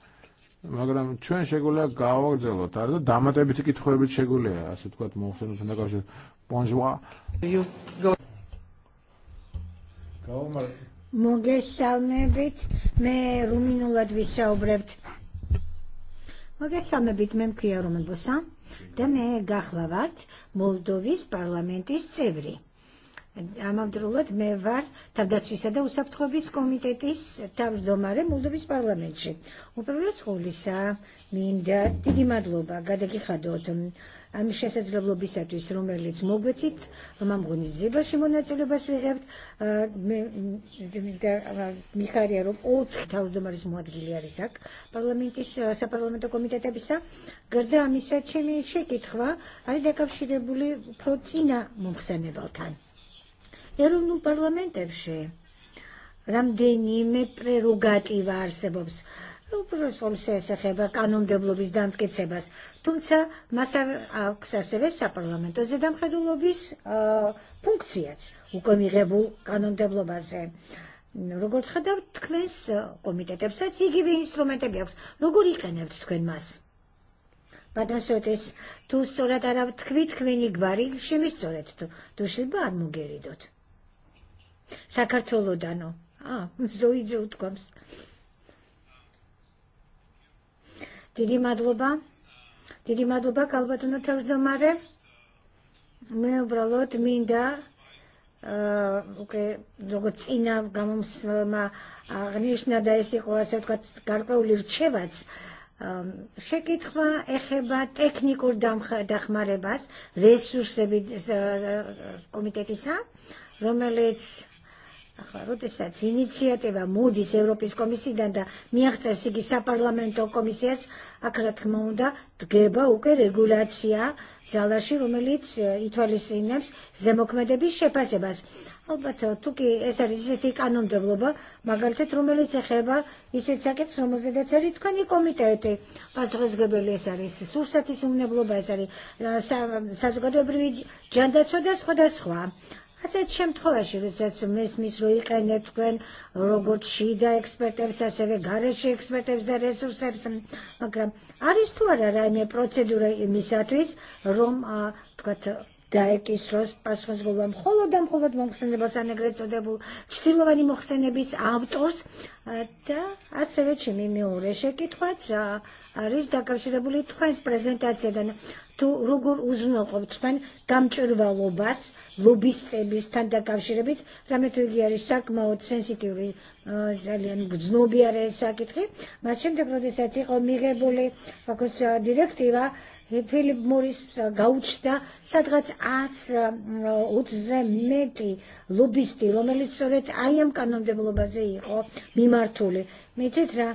მაგრამ ჩვენ შეგვიძლია გავაგრძელოთ, არა და დამატებითი კითხვებით შეგვიძლია, ასე ვთქვათ, მოხსენოთ და გავშოთ. Bonjour. მოგესალმებით, მე რუმინულად ვისაუბრებთ. მოგესალმებით, მე მქვია რომელ ბოსა და მე გახლავართ მოლდოვის პარლამენტის წევრი ამავდროულად მე ვარ თავდაცვისა და უსაფრთხოების კომიტეტის თავმჯდომარე მოლდოვის პარლამენტში. უპირველეს ყოვლისა, მინდა დიდი მადლობა გადაგიხადოთ ამ შესაძლებლობისათვის, რომელიც მოგვეცით, მამგონი ზებაში მონაწილეობას ვიღებთ. მე მიხარია, რომ ოთხი თავმჯდომარის მოადგილე არის აქ პარლამენტის საპარლამენტო კომიტეტებისა. გარდა ამისა, ჩემი შეკითხვა არის დაკავშირებული უფრო წინა მომხსენებელთან ეროვნულ პარლამენტებში. რამდენიმე პრეროგატივა არსებობს. უპიროსოლს ესახება კანონმდებლობის დამტკიცებას, თუმცა მას აქვს ასევე საპარლამენტო ზედამხედველობის ფუნქციაც უკვე მიღებულ კანონმდებლობაზე. როგორც ხედავთ, თქვენს კომიტეტებსაც იგივე ინსტრუმენტები აქვს. როგორ იყენებთ თქვენ მას? ბატონსოტის, თუ სწორად არა თქვენი გვარი, შემისწორეთ თუ შეიძლება არ მოგერიდოთ საქართველოდანო. ა, ზოიძე უთქვამს. დიდი მადლობა. დიდი მადლობა კალბატონო თავმჯდომარე. მე უბრალოდ მინდა უკვე როგორც წინა გამომსვლელმა აღნიშნა და ეს იყო karpa ვთქვათ გარკვეული რჩევაც შეკითხვა ეხება ტექნიკურ დახმარებას რესურსები კომიტეტისა ახლა როდესაც ინიციატივა მოდის ევროპის კომისიიდან და მიაღწევს იგი საპარლამენტო კომისიას, აქ რა თქმა უნდა დგება უკვე რეგულაცია ძალაში, რომელიც ითვალისწინებს ზემოქმედების შეფასებას. ალბათ თუ კი ეს არის ისეთი კანონმდებლობა, მაგალითად, რომელიც ეხება ისეთ საკითხს, რომელზედაც არის თქვენი კომიტეტი. პასუხისგებელი ეს არის სურსათის უმნებლობა, ეს არის საზოგადოებრივი ჯანდაცვა და სხვა და სხვა ასეთ შემთხვევაში, როდესაც მესმის რო იყენებთ თქვენ როგორც შიდა ექსპერტებს, ასევე გარეშე ექსპერტებს და რესურსებს, მაგრამ არის თუ არა რაიმე პროცედურა იმისათვის, რომ თქვათ დაეკისროს პასუხისმგებლობა მხოლოდ და მხოლოდ მომხსენებას ან ეგრეთ წოდებულ ჩრდილოვანი მოხსენების ავტორს და ასევე ჩემი მეორე შეკითხვაც არის დაკავშირებული თქვენს პრეზენტაციიდან თუ როგორ უზრუნველყოფთ თან გამჭვირვალობას ლობისტებისთან დაკავშირებით, რამე თუ იგი არის საკმაოდ სენსიტიური ძალიან გრძნობიარე საკითხი, მას შემდეგ როდესაც იყო მიღებული როგორც დირექტივა Filip Morris gawċta sadgħat għas utze meti lobisti, romelit soret għajem kannon deblu baziħo mimartuli. Mititra,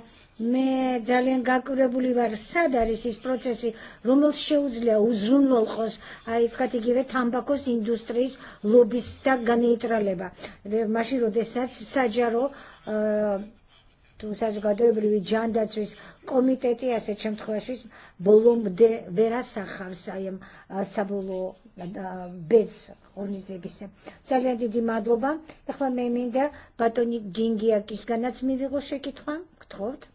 მე ძალიან გაკურებული ვარ სად არის ის პროცესი რომელს შეუძლია უზრუნველყოს აი ვთქვათ იგივე თამბაქოს ინდუსტრიის ლობისტთა განეიტრალება მაშინ როდესაც საჯარო თუ საზოგადოებრივი ჯანდაცვის კომიტეტი ასეთ შემთხვევაში ბოლომდე ვერ ასახავს აი ამ საბოლოო ბედს ორგანიზებისა. ძალიან დიდი მადლობა. ეხლა მე მინდა ბატონი გინგიაკისგანაც მივიღო შეკითხვა. გთხოვთ.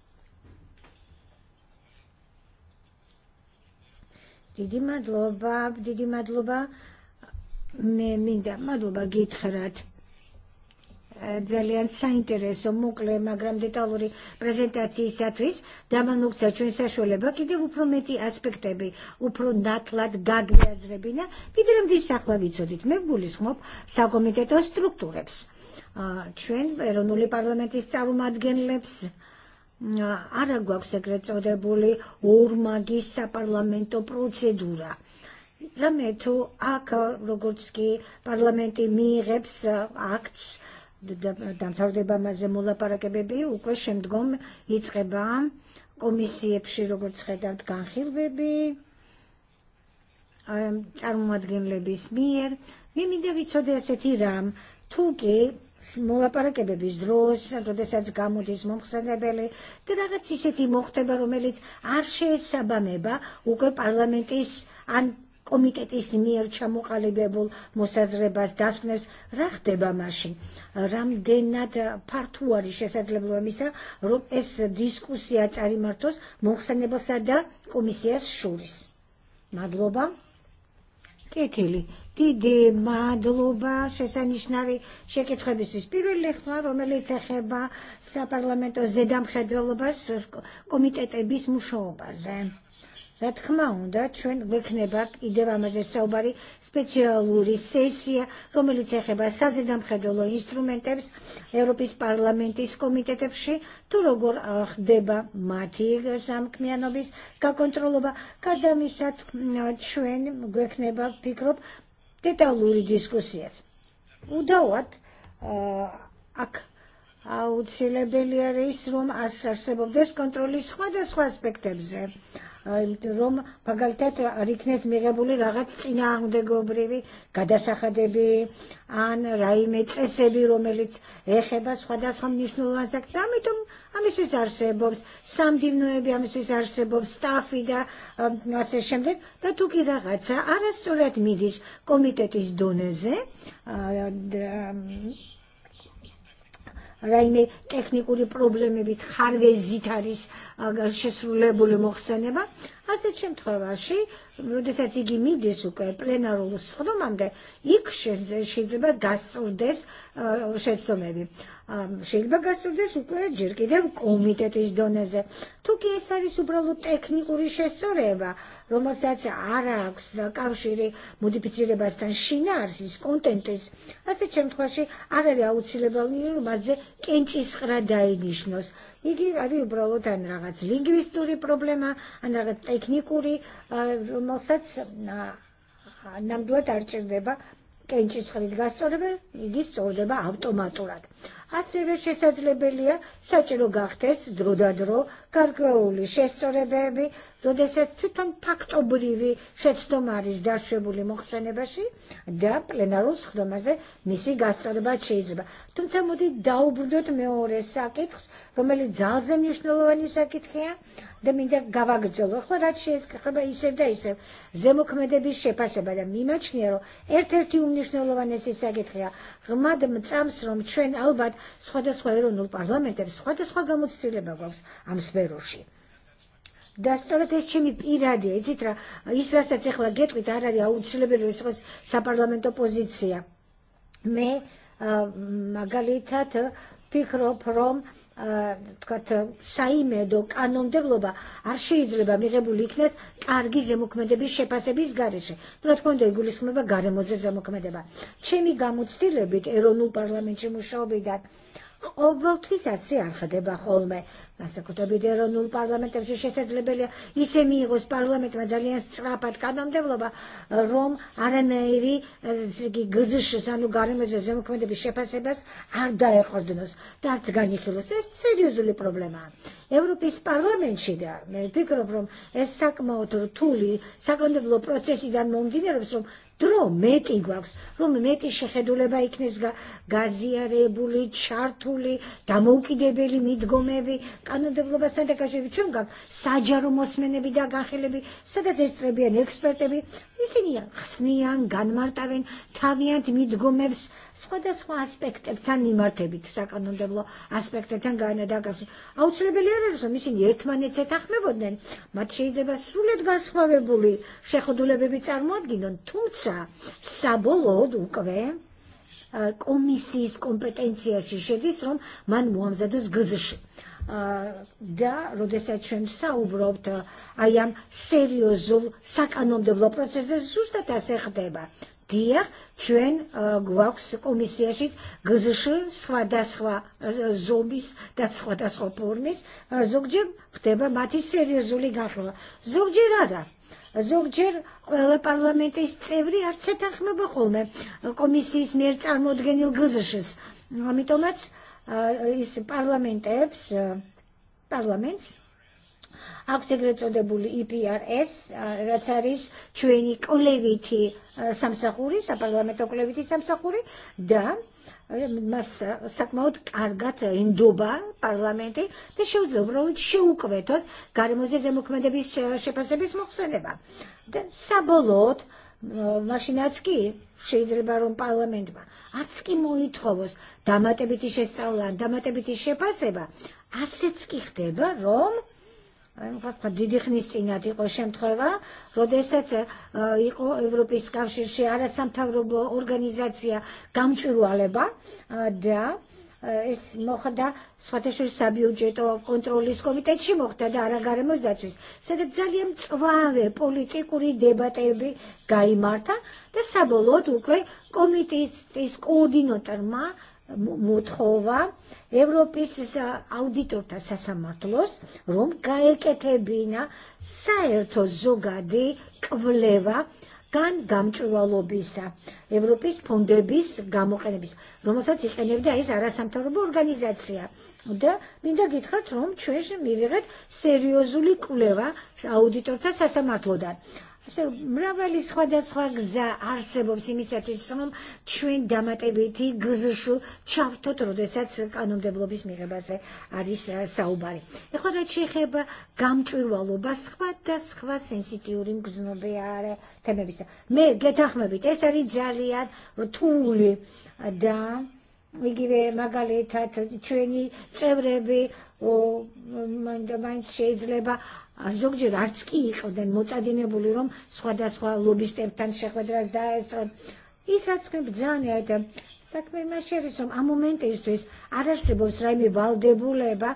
Didi madluba, didi madluba, minn eh, da madluba gitħrat. ძალიან საინტერესო მოკლე, მაგრამ დეტალური პრეზენტაციისათვის დამანუქცა ჩვენს საშუალება კიდევ უფრო მეტი ასპექტები, უფრო ნათლად გაგვიაზრებინა, ვიდრე მდის ახლა ვიცოდით. მე გულისხმობ საკომიტეტო სტრუქტურებს, ჩვენ ეროვნული პარლამენტის წარმომადგენლებს, აა არა გვაქვს ეგრეთ წოდებული ორმაგის საპარლამენტო პროცედურა. რამე თუ აქ როგორც mazemula para მიიღებს აქტს დამთავრდება მასზე მოლაპარაკებები უკვე შემდგომ იწყება კომისიებში როგორც ხედავთ განხილვები წარმოადგენლების მიერ მე mi ვიცოდე ასეთი რამ tu ki Smola para che bebi sdros, anto de sez gamu di smom xene beli, te ragazzi se ti mochte baro melic, arce e saba meba, uke parlamentis an komitetis mir čamu ali bebul musazrebas dasknes rachteba Ram denad partu ari še misa, rob es diskusija čari martos, mohsa nebo sada komisijas Madloba? Ketili დიდიმა დლუბა შესანიშნავი შეკითხებისთვის პირველი ხმა რომელიც ეხება საპარლამენტო ზედამხედველობას კომიტეტების მუშაობაზე რა თქმა უნდა ჩვენ გვექნება კიდევ ამაზე საუბარი სპეციალური სესია რომელიც ეხება საზედამხედველო ინსტრუმენტებს ევროპის პარლამენტის კომიტეტებში თუ როგორ ხდება მათი სამქმიანობის გაკონტროლება გარდა ამისა ჩვენ გვექნება pikrop dettaluri diskussijiet. U dawat eh, ak għaw t-silebili għarrisrum għassar sebub deskontrolli sħada sħu aspektebze რომ მაგალითად არ იქნეს მიღებული რაღაც წინააღმდეგობრივი გადასახადები ან რაიმე წესები რომელიც ეხება სხვადასხვა მნიშვნელოვანს აქტს ამიტომ ამისთვის არსებობს სამდინოები ამისთვის არსებობს სტაფი და ასე შემდეგ და თუ კი რაღაცა არასწორად მიდის კომიტეტის დონეზე რაიმე ტექნიკური პრობლემებით ხარვეზით არის შესრულებული მოხსენება, ასეთ შემთხვევაში, როდესაც იგი მიდის უკვე პლენარულ სხდომამდე, იქ შეიძლება გასწორდეს შეცდომები შეიძლება გასწორდეს უკვე ჯერ კიდევ კომიტეტის დონეზე. თუ კი ეს არის უბრალოდ ტექნიკური შესწორება, რომელსაც არ აქვს კავშირი მოდიფიცირებასთან შინაარსის კონტენტის, ასეთ შემთხვევაში არ არის აუცილებელი რომ მასზე კენჭისყრა დაინიშნოს. იგი არის უბრალოდ ან რაღაც ლინგვისტური პრობლემა, ან რაღაც ტექნიკური, რომელსაც ნამდვილად არ ჭირდება კენჭისყრით გასწორება, იგი სწორდება automaturat għassivi xie sezli bilja, saċilu għahtes, dru da dru, kargawli, xie sore bebi, dru da se fitan pakt obrivi xie stomaris da xebu li moħsani baxi, dab li narus xdomaze misi għastar baċizba. Tum semmu di daw burdot me ore sakit, rumeli zazen jishnalu għani sakit xie, da min da gavag zolo, xorat xie xaba jisir da jisir, zemu kmede bi xie, pase bada mimaċ nero, er terti um nishnalu għani sakit xie, ღრმად მწამს, რომ ჩვენ ალბათ სხვადასხვა ეროვნულ პარლამენტებს სხვადასხვა გამოცდილება გვაქვს ამ სფეროში da s-solet ċemi iradi, eccetera, jisra sa ċeħla għetwi ta' għarari għu ċeleberu jisħos sa parlamento pozizija. Me, ah, magalitat, pikro prom, თქვათ საიმედო კანონმდებლობა არ შეიძლება მიღებულ იქნეს კარგი ზემოქმედების შეფასების გარეშე. რა თქმა უნდა, იგულისხმება გარემოზე ზემოქმედება. ჩემი გამოცდილებით ეროვნულ პარლამენტში მუშაობიდან ყოველთვისას არხდება ხოლმე განსაკუთრებით ეროვნულ პარლამენტებში შესაძლებელია ისე მიიღოს პარლამენტმა ძალიან სწრაფად კანონმდებლობა რომ არანაირი ესე იგი გზშ ანუ გარემოზე ზემოქმედების შეფასებას არ დაეყრდნოს და არც parlament ეს სერიოზული პრობლემაა ევროპის პარლამენტში და მე otru tuli, ეს საკმაოდ რთული dan პროცესიდან მომდინარეობს რომ Rommeti għax, rommeti Rom li bajknis għazi għarebuli, ċartuli, Chartuli, debeli, mitgomevi, għannu deblu bastante għaxi bċunga, saġaru mosmene bi dagħaxele bi, sadaz ekspertebi, jisini għaxnijan, għan martavin, tavijant სხვადასხვა ასპექტებთან მიმართებით საკანონმდებლო ასპექტებთან განადაგავს. აუცილებელია რომ ისინი ერთმანეთს ეთანხმებოდნენ, მათ შეიძლება სრულად განსხვავებული შეხედულებები წარმოადგინონ, თუმცა საბოლოოდ უკვე კომისიის კომპეტენციაში შედის, რომ მან მოამზადოს გზში. sa როდესაც a jam აი sak სერიოზულ საკანონმდებლო პროცესზე zustata se hdeba дия, член главс комисиешит, гзыши სხვადასხვა ზომის და სხვადასხვა mati ზოგჯერ ხდება მათი სერიოზული გახლვა. ზოგჯერ არა. ზოგჯერ ყველა პარლამენტის წევრი არც ეთანხმება ხოლმე კომისიის მიერ წარმოდგენილ გზშს. is ის პარლამენტებს პარლამენტს აღსეგრეწოდებული EPRS რაც არის ჩვენი კოლევითი სამსახური, საპარლამენტო კოლევითი სამსახური და მას საკმაოდ კარგად ინდობა პარლამენტი და შეუძლია უბრალოდ შეუკვეთოს გარემოზე ზემოქმედების შეფასების მოხსენება. და საბოლოოდ მაშინაც კი შეიძლება რომ პარლამენტმა არც კი მოითხოვოს დამატებითი შესწავლა, დამატებითი შეფასება, ასეც კი ხდება რომ ვთქვა დიდი ხნის წინათ იყო შემთხვევა, როდესაც იყო ევროპის კავშირში არასამთავრობო ორგანიზაცია გამჭვირვალება და ეს მოხდა სხვადასხვა საბიუჯეტო კონტროლის კომიტეტში მოხდა და არაგარემოს დაცვის, სადაც ძალიან მწვავე პოლიტიკური დებატები გამართა და საბოლოოდ უკვე კომიტეტის koordinatorma მოთხოვა ევროპის აუდიტორთა სასამართლოს, რომ გაეკეთებინა საერთო ზოგადი კვლევა għan għam ċurwallu bisa. Evropis ponde bis għam uħene bis. Romasat iħene bda jiz għara samtarbu organizazzja. Da, minn da serjozu li auditor ta' მრავალი სხვადასხვა გზა არსებობს იმისათვის, რომ ჩვენ დამატებითი გზშუ ჩავთოთ, როდესაც კანონმდებლობის მიღებაზე არის საუბარი. ეხლა რა შეეხება გამჭვირვალობას, სხვადასხვა სენსიტიური მგზნობია თემებისა. მე გეთანხმებით, ეს არის ძალიან რთული და იგივე მაგალითად ჩვენი წევრები მაინც შეიძლება den s-da ზოგჯერ არც კი იყავდნენ მოწადინებული რომ სხვადასხვა ლობისტებთან შეხვედრას დაესწრონ ის რაც თქვენ ბძანეთ საქმე მას შერის რომ ამ მომენტისთვის არ არსებობს რაიმე ვალდებულება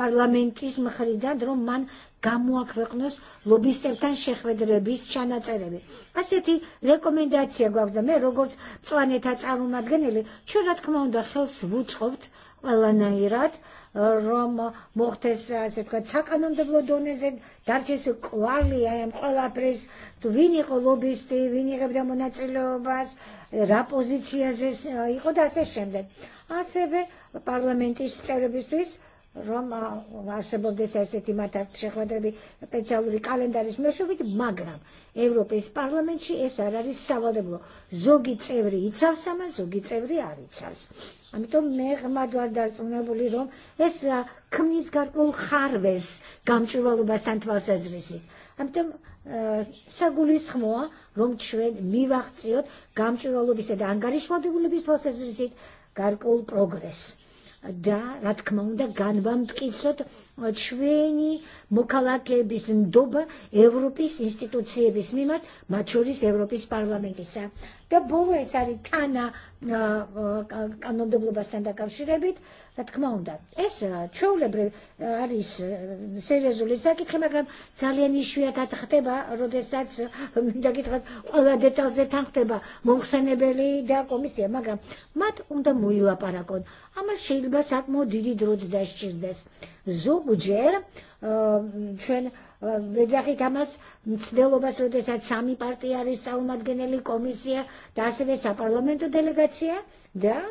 პარლამენტის მხრიდან რომ bis გამოაქვეყნოს ლობისტებთან შეხვედრების ჩანაწერები. ასეთი რეკომენდაცია me და მე როგორც მწვანეთა წარმომადგენელი, ჩვენ რა თქმა უნდა ხელს ვუწყობთ ყველანაირად, Roma moħtes għazib kad sakanam da blodonezin darċis kwali għajem kolla pris tu vini kolubisti, vini għabda munazzilobas, rapozizija zis, jiko da se xemden. Għasebe parlamentis cerebistwis Roma għasebe d-desessi timata xeħwadrabi pensawri kalendaris meċuvit magram. Europis parlament xie esara rissava deblo. Zogi cevri jitsavsama, zogi cevri għari Għamitom meħ madwar darsuna bulidom, essa kem nizgar kol ħarbes kamċu għalu bastant għal sazrisi. Għamitom eh, saguli sħmua, rom txwed, mi vaħtsijot, kamċu għalu bised angarix għadu għullu bis għal sazrisi, gar kol progress да, раткмаунда ганвамд კიდსოთ ჩვენი მოქალაქეების ნდობა ევროპის ინსტიტუციების მიმართ, მათ შორის ევროპის პარლამენტისა. და ბოლო ეს არის ტანა კანონმდებლობასთან დაკავშირებით, tkmonda. Issa, ċow uh, lebre għaris, uh, uh, serja li sakit kima gram zaljen xvija ta' taħteba, rodestat, dakit għad, għala detta għazet taħteba, mungħsane beli da' komisija, ma gram, mat umda muju għaparakon, għamma xilba sak mo didi drudz da' xċirdes. Zu uġer, ċen, Bidżaki kamas, mtsdew bas rodesat sami partijari sa' mat geneli komisija, ta' sebe sa' parlamentu delegazija, da'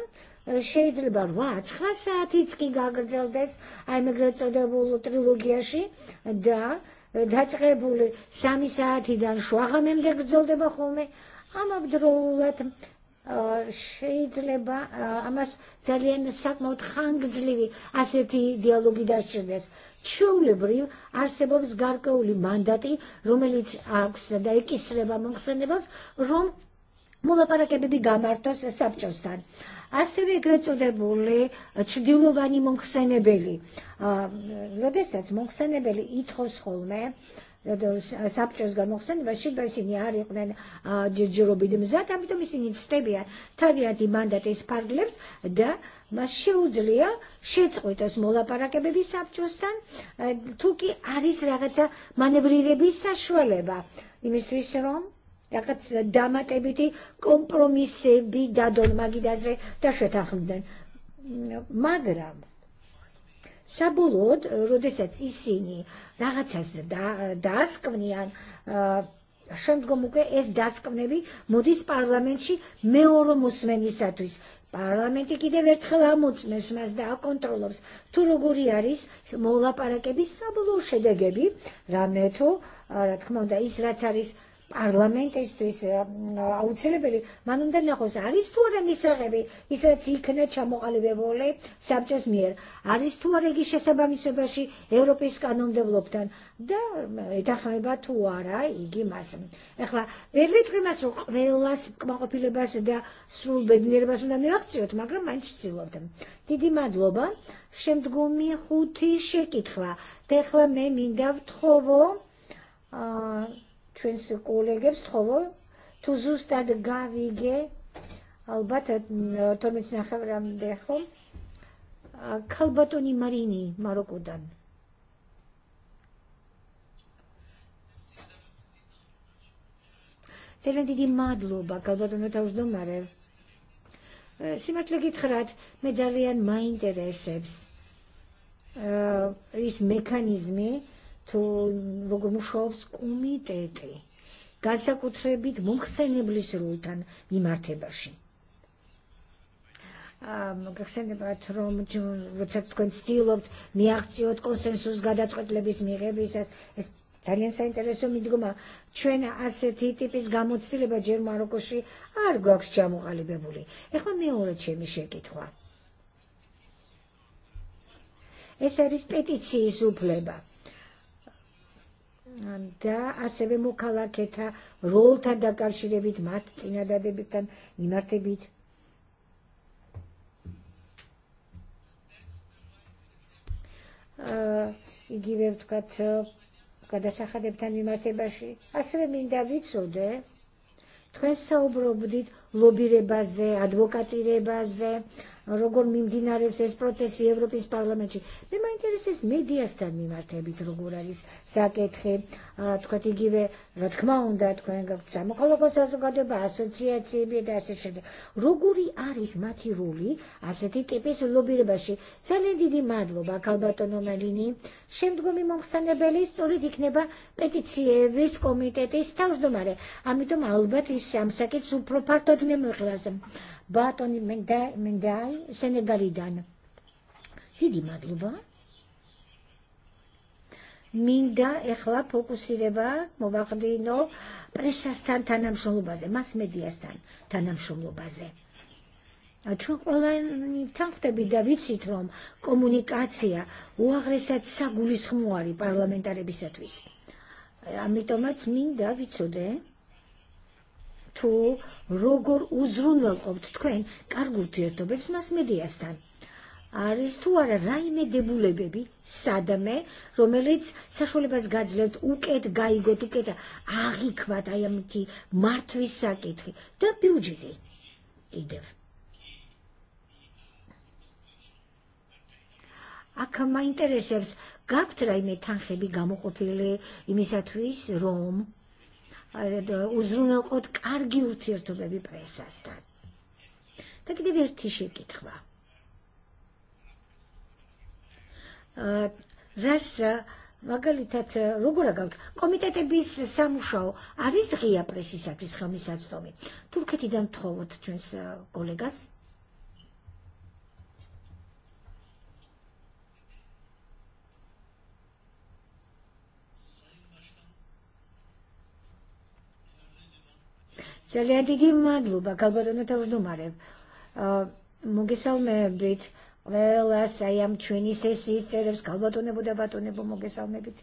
შეიძლება 9-10-იც კი გაგრძელდეს აი მეგრეწოდებულ ტრილოგიაში და დაწყებული 3 საათიდან 7 ღამემდე გრძელდება ხოლმე ამავდროულად შეიძლება ამას ძალიან საკმაოდ ხანგრძლივი ასეთი დიალოგი დასჭირდეს. ჩვეულებრივ არსებობს გარკვეული მანდატი, რომელიც აქვს და ეკისრება მომხსენებას, რომ მოლაპარაკებები გამართოს საბჭოსთან ასევე ეგრეთ წოდებული ჩრდილოვანი მომხსენებელი. როდესაც მომხსენებელი ითხოვს ხოლმე საბჭოს გამოგხსენებაში ისინი არ იყვნენ ჯერობით მზად, ამიტომ ისინი ცდებიან თავიანთი მანდატის ფარგლებს და მას შეუძლია შეწყვიტოს მოლაპარაკებები საბჭოსთან, თუ კი არის რაღაცა მანევრირების საშუალება იმისთვის, რომ Ragazz dama tebiti kompromisse bi da dolma gidaze da xetaħmden. Magram. Sabulod, rudisec isini, ragazzaz da, das kvnijan, შემდგომ უკვე ეს დასკვნები მოდის პარლამენტში მეორე მოსმენისათვის. პარლამენტი კიდევ ერთხელ ამოწმებს მას და აკონტროლებს თუ როგორი არის მოლაპარაკების საბოლოო შედეგები, რამეთო, რა თქმა უნდა, ის რაც არის პარლამენტისთვის აუცილებელი, მან უნდა ნახოს არის თუ არა მისაღები, ის რაც იქნა ჩამოყალიბებული საბჭოს მიერ, არის თუ არა იგი შესაბამისობაში ევროპის კანონმდებლობთან და ეთანხმება da არა იგი მას. ეხლა ვერ ვიტყვი მას, რომ ყველას კმაყოფილებას და სრულ ბედნიერებას უნდა მივაქციოთ, მაგრამ მაინც ვცდილობთ. დიდი didi madloba ხუთი შეკითხვა. და ეხლა მე me ვთხოვო აა trinsiku li għibst xovu, tu zuż ta' d-gavi għe, għalbat għed tomis naħħabra mdeħum, kalbatoni marini marokku dan. Selen di di madlu ba, kalbatoni ta' uż domare. Euh, Simat li għitħrat, meġalli għan ma' intereseps. Euh, is mekanizmi, Bogumushovs komiteti განსაკუთრებით მომხსენებლის როლთან მიმართებაში. გახსენებათ, რომ როცა თქვენ ცდილობთ მიაღწიოთ კონსენსუს გადაწყვეტილების მიღებისას, ეს ძალიან საინტერესო მიდგომა. ჩვენ ასეთი ტიპის გამოცდილება ჯერ მაროკოში არ გვაქვს ჩამოყალიბებული. ეხლა მეორე ჩემი შეკითხვა. ეს არის პეტიციის უფლება და ასევე მოქალაქეთა როლთან დაკავშირებით, მათ წინადადებებთან მიმართებით. იგივე ვთქვათ, გადასახადებთან მიმართებაში. ასევე მინდა ვიცოდე, თქვენ საუბრობდით ლობირებაზე, ადვოკატირებაზე, როგორ მიმდინარეობს ეს პროცესი ევროპის პარლამენტში. მე მაინტერესებს მედიასთან მიმართებით როგორ არის საკითხი. თქვენ იგივე, რა თქმა უნდა, თქვენ გაქვთ სამოქალაქო საზოგადოება, ასოციაციები და ასე შემდეგ. როგორი არის მათი როლი ასეთი ტიპის ლობირებაში? ძალიან დიდი მადლობა, ქალბატონო მალინი. შემდგომი მომხსენებელი სწორედ იქნება პეტიციების კომიტეტის თავმჯდომარე. ამიტომ ალბათ ის ამ უფრო ფართოდ მემოხლას baton minn daj Senegalidan. Hidi madluba. Minda iħla poku sireba mubaqdino pressa stan tanam xumlu mas media stan tanam xumlu baze. għolan tankta bid-David Sitrom komunikazzja u għagresat saguli sħmuari parlamentari bisatwis. Għamitomat თუ როგორ უზრუნველყოფთ თქვენ კარგ ურთიერთობებს მას მედიასთან. არის თუ არა რაიმე დებულებები სადამე, რომელიც საშუალებას გაძლევთ უკეთ გაიგოთ, უკეთ აღიქვათ აი ამითი მართვის საკითხი და ბიუჯეტი. კიდევ. აქ მაინტერესებს გაქვთ რაიმე თანხები გამოყოფილი imisatvis rom, უზრუნველყოთ კარგი ურთიერთობები პრესასთან. rugura კიდევ ერთი e bis samu მაგალითად როგორ აგავთ კომიტეტების sa' არის ღია პრესისათვის Turketi თურქეთიდან თხოვოთ ჩვენს kolegas? Saljadigim magluba, kalbadonu ta' uġdumarev. Mugisaw mebrit, vela sajam čini se sisterev, skalbatu nebu debatu nebu mugisaw mebrit.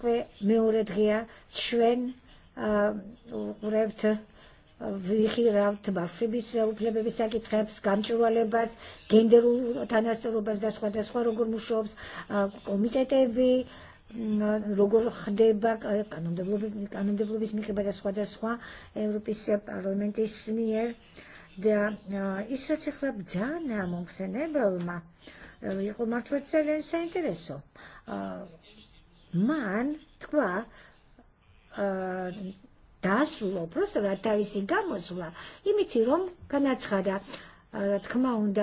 Kve miuret għia, čven urebt viħiravt bafri bisa u plebe bisa kitħeb skanċru għalebas, genderu tanasturubas da skwa da skwa rugur muxobs, komitetebi, uh, როგორ ხდება კანონმდებლობის კანონმდებლობის მიღება და სხვადასხვა ევროპის პარლამენტის მიერ და ის რაც ახლა ბძანა მომხსენებელმა იყო მართლა ძალიან საინტერესო. მან თქვა დასრულო, просто რა თავისი გამოსვლა, იმითი რომ განაცხადა, komitete bi თქმა უნდა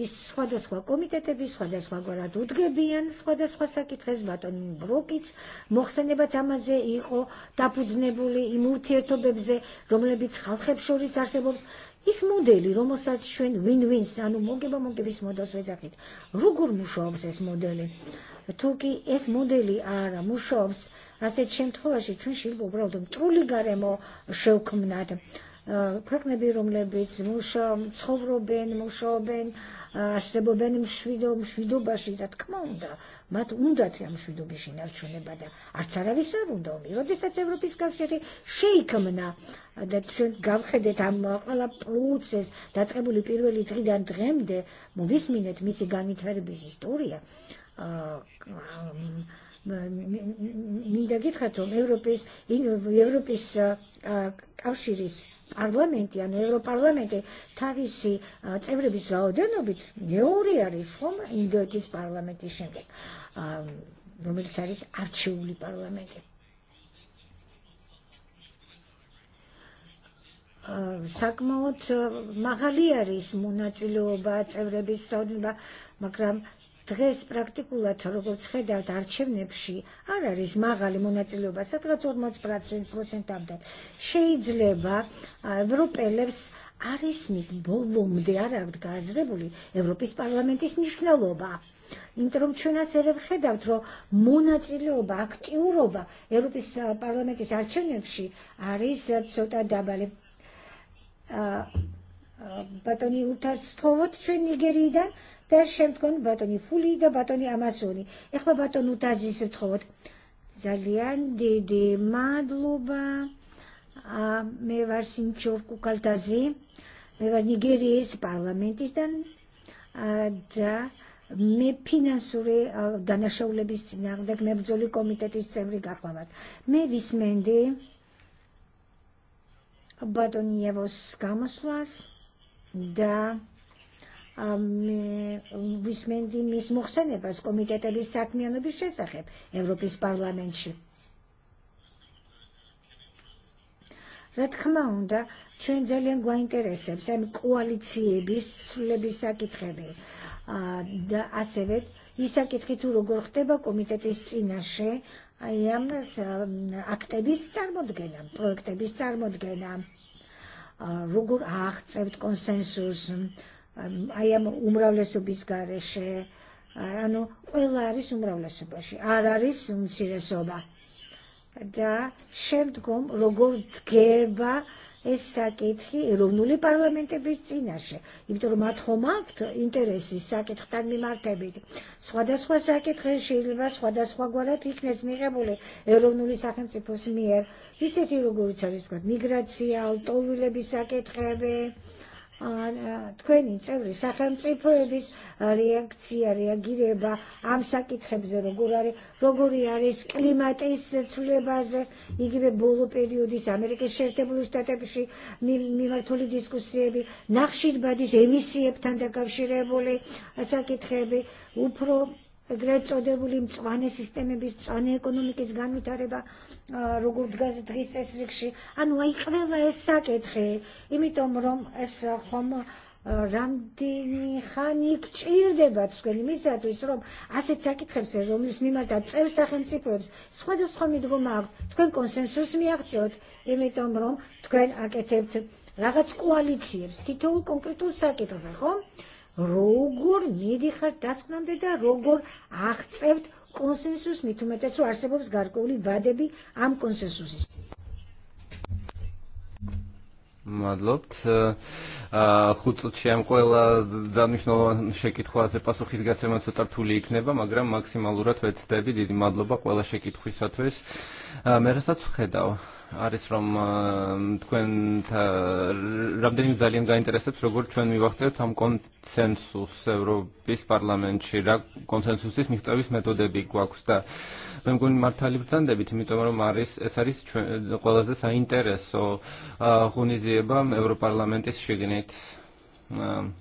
ის სხვადასხვა კომიტეტები სხვადასხვა გვარად უდგებიან სხვადასხვა საკითხებს ბატონი nebuli მოხსენებაც ამაზე bebze romle იმ ურთიერთობებზე რომლებიც sarse bobs არსებობს modeli romo sad ჩვენ win-wins win ანუ მოგება მოგების მოდელს ვეძახით როგორ მუშაობს ეს modeli თუ კი ეს მოდელი არა მუშაობს ასეთ შემთხვევაში ჩვენ შეიძლება უბრალოდ მტრული გარემო შევქმნათ ქვეყნები, რომლებიც მუშაობენ, ცხოვრობენ, მუშაობენ, არსებობენ მშვიდო მშვიდობაში, რა თქმა უნდა, მათ უნდათ ამ მშვიდობაში ინარჩუნება და არც არავის არ უნდა ომი. როდესაც ევროპის კავშირი შეიქმნა და ჩვენ გავხედეთ ამ ყველა პროცესს დაწყებული პირველი დღიდან დღემდე, მოვისმინეთ მისი განვითარების ისტორია. მინდა გითხრათ, რომ ევროპის ევროპის კავშირის პარლამენტი ან ევროპარლამენტი თავისი წევრების რაოდენობით მეორე არის ხომ ინდოეთის პარლამენტის შემდეგ, რომელიც არის არჩეული პარლამენტი. საკმაოდ მაღალი არის მონაწილეობა წევრების რაოდენობა, მაგრამ დღეს პრაქტიკულად როგორც ხედავთ არჩევნებში არ არის მაღალი მონაწილეობა სადღაც 40%-მდე შეიძლება ევროპელებს არ ისმით ბოლომდე არ აქვთ გააზრებული ევროპის პარლამენტის მნიშვნელობა იმიტომ რომ ჩვენ ასე ვხედავთ რომ მონაწილეობა აქტიურობა ევროპის პარლამენტის არჩევნებში არის ცოტა დაბალი ბატონი უთას ვთხოვოთ ჩვენ ნიგერიიდან Perxem tkun batoni fulida, batoni amasoni. Iħba batonu tazi sitħod. Zaljan di di madluba, mevar sinċovku kaltazi, mevar Nigerijs parlamenti dan, da me pinan dana dan xew le bistinar dak me bżoli komitet is-semri għarfavat. Me vismendi badon jevos kamaslas da ვის მენდი მის მოხსენებას კომიტეტების საქმიანობის შესახებ ევროპის პარლამენტში. რა თქმა უნდა, ჩვენ ძალიან გვაინტერესებს ამ კოალიციების ცვლილების საკითხები. და ასევე ის საკითხი თუ როგორ ხდება კომიტეტის წინაშე აი ამ აქტების წარმოქმნა, პროექტების წარმოქმნა. როგორ აღწევთ კონსენსუსს а я умравля собис гареше ანუ ყველა არის li არ არის უმცირესობა და შემდგომ როგორ დგება ეს საკითხი ეროვნული პარლამენტების წინაშე იმიტომ რომ მათ ხომ აქვთ ინტერესი საკითხთან მიმართებით სხვადასხვა საკითხი შეიძლება li იქნეს si posmier, სახელმწიფოს მიერ ისეთი როგორიც არის თქვა მიგრაცია ლტოლვილების საკითხები აა თქვენი წევრი სახელმწიფოების klimat რეაგირება ამ საკითხებზე როგორ არის, periodis, Amerika xerte ცვლილებაზე, იგივე ბოლო პერიოდის diskussiebi, naħxid badis emisijeb tanda ნახშირბადის eh, għasak itħebi, u pro, ეგრეთ წოდებული მწვანე სისტემების, მწვანე ეკონომიკის განვითარება, როგორ დგას დღის წესრიგში. ანუ აი Rom ეს საკითხი, იმიტომ რომ ეს ხომ რამდენი ხანი გჭირდება თქვენ იმისათვის, რომ ასეთ საკითხებზე, რომლის მიმართაც წევრ სახელმწიფოებს სხვადასხვა მიდგომა აქვს, თქვენ კონსენსუსს Rom, იმიტომ რომ თქვენ აკეთებთ რაღაც კოალიციებს, თითოეულ კონკრეტულ საკითხზე, ხო? როგორ მიდიხარ დასკვნამდე და როგორ აღწევთ კონსენსუსს მით უმეტეს რომ არსებობს გარკვეული ვადები ამ კონსენსუსისთვის მადლობთ. ხუთ წუთში ამ ყველა დანიშნულოვან შეკითხვაზე პასუხის გაცემა ცოტა რთული იქნება, მაგრამ მაქსიმალურად ვეცდები. დიდი მადლობა ყველა შეკითხვისათვის. მე რასაც ვხედავ, tkwen mi waqtet რამდენი konsensus Europis Parlament xira მივახცევთ ამ კონსენსუსს ევროპის პარლამენტში რა კონსენსუსის marta li b'tan debit mi tomaru მართალი esaris იმიტომ რომ არის ეს არის ყველაზე საინტერესო ღონისძიება ევროპარლამენტის am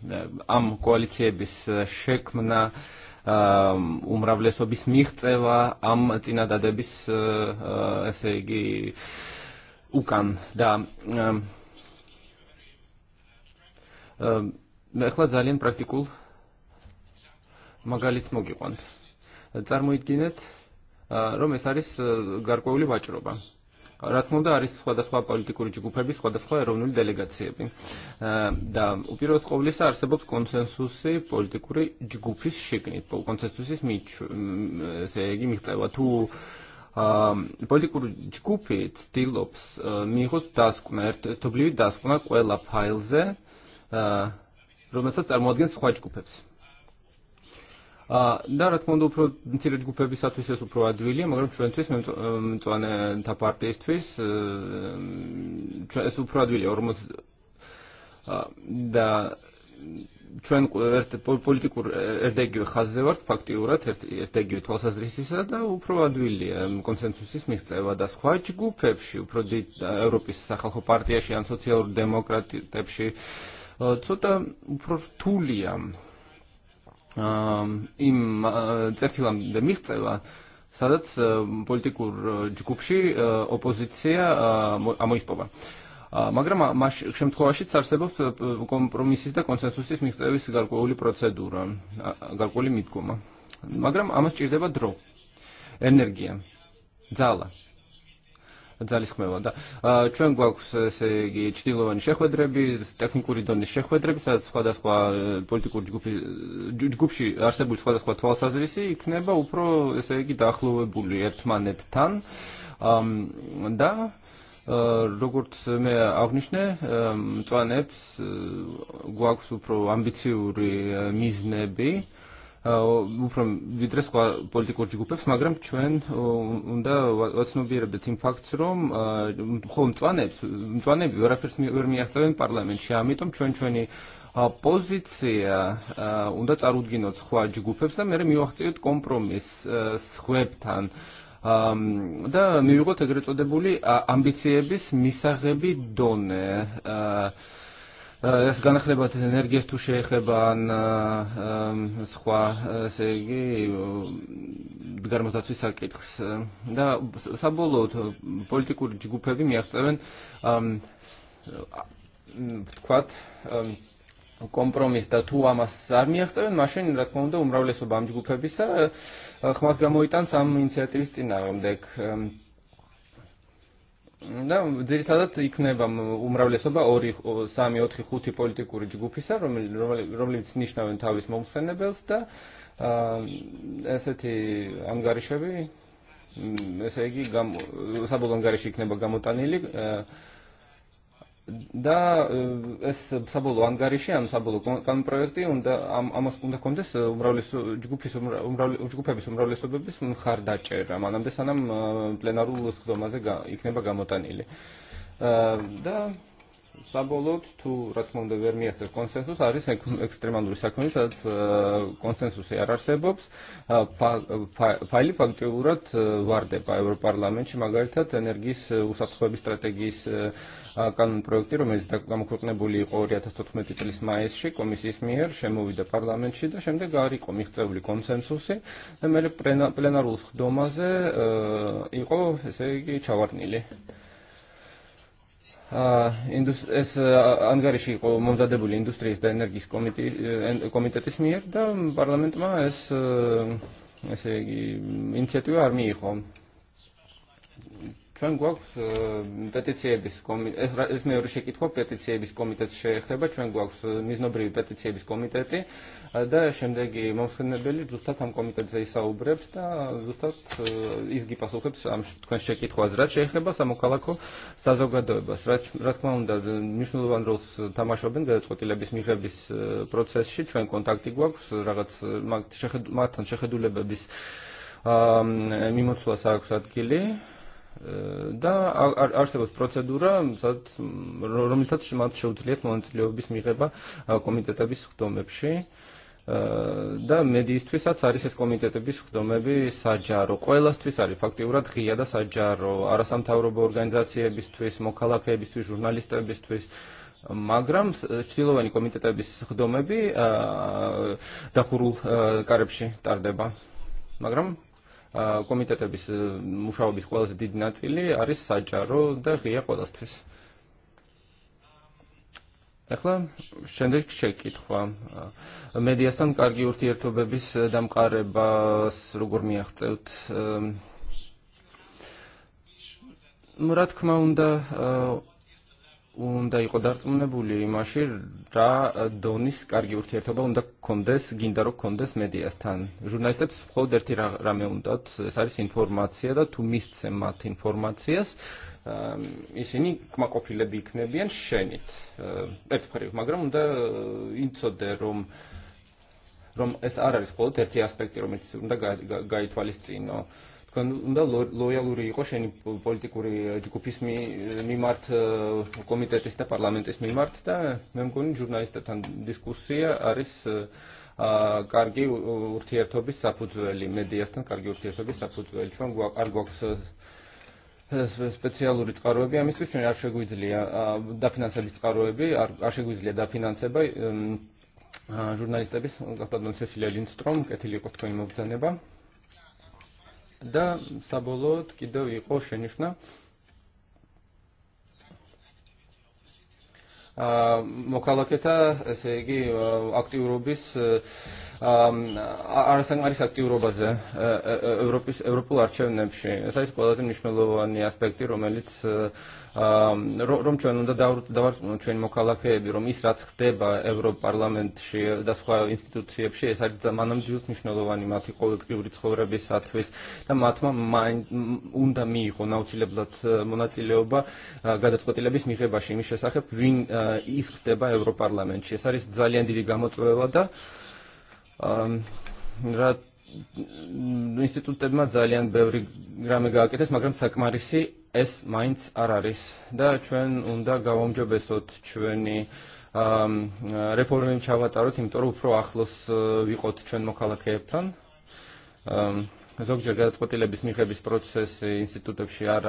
ამ კოალიციების შექმნა umravleso bis miħtsewa am tina dadebis esegi ukam da ehm, ehm, Meħlad zalin praktikul მაგალითს მოგიყვანთ. წარმოიდგინეთ რომ ეს არის გარკვეული ვაჭრობა. რა თქმა უნდა არის სხვადასხვა პოლიტიკური ჯგუფები, სხვადასხვა ეროვნული დელეგაციები. და უპირველეს ყოვლისა არსებობს კონსენსუსი პოლიტიკური ჯგუფის შიგნით, კონსენსუსის მიჩ ესე იგი მიღწევა თუ Politikur t-tillops miħus პოლიტიკური ჯგუფი ცდილობს მიიღოს დასკვნა, ერთობლივი დასკვნა ყველა ფაილზე, რომელსაც წარმოადგენს სხვა ჯგუფებს. და რა თქმა უნდა უფრო მცირე ჯგუფებისათვის ეს უფრო ადვილია, მაგრამ ჩვენთვის მწვანეთა პარტიისთვის ეს su pro għadwili, და ჩვენ პოლიტიკურ ერთეგივე ხაზზე ვართ ფაქტიურად ერთეგივე თვალსაზრისისა და უფრო ადვილია კონსენსუსის მიღწევა და სხვა ჯგუფებში უფრო ევროპის სახალხო პარტიაში ან სოციალურ დემოკრატებში ცოტა უფრო რთულია იმ წერტილამდე მიღწევა სადაც პოლიტიკურ ჯგუფში ოპოზიცია ამოისპობა მაგრამ მას შემთხვევაში წარსებობს კომპრომისის და კონსენსუსის მიღწევის გარკვეული პროცედურა, გარკვეული მიდგომა. მაგრამ ამას ჭირდება დრო, ენერგია, ძალა, ძალის ხმევა და ჩვენ გვაქვს ესე იგი ჭდილოვანი შეხვედრები, ტექნიკური დონის შეხვედრები, სადაც სხვადასხვა პოლიტიკური ჯგუფი ჯგუფში არსებული სხვადასხვა თვალსაზრისი იქნება უფრო ესე იგი დაახლოვებული ერთმანეთთან და როგორც მე აღნიშნე, მწვანებს გვაქვს უფრო ამბიციური მიზნები, უფრო ვიდრე სხვა პოლიტიკურ ჯგუფებს, მაგრამ ჩვენ უნდა ვაცნობიერებდეთ იმ ფაქტს, რომ ხოლმე მწვანებს, მწვანები ვერაფერს ვერ მიაღწევენ პარლამენტში, ამიტომ ჩვენ ჩვენი pozizija unda tarudginot სხვა ჯგუფებს და მე მივახციოთ კომპრომისს სხვებთან. Uh, და მიიღოთ ეგრეთ წოდებული ამბიციების მისაღები დონე. ეს განახლებათ ენერგიას თუ შეეხება ან სხვა ესე იგი დგარმოსდაცვის საკითხს და politikur პოლიტიკური miak მიაღწევენ თქვათ kompromis da tu għamas sar miħtawin maċin rakmondu umraw li subam ġgupe bisa eh, xmas għamujtan sam inizjativis tinnawim dek da dziritadat iknebam umraw li suba ori sami otħi xuti politiku ġgupi sar rom li nishnawin tavis momsenebels da eseti angarishevi esegi sabu angarishik neba gamutanili eh, Да, эс сабулу ангариши, ам сабулу кам проекти, ам ам аскунда кондес умравлес ჯგუფის ჯგუფების უმრავლესობების მხარდაჭერა. მანამდე სანამ პლენარულ სხდომაზე იქნება გამოტანილი. და საბოლოოდ თუ რა konsensus, უნდა ვერ მიაღწევ კონსენსუსს არის ექსტრემალური საქმე სადაც კონსენსუსი Energis uh, Usat Hobi ფაქტიურად ვარდება ევროპარლამენტში მაგალითად ენერგიის უსაფრთხოების სტრატეგიის კანონპროექტი რომელიც გამოქვეყნებული იყო 2014 წლის მაისში კომისიის მიერ შემოვიდა პარლამენტში და შემდეგ არ იყო მიღწეული კონსენსუსი და მე პლენარულ ხდომაზე იყო ესე იგი ჩავარდნილი ეს ანგარიში იყო მომზადებული ინდუსტრიის და ენერგიის კომიტეტის მიერ და პარლამენტმა ეს ესე იგი ინიციატივა არ მიიღო ჩვენ გვაქვს პეტიციების კომიტეტი, ეს მეორე შეკითხვა პეტიციების კომიტეტს sa ჩვენ გვაქვს მიზნობრივი პეტიციების კომიტეტი და შემდეგი მომხსენებელი ზუსტად ამ კომიტეტზე ისაუბრებს და sa ის გიპასუხებს ამ თქვენ შეკითხვას, რაც შეეხება სამოქალაქო საზოგადოებას. რაც რა თქმა უნდა მნიშვნელოვან როლს თამაშობენ გადაწყვეტილების მიღების პროცესში, ჩვენ კონტაქტი გვაქვს რაღაც მაგ sa მიმოცვლას sa ადგილი Да, არსებობს პროცედურა, სადაც რომელსაც მათ შეუძლიათ მონაწილეობის მიღება კომიტეტების ხდომებში. და მედიისთვისაც არის ეს კომიტეტების ხდომები საჯარო. ყველასთვის არის ფაქტიურად ღია და საჯარო. არასამთავრობო ორგანიზაციებისთვის, მოქალაქეებისთვის, ჟურნალისტებისთვის, მაგრამ ჭtilოვანი კომიტეტების ხდომები დახურულ კარებში ტარდება. მაგრამ კომიტეტების მუშაობის ყველაზე დიდი ნაწილი არის საჯარო და ღია ყველასთვის. Ეხლა შემდეგ შეკითხვა. მედიასთან კარგი ურთიერთობების დამყარებას როგორ მიაღწევთ? რა თქმა უნდა, უნდა იყო დარწმუნებული იმაში, რა დონის კარგი ურთიერთობა უნდა გქონდეს, გინდა რომ გქონდეს მედიასთან. ჟურნალისტებს მხოლოდ ერთი რამე უნდათ, ეს არის ინფორმაცია და თუ მისცემ მათ ინფორმაციას, ისინი კმაყოფილები იქნებიან შენით. ერთხელ, მაგრამ უნდა იმწოდე, რომ რომ ეს არ არის მხოლოდ ერთი ასპექტი, რომელიც უნდა გაითვალისწინო. აა Kanda loja luri koxen politikuri ġikupis uh, uh, mi mart komitetis uh, ta parlamentis mi mart ta memkun ġurnalista tan diskussija aris kargi urtiertobis sapuzveli, mediastan kargi urtiertobis sapuzveli, ċuan għargoks speċjaluri tqarwebi, għam istuċun għaxe gwizlija, da finanza bi tqarwebi, għaxe gwizlija da finanza um, bi, ġurnalista bis, għapadnon Cecilia Lindstrom, kħetili kotkonim obzaneba, და საბოლოოდ კიდევ იყო შენიშვნა მოქალაქეთა ესე იგი აქტიურობის არასაკმარისად ტიურობაზე ევროპის ევროპულ არჩევნებში. ეს არის ყველაზე მნიშვნელოვანი ასპექტი, რომელიც რომ ჩვენ უნდა დავარწმუნოთ ჩვენი მოქალაქეები, რომ ის რაც ხდება ევროპარლამენტში და სხვა ინსტიტუციებში, ეს არის მანამდილად მნიშვნელოვანი მათი ყოველდღიური ცხოვრებისათვის და მათმა უნდა მიიღო აუცილებლად მონაწილეობა გადაწყვეტილების მიღებაში იმის შესახებ, ვინ ის ხდება ევროპარლამენტში. ეს არის ძალიან დიდი გამოწვევა და Uh, l-Institut Madzaljan bevri grami għak, et esma gram sak marisi es mainz araris. Da ċwen unda għawom ġobesot ċweni e, reformim ċavatarot imtoru proaxlos e, vikot ċwen mokala Um, bis proċess institut għebjan għale, ზოგჯერ გადაწყვეტილების მიღების პროცესი ინსტიტუტებში არ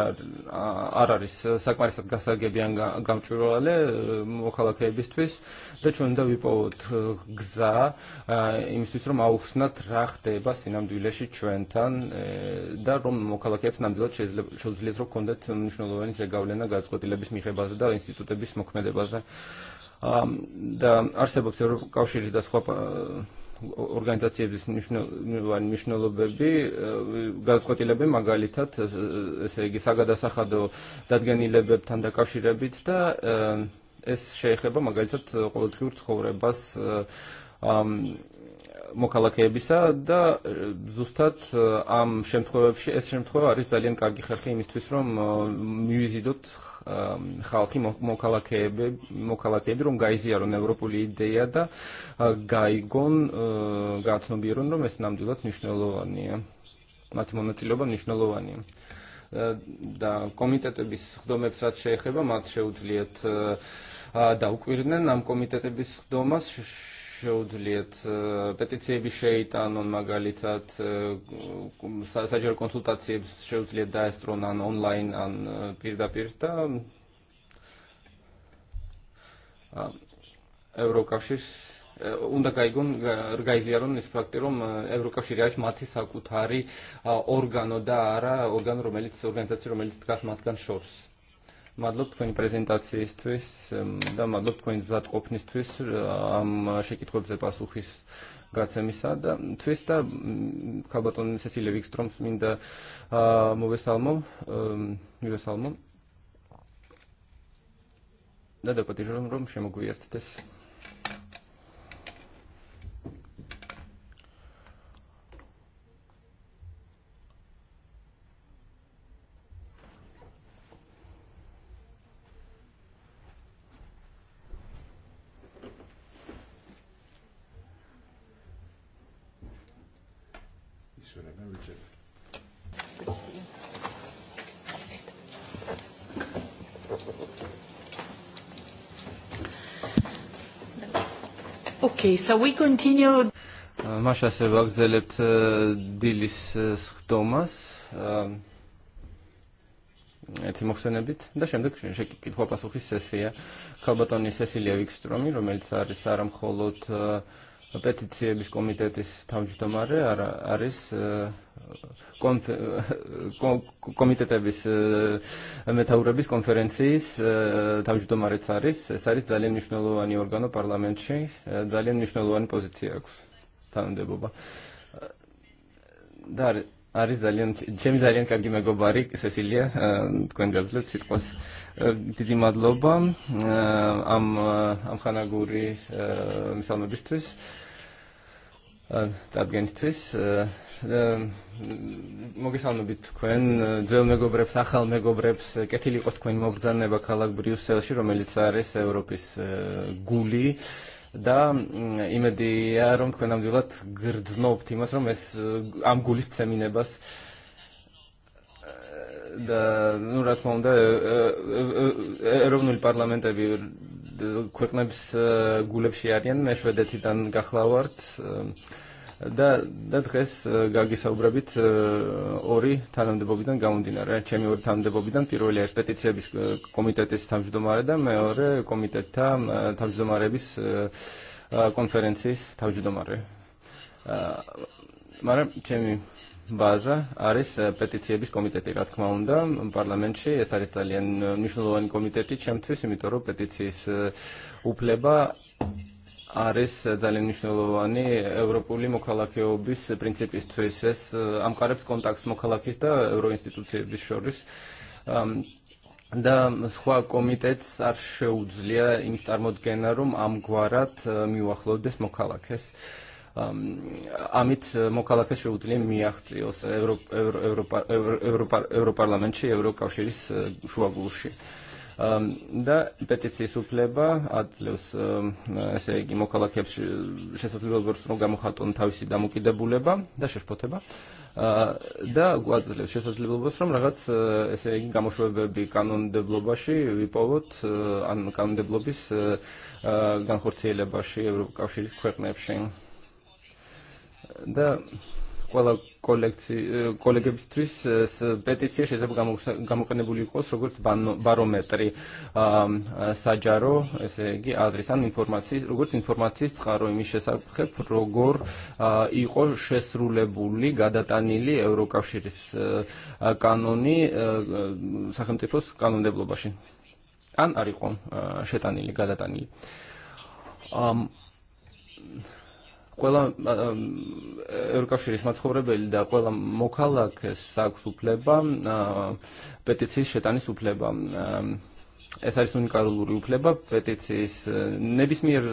არ არის საკმარისად გასაგები ან გამჭვირვალე მოქალაქეებისთვის და ჩვენ უნდა ვიპოვოთ გზა იმისთვის რომ აუხსნათ რა ხდება სინამდვილეში ჩვენთან და რომ მოქალაქეებს ნამდვილად შეძლიათ რომ კონდეთ მნიშვნელოვანი ზეგავლენა გადაწყვეტილების მიღებაზე და ინსტიტუტების მოქმედებაზე და არსებობს ევროკავშირის და სხვა ორგანიზაციების მნიშვნელოვან მნიშვნელობები განსხვავდებიან მაგალითად ესე იგი საგადასახადო დადგენილებებთან დაკავშირებით და ეს შეეხება მაგალითად ყოველდღიურ ცხოვრებას მოქალაქეებისა და ზუსტად ამ შემთხვევებში ეს es არის ძალიან zalien kargi იმისთვის რომ mjuzidot xalqi მოქალაქეები რომ გაიზიარონ ევროპული იდეა და გაიგონ გაცნობიერონ რომ ეს ნამდვილად მნიშვნელოვანია მათი bis მნიშვნელოვანია psat კომიტეტების ხდომებს რაც შეეხება მათ შეუძლიათ დაუკვირდნენ ამ bis ხდომას xewd li uh, petizzje biex xejt għannon magalitat uh, saġer konsultazzje xewd li da estron għan online għan uh, pirda pirda. Euro kafxis, unda għajgun rgajzjarun nispraktirom Euro kafxir għax mati sakutari organo dara, organo romelic, organizazzjoni romelic tkas matkan xors. Madlubtkun prezentacijistwis, da madlubtkun zatkopnistwis, għam xekit kol bżepasuħis għadsemissa, da twista kabaton Cecilia Wikstrom minn da muvesalmom, salmo. Da da patiġron rom xemu gujert tess. So we continue. Maxa sebak zelept eh, dilis eh, Thomas. sħdomas. Ehm, Ti moħsenebit, da xem dik xek kif ħobla suħi sessija, kalbaton sessija Vikstrom, Vikstromi, rumel sar saram xolot uh, eh, პეტიციების კომიტეტის თავმჯდომარე არის კომიტეტების მეთაურების კონფერენციის თავმჯდომარეც არის ეს არის ძალიან მნიშვნელოვანი ორგანო პარლამენტში ძალიან მნიშვნელოვანი პოზიცია აქვს თანამდებობა debuba. Dar, Għarriż daljen, ġemi daljen kagime gobarik, Cecilia, eh, tkun għazlet, sitqos tidi eh, madloba, għam eh, ħana għurri misalma bistwis, tabgen stris, mogi salma bit kwen, ġel me għobrebs, aħal me gobrebs, ketili kot kwen mobdan neba kalak briusel, xiro tsaris, Europis guli, da imedi jarom tkun għamdilat għrdnob ti masrom es għamgulit seminebas da nurat mom da rovnu l-parlamenta bi kweknabs guleb xijarjen meċvedet jitan għaxlawart uh, da da dres eh, gagi saubrabit eh, ori tanam de bobidan gaundinare chemi ori tanam de bobidan pirveli aspetetsiebis eh, komitetes tavjdomare da meore komiteta tavjdomarebis konferentsis tavjdomare mara chemi baza aris petitsiebis komiteti ratkma unda parlamentshi es aris italian nishnolovani komiteti chemtvis imitoro petitsis upleba არის ძალიან მნიშვნელოვანი ევროპული მოქალაქეობის პრინციპისთვის. ეს ამყარებს კონტაქტს მოქალაქის და ევროინსტიტუციების შორის. და სხვა კომიტეტს არ შეუძლია იმის წარმოქმნა, რომ ამგვარად მიუახლოვდეს მოქალაქეს. Amit mokalaka xewtli miħħtios Europarlamentxi, Eurokawxiris xwagulxi. Euro, euro, euro, euro, euro, euro, euro, euro, Да, петиции суплеба, атлюс ესე იგი მოქალაქეებში შესაძლებლობა რომ გამოხატონ თავისი დამოკიდებულება და შეშფოთება და გვაძლევს შესაძლებლობას რომ რაღაც ესე იგი გამოშვებები კანონმდებლობაში ვიპოვოთ ან კანონმდებლობის განხორციელებაში ევროკავშირის ქვეყნებში და ყველა s-petizie xe zebu għamu კოლეგებისთვის პეტიცია შეიძლება გამოყენებული იყოს როგორც ბარომეტრი საჯარო, ესე იგი აზრის ან ინფორმაციის, როგორც ინფორმაციის წყარო იმის შესახებ, როგორ იყო შესრულებული გადატანილი ევროკავშირის კანონი სახელმწიფოს კანონმდებლობაში. ან არ იყო შეტანილი გადატანილი ყველა ევროკავშირის მაცხოვრებელი და ყველა მოქალაქეს აქვს უფლება პეტიციის შეტანის უფლება. ეს არის უნიკალური უფლება პეტიციის ნებისმიერ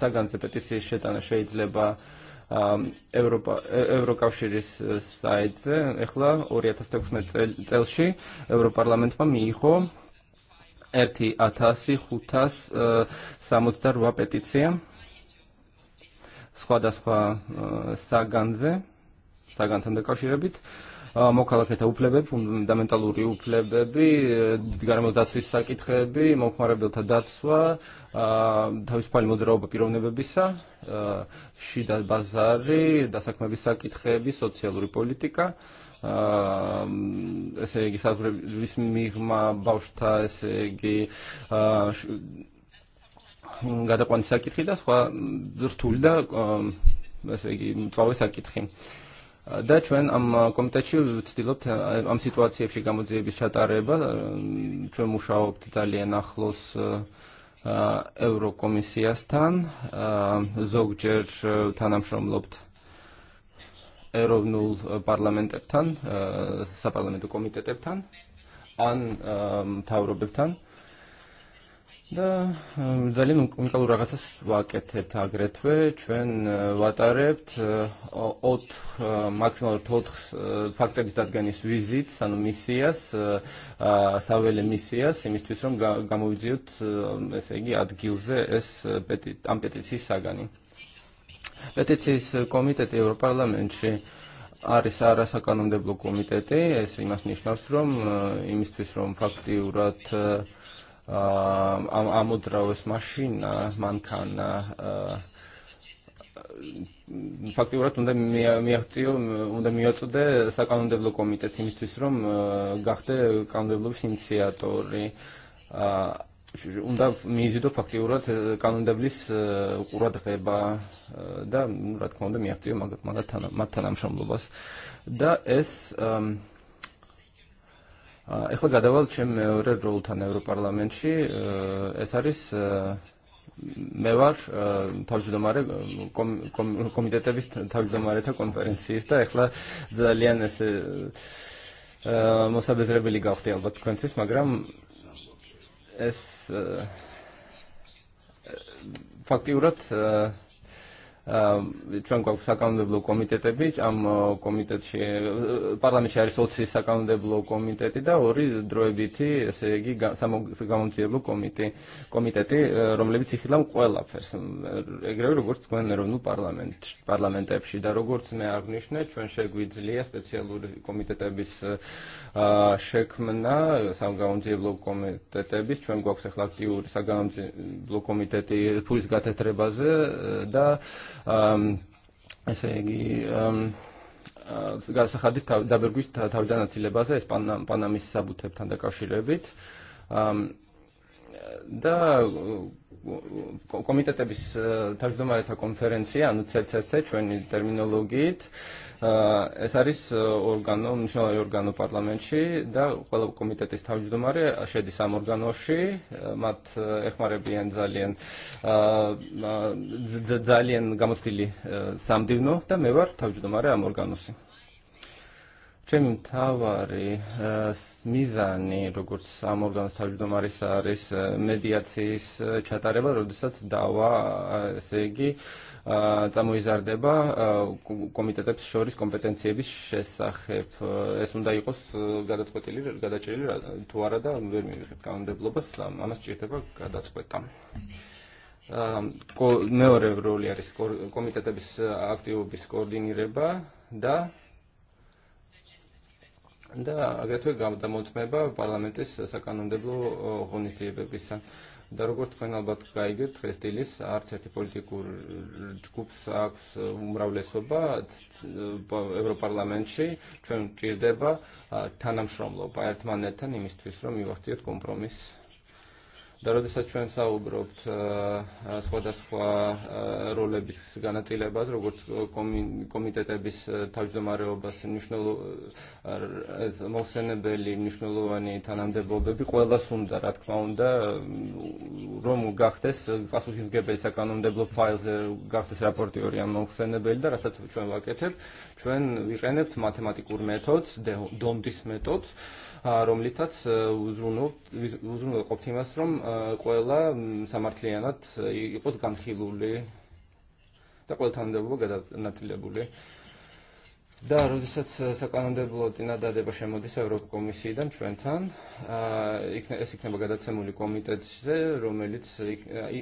საგანზე პეტიციის შეტანა შეიძლება Europa, Eurokawxiris sajtze, eħla, urja ta' stekfne celxi, Europarlament ma' miħo, erti għatasi, xutas, samut darwa petizija squadra sfa eh, Saganze, Sagan tende kaxi rabit. Ah, Moka keta uplebe, fundamentaluri uplebe bi, eh, dgaramil datu issa kitxebi, mok Bilta ta datsua, ta ah, vispali modraoba pirovnebe bisa, ah, shida bazari, da sakme bisa kitxebi, socialuri politika, ese gisaz vismihma bauxta, ese gisaz sakit da, Da გადაყვანის საკითხი და სხვა რთული და ესე იგი მწვავე საკითხი. და ჩვენ ამ კომიტეტში ვცდილობთ ამ სიტუაციებში გამოძიების ჩატარება ჩვენ მუშაობთ ძალიან ახლოს ევროკომისიასთან ზოგჯერ თანამშრომლობთ ეროვნულ პარლამენტებთან საპარლამენტო კომიტეტებთან ან მთავრობებთან Da, ძალიან უნიკალურ რაღაცას ვაკეთებთ აგრეთვე. ჩვენ ვატარებთ 4 მაქსიმალურად 4 ფაქტების დადგენის ვიზიტს, ანუ მისიას, საველე მისიას, იმისთვის რომ გამოვიძიოთ, ესე იგი, ადგილზე ეს ამ პეტიციის საგანი. პეტიციის კომიტეტი ევროპარლამენტში არის არასაკანონმდებლო კომიტეტი, ეს იმას ნიშნავს, რომ იმისთვის რომ ფაქტიურად għamudrawis maċin man kan eh, Faktivurat unde miħtiju, eh, eh, unda de sa kanundevlu komitet simistwisrom, għaxte kanundevlu sinicijatori. Unda fakti miħzidu faktivurat kanundevlis urat ħeba, da, urat murat kanunde miħtiju, magat magat matanam xomlubas. Da, es, um, ეხლა გადავალ ჩემ მეორე როლთან ევროპარლამენტში. ეს არის მე ვარ თავმჯდომარე კომიტეტების თავმჯდომარეთა კონფერენციის და ეხლა ძალიან ეს მოსაბეზრებელი გავხდი ალბათ თქვენთვის, მაგრამ es fakti urat eh, ჩვენგვაქვს საკანონმდებლო კომიტეტები, ამ კომიტეტში პარლამენტში არის 20 საკანონმდებლო კომიტეტი და ორი დროებითი, ესე იგი სამოგამომცემლო კომიტეტი, კომიტეტი, რომლებიც იხილავენ ყველაფერს, ეგრევე როგორც თქვენ ეროვნულ პარლამენტ პარლამენტებში და როგორც მე აღნიშნე, ჩვენ შეგვიძლია სპეციალური კომიტეტების შექმნა სამგამომცემლო კომიტეტების, ჩვენ გვაქვს ახლა აქტიური საგამომცემლო კომიტეტი ფულის გათეთრებაზე და Uh, ესე იგი გასახადით დაბერგვის თავდანაწილებას ეს პანამის საბუთებთან Esaris organo, nisċona organo parlamentxi, da, kvala komitet istħawġ dumare, xedi sam organo xi, mat eħmare bijen zalien, zalien gamustili sam divno, da mevar, tħawġ dumare am organo si ჩემი მთავარი მიზანი, როგორც ამ ორგანოს თავმჯდომარის არის მედიაციის ჩატარება, როდესაც დავა, ესე იგი, წამოიზარდება კომიტეტებს შორის კომპეტენციების შესახებ. ეს უნდა იყოს გადაწყვეტილი, გადაჭრილი თუ არა და ვერ მივიღებთ კანონმდებლობას, ამას ჭირდება გადაწყვეტა. მეორე როლი არის კომიტეტების აქტივობის კოორდინირება da eh, და აგრეთვე გამოდმება პარლამენტის საკანონმდებლო ღონისძიებებისა. და როგორც თქვენ ალბათ გაიგეთ, დღეს დილის არც ერთი პოლიტიკურ ჯგუფს აქვს უმრავლესობა ევროპარლამენტში, ჩვენ გვჭირდება თანამშრომლობა ერთმანეთთან იმისთვის, რომ მივახციოთ კომპრომისს sa u brobt sħoda role bis baz, rogot komitete bis uh, taġdomare u bas uh, uh, mosene mawsenebeli nishnulu għani tanam debo bebi kwella sunda rat kmaunda romu għaktes għasu kif gebel sakanum deblo files għaktes rapporti u mosene mawsenebeli da rasat ċwen vaketeb ċwen virenebt matematikur metod, domdis metod, rom li tat użrunu optimas rom ყველა სამართლიანად იყოს განხილული და ყველთანდელობა გადანაწილებული. და როდესაც საკანონმდებლო წინადადება შემოდის ევროკომისიიდან ჩვენთან, ეს იქნება გადაცემული კომიტეტზე, რომელიც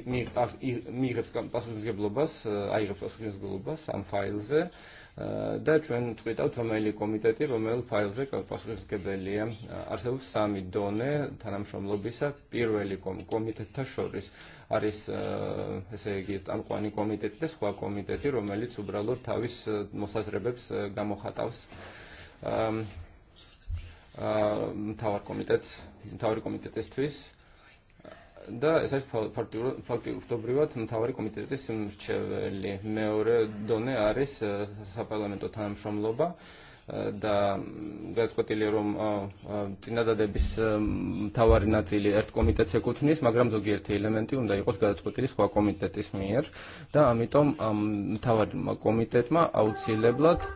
მიიღებს პასუხისმგებლობას, აიღებს პასუხისმგებლობას ამ ფაილზე. აა და ჩვენ წვითავთ რომელი komitet რომელ ფაილზე għaris არსებობს għanqwani komitet t-esqwa კომიტეტთა შორის არის ესე იგი წამყვანი კომიტეტი და სხვა კომიტეტი რომელიც უბრალოდ თავის მოსაზრებებს გამოხატავს tawar komitet t-esqwis და ეს არის ფაქტობრივად მთავარი კომიტეტის მრჩეველი. მეორე დონე არის საპარლამენტო თანამშრომლობა და გადაწყვეტილია რომ წინადადების მთავარი ნაწილი ერთ კომიტეტს ეკუთვნის, მაგრამ ზოგიერთი ელემენტი უნდა იყოს გადაწყვეტილი სხვა კომიტეტის მიერ და ამიტომ ამ მთავარმა კომიტეტმა აუცილებლად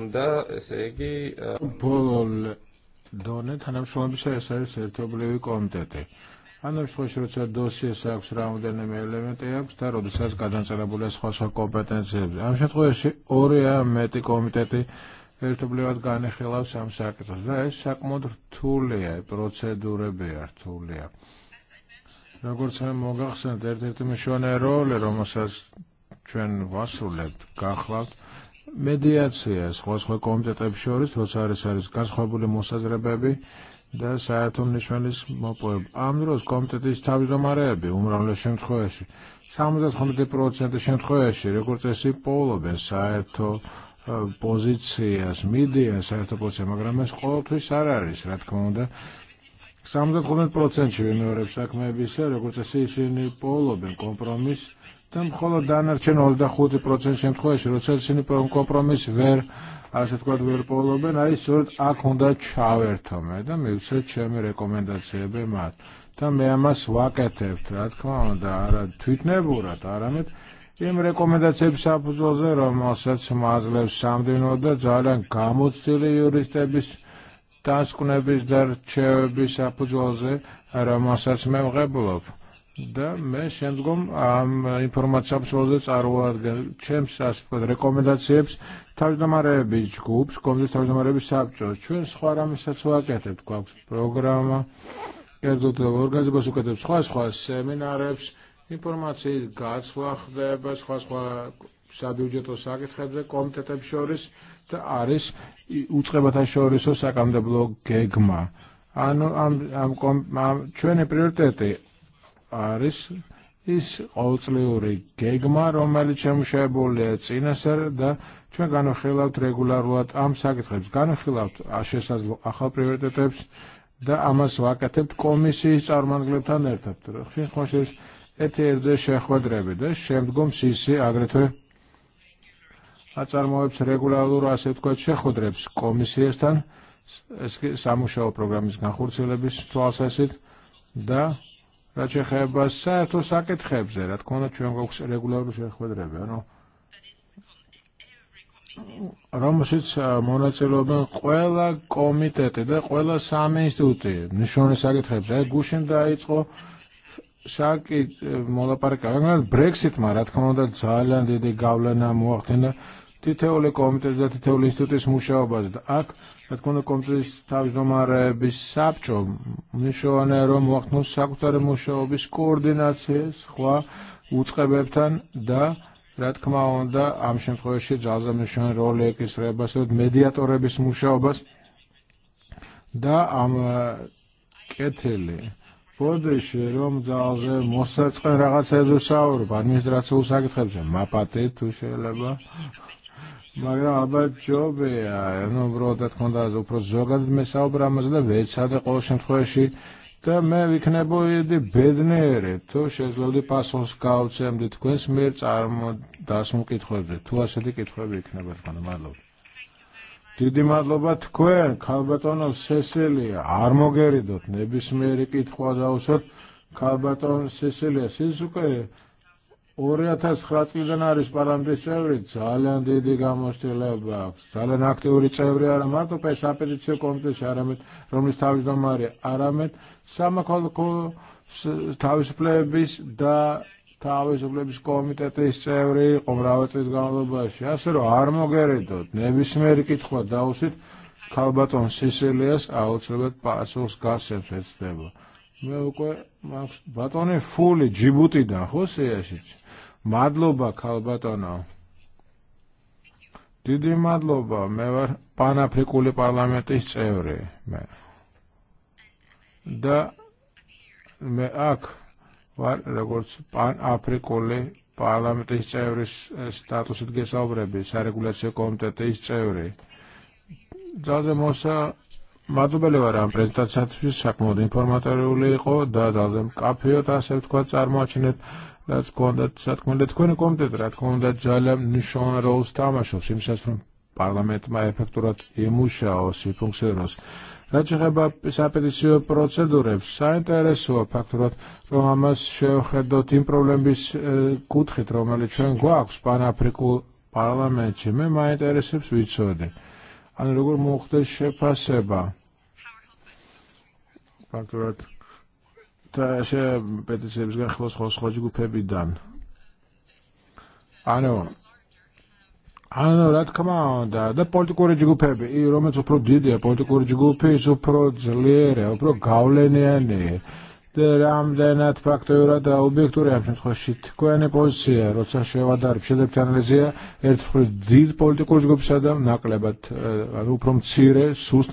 უნდა ესე იგი ბოლო დონე თანამშრომლობისა ეს არის ერთობლივი კომიტეტი ანუ სხვაში როცა დოსიეს აქვს რაოდენიმე ელემენტი აქვს და როდესაც გადანაწილებულია სხვადასხვა კომპეტენციებზე. ამ შემთხვევაში ორი ან მეტი კომიტეტი ერთობლივად განიხილავს ამ საკითხს და ეს საკმაოდ რთულია, პროცედურებია რთულია. როგორც მე მოგახსენეთ, ერთ-ერთი მშონე როლი, რომელსაც ჩვენ ვასრულებთ, გახლავთ მედიაცია სხვადასხვა კომიტეტებს შორის, როცა არის არის განსხვავებული მოსაზრებები, და საერთო ნიშნალის მოპოვება. ამ დროს კომიტეტის თავმჯდომარეები უმრავლეს შემთხვევაში 75% შემთხვევაში როგორც ესე პოულობენ საერთო pozizijas, midijas, sajta pozizija, მაგრამ ეს ყოველთვის არ არის, რა თქმა უნდა. 75% ვიმეორებ საქმეებისა, როგორც Там ისინი პოულობენ კომპრომისს და მხოლოდ დანარჩენ 25% შემთხვევაში, როცა ისინი ასე ვთქვათ, ვერ პოულობენ, აი სწორედ აქ უნდა ჩავერთომე და მივცეთ ჩემი რეკომენდაციები მათ. და მე ამას ვაკეთებთ, რა თქმა უნდა, არა თვითნებურად, არამედ იმ რეკომენდაციების საფუძველზე, რომელსაც მაძლევს სამდენო და ძალიან გამოცდილი იურისტების დასკვნების და რჩევების საფუძველზე, რომელსაც მე ვღებულობ. Da, me xendgum għam informazzab xoldiz għarwar ċems għasfad rekomendazzibs taġdamare biex ġkubs, komdiz taġdamare biex sabċo. ċun sħara mis-satsua ketet kwaks programa, kertut organizba su ketet sħua sħua seminarebs, informazzi għad sħua xdeba sħua sħua sabi uġetu sakit xedre komtetab xoris ta' għaris uċqeba ta' xoris u sakam არის ის ყოველწლიური გეგმა, რომელიც შემუშავებულია წინასწარ და ჩვენ განვიხილავთ რეგულარულად ამ საკითხებს, განვიხილავთ შესაძლო ახალ პრიორიტეტებს და ამას ვაკეთებთ კომისიის წარმომადგენლებთან ერთად. ხშირ შემთხვევაში ერთი ერთზე შეხვედრები და შემდგომ სისი აგრეთვე აწარმოებს რეგულარულ ასე ვთქვათ შეხვედრებს კომისიასთან ეს სამუშაო პროგრამის განხორციელების თვალსაზრისით და რა შეეხება საერთო საკითხებზე, რა თქმა უნდა, ჩვენ გვაქვს რეგულარული შეხვედრები, da რომელშიც მონაწილეობენ ყველა კომიტეტი და ყველა სამი ინსტიტუტი ნიშნული საკითხებზე. გუშინ დაიწყო xaki molaparaqa għan Brexit ma rat kama da tzalan di di gawla na muħtina titew li da titew li istutis muxaw bazd ak tkunu kompli stawx domar bis-sabċo, mnixo għanerom waqt nus saktar muxo bis-koordinazzi sħwa u tqebebtan da rad kma onda għamxin tħoċi ġazza mnixon roli kisreba sud mediatore bis-muxo bas da għam ketili. Podix rom ġazza mossa tqen raħat edu sawru, pa administrazzju sa' kitħelġem, ma patit u xeleba მაგრამ ალბათ ჯობია, ანუ ბროდად ქონდა უფრო ზოგად მესაუბრა ამაზე ვეცადე ყოველ შემთხვევაში და მე ვიქნებოდი ბედნიერი, თუ შეძლოდი პასუხს გავცემდი თქვენს მიერ წარმოდასმულ კითხვებზე, თუ ასეთი კითხვები იქნება თქვენ, მადლობა. დიდი მადლობა თქვენ, ქალბატონო სესილია, არ მოგერიდოთ ნებისმიერი კითხვა დავუსვათ ქალბატონ სესილიას, ის უკვე 2009 წლიდან არის პარლამენტის წევრი, ძალიან დიდი გამოცდილება აქვს. ძალიან აქტიური წევრი არა მარტო საპეტიციო კომიტეტში, არამედ რომლის თავმჯდომარე, არამედ სამოქალაქო თავისუფლების და თავისუფლების კომიტეტის წევრი იყო მრავალი წლის განმავლობაში. ასე რომ არ მოგერიდოთ ნებისმიერი კითხვა დაუსვით ქალბატონ სისელიას აუცილებლად პასუხს გასცემს ეცდება. მე უკვე მაქვს ბატონი ფული ჯიბუტიდან ხო სიაშიც? Madluba Kalbatano. Didi madluba, me var pana prikuli parlamenti cevri. Me. Da me ak var regurts, pan aprikuli parlamenti cevri statusit gesavrebi, saregulasiyo komitetis cevri. Zalze mosa მადლობელი ვარ ამ პრეზენტაციისთვის საკმაოდ ინფორმატორული da, და ძალზე ta, ასე ვთქვა წარმოაჩინეთ لا تكون لا تكون لا تكون كومتد لا تكون لا تجعل نشان روز تامشو سيمساس فرم parlament ma efekturat jimuxa o si funksionos. Raċħeba sa petizju procedurev, sa interesu fakturat rom għamas xewħeddot problem bis eh, kutħit romali għalli ċen għak spana priku parlament ċi, me ma interesib svizzodi. Għan rugur muħtel xefaseba. Fakturat ta' xe petizjoni biex għan xlos xlos pebi dan. Għano, Għanna rad kama da, da politiku reġigu pebi, i romet su prodidja, politiku reġigu pebi su prodzlire, u pro gawlenjeni რამდენად ფაქტორა დაუბიექტურია ამ შემთხვევაში თქვენი პოზიცია, როცა შევადარ შედებთ ანალიზია ერთხელ დიდ პოლიტიკურ ჯგუფსა და ნაკლებად ანუ უფრო მცირე სუსტ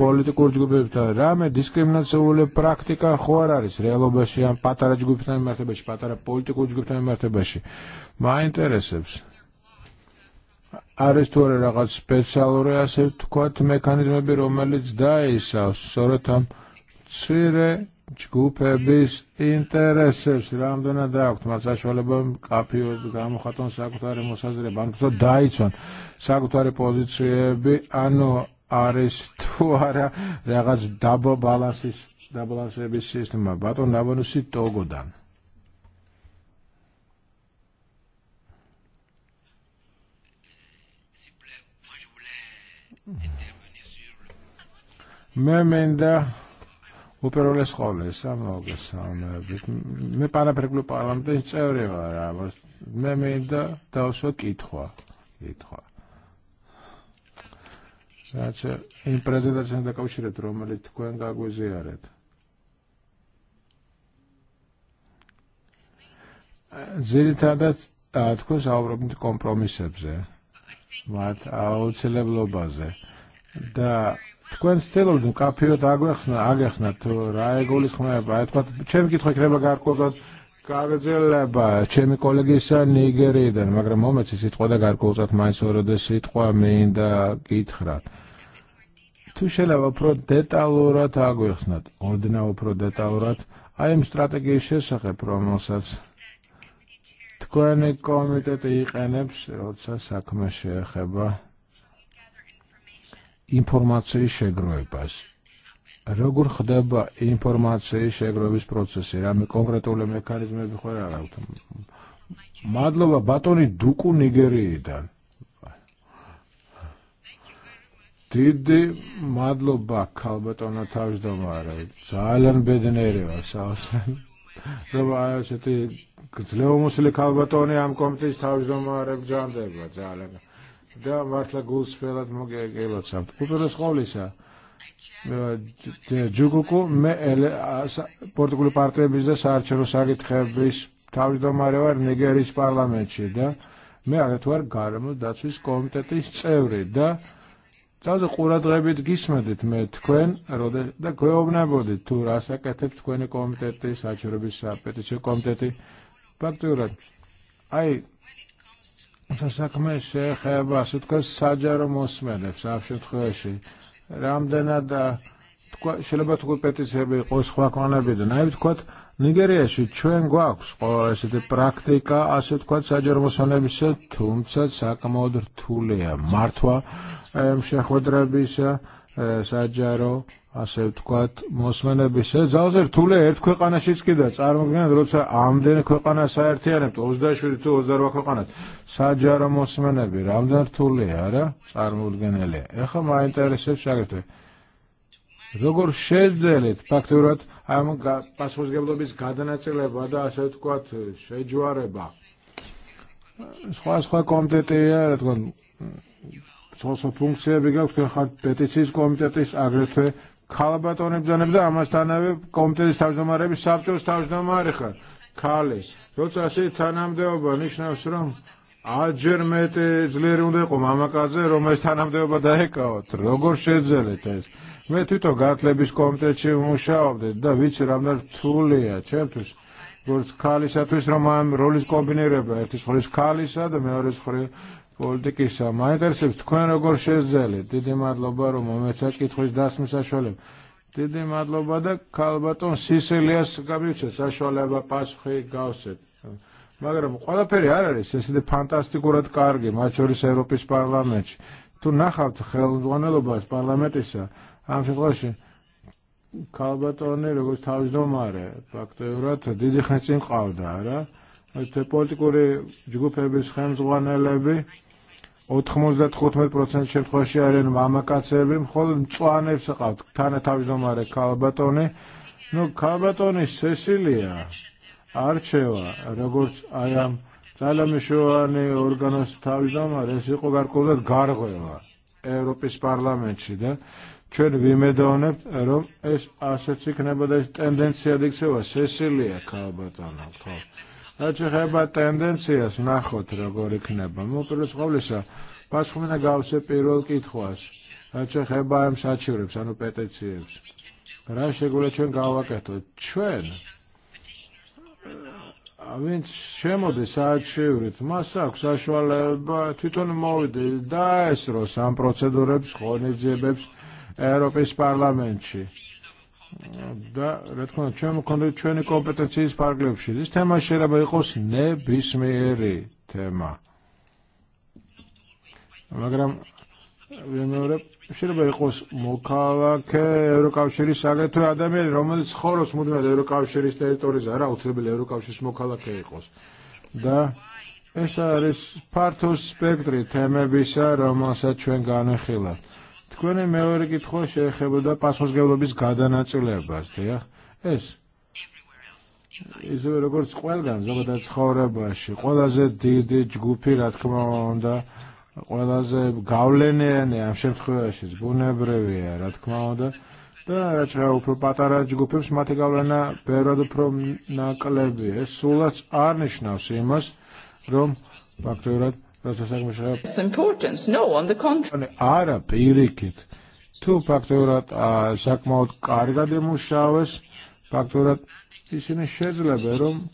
პოლიტიკურ ჯგუფებთან რამე დისკრიმინაციული პრაქტიკა ხო არ არის რეალობაში ამ პატარა ჯგუფთან მიმართებაში, პატარა პოლიტიკურ ჯგუფთან მიმართებაში. მაინტერესებს არის თუ არა რაღაც სპეციალური ასე ვთქვათ მექანიზმები რომელიც დაისავს სწორედ ამ მცირე ჯგუფების ინტერესებს რამდენად აქვთ მათ საშუალება კაფიო გამოხატონ საკუთარი მოსაზრება ან თვითონ დაიცვან საკუთარი პოზიციები ანუ არის თუ არა რაღაც დაბო ბალანსის დაბალანსების სისტემა ბატონ ნავონუსი ტოგოდან მე მინდა U le scuole, xoles, che sono... Mi pare per quello glu parlamentin ċevri vara, me so ta' uso kitħua, kitħua. Znači, in prezida ċen da kawxire trum ma le ga gwizijaret. Zili ta' da sa tkun sawrob ma mat għaw celebro base. Da' თქვენ ცდილობთ მკაფიოდ აგვეხსნა აგეხსნათ რა ეგულისხმება ეთქვა ჩემი კითხვა იქნება გარკვეულწოდ გაგრძელება ჩემი კოლეგისა ნიგერიდან მაგრამ მომეცი სიტყვა და გარკვეულწოდ მაინც ოროდე სიტყვა მინდა გითხრა თუ შეიძლება უფრო დეტალურად აგვეხსნათ ორდნა უფრო დეტალურად აი იმ სტრატეგიის შესახებ რომელსაც თქვენი კომიტეტი იყენებს როცა sakma xieħeba ინფორმაციის შეგროვებას. როგორ ხდება ინფორმაციის შეგროვის პროცესი, რამე კონკრეტული მექანიზმები ხო არ აქვს? მადლობა ბატონი დუკუ ნიგერიიდან. დიდი მადლობა ქალბატონო თავმჯდომარე. ძალიან ბედნიერი ვარ საოცრად. Roba għaxet għzlew musli kalbatoni għam komtis tawġ domar bġandeba ġalena da vart la gus felat moge gelot samt. Kupero skolisa. ჯუგუკუ მე პორტუგალი პარტიების და საარჩევნო საკითხების თავმჯდომარე ვარ ნიგერიის პარლამენტში და მე აგრეთ ვარ გარემო დაცვის კომიტეტის წევრი და ძალზე ყურადღებით გისმედით მე თქვენ და გვეუბნებოდით თუ რას აკეთებს თქვენი კომიტეტი საჩვენების საპეტიციო კომიტეტი ფაქტურად აი Fasakme xeħ basut kas saġar u musmelef, safxu tħuħeċi. Ramdena da xilba tkut peti sebi qos xwa kona bidu. Najb tkut Nigerieċi ċwen għak xqoħeċi ti praktika għasit tkut saġar musmelef se tumca sakam odr tulija. Martwa mxeħ u drabisa saġaru ასე ვთქვათ, მოსმენების ძალზედ რთული ერთ ქვეყანაშიც კიდე წარმოგვიდგენთ, როცა ამდენი ქვეყანა საერთიანებთ 27 თუ 28 ქვეყანას. საჯარო მოსმენები რამდენ რთულია, არა? წარმოუდგენელია. ეხლა მაინტერესებს აგრეთვე როგორ შეძლებთ ფაქტურად ამ პასუხისგებლობის გადანაწილება და ასე ვთქვათ, შეჯვარება. სხვა სხვა კომიტეტია, რა თქმა უნდა, სosо ფუნქციები გაქვთ ხარ პეტიციის კომიტეტის აგრეთვე ქალბატონებიდან და ამასთანავე კომიტეტის თავმჯდომარების საბჭოს Kali. ხარ. ქალი. როცა ასე თანამდებობა ნიშნავს რომ აჯერ მეტი ძლიერი უნდა იყო მამაკაცზე რომ ეს თანამდებობა დაეკავათ. როგორ შეძელეთ ეს? მე თვითონ გათლების კომიტეტში მუშაობდი და ვიცი რამდენად რთულია ჩემთვის. როგორც ქალისათვის რომ rolis როლის etis ერთის ხრის ქალისა და მეორეს ხრის პოლიტიკისა მაინტერესებს თქვენ როგორ შეძელეთ. დიდი მადლობა რომ მომეცათ კითხვის დასმის საშუალება. დიდი მადლობა და ქალბატონ სისელიას გამივცეთ საშუალება პასუხი გავსეთ. მაგრამ ყველაფერი არ არის ეს ისე ფანტასტიკურად კარგი, მათ შორის ევროპის პარლამენტში. თუ ნახავთ ხელმძღვანელობას პარლამენტისა, ამ შემთხვევაში ქალბატონი როგორც თავმჯდომარე, ფაქტობრივად დიდი ხნის წინ ყავდა, არა? te politikuri ġgupebis xemżwan elebi, 95% შემთხვევაში არიან მამაკაცები, მხოლოდ მწვანებს აკავთ. თანათავმჯდომარე კალბატონი. ნუ ქალბატონი სესილია არჩევა, როგორც აი ამ ძალამშოვანი ორგანოს თავმჯდომარე, ეს იყო გარკვეულად გარღვევა ევროპის პარლამენტში და ჩვენ ვიმედოვნებთ, რომ ეს ასეც იქნება და ეს ტენდენცია იქცევა, სესილია კალბატონო, ხო? Έτσι χαίμα τεντένσιας να έχω τρεγόρι κνέμπα μου πυροσχόλησα. Πάσχουμε να γάουσε πυρόλ κίτχουας. Έτσι χαίμα εμσάτσιρεψ, αν πέτετσιεψ. Ράσχε γουλετσιόν γάουα κατώ. Τσουέν. Għavint xemmu di saċivrit, ma saċ, saċ titon mowdi, da esro san procedure bsħoni ġibibs Europis parlamentxi და რა თქმა უნდა ჩვენ მქონდა ჩვენი კომპეტენციის ფარგლებში ეს თემა შეიძლება იყოს ნებისმიერი თემა მაგრამ ვიმეორებ შეიძლება იყოს მოქალაქე ევროკავშირის აგრეთვე ადამიანი, რომელიც ხოროს მუდმივად ევროკავშირის ტერიტორიაზე, არა აუცილებელი ევროკავშირის მოქალაქე იყოს. და ეს არის ფართო სპექტრი თემებისა, რომელსაც ჩვენ განვიხილავთ თქვენი მეორე კითხვა შეეხებოდა პასუხისგებლობის გადანაწილებას, დიახ? ეს ისევე როგორც ყველგან ზოგადად ცხოვრებაში, ყველაზე დიდი ჯგუფი, რა თქმა უნდა, ყველაზე გავლენიანი ამ შემთხვევაში ბუნებრივია, რა თქმა უნდა. და რაჩა უფრო პატარა ჯგუფებს მათი გავლენა ბევრად უფრო ნაკლებია. ეს სულაც არნიშნავს იმას, რომ ფაქტობრივად It's importance, no, on the contrary. Arab, irikit. Tu pakturat sakmaut karga de muxxawes, pakturat isini xezle berum,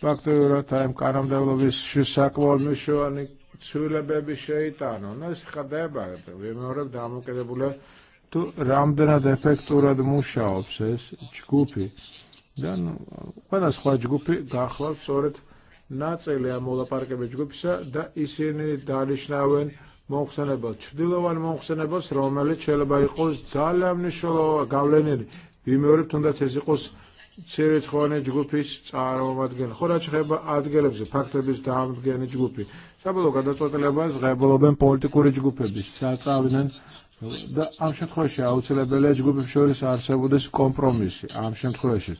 pakturat għajm kanam devlovis xisakmaut mixuani tsule bebi xeitanu. Nes xadeba, vimurib damu kede bule tu ramdena defekturat muxxawses, ċkupi. Dan, għana sħuħġgupi, għaxlab, soret, ნაწილი ამ მოლაპარაკების ჯგუფისა და ისინი დანიშნავენ მომხსენებელ ჩრდილოვან მომხსენებელს, რომელიც შეიძლება იყოს ძალიან მნიშვნელოვანი გავლენილი. ვიმეორებ თუნდაც ეს იყოს ცირეცხოვანი ჯგუფის წარმომადგენელი. ხო რა შეიძლება ადგილებზე ფაქტების დამდგენი ჯგუფი. საბოლოო გადაწყვეტილებას ღებულობენ პოლიტიკური ჯგუფები, საწავდნენ Da għamxin tħoċi, għaw t-lebeleġ gubi fxori sar sebu dis kompromissi, għamxin tħoċi.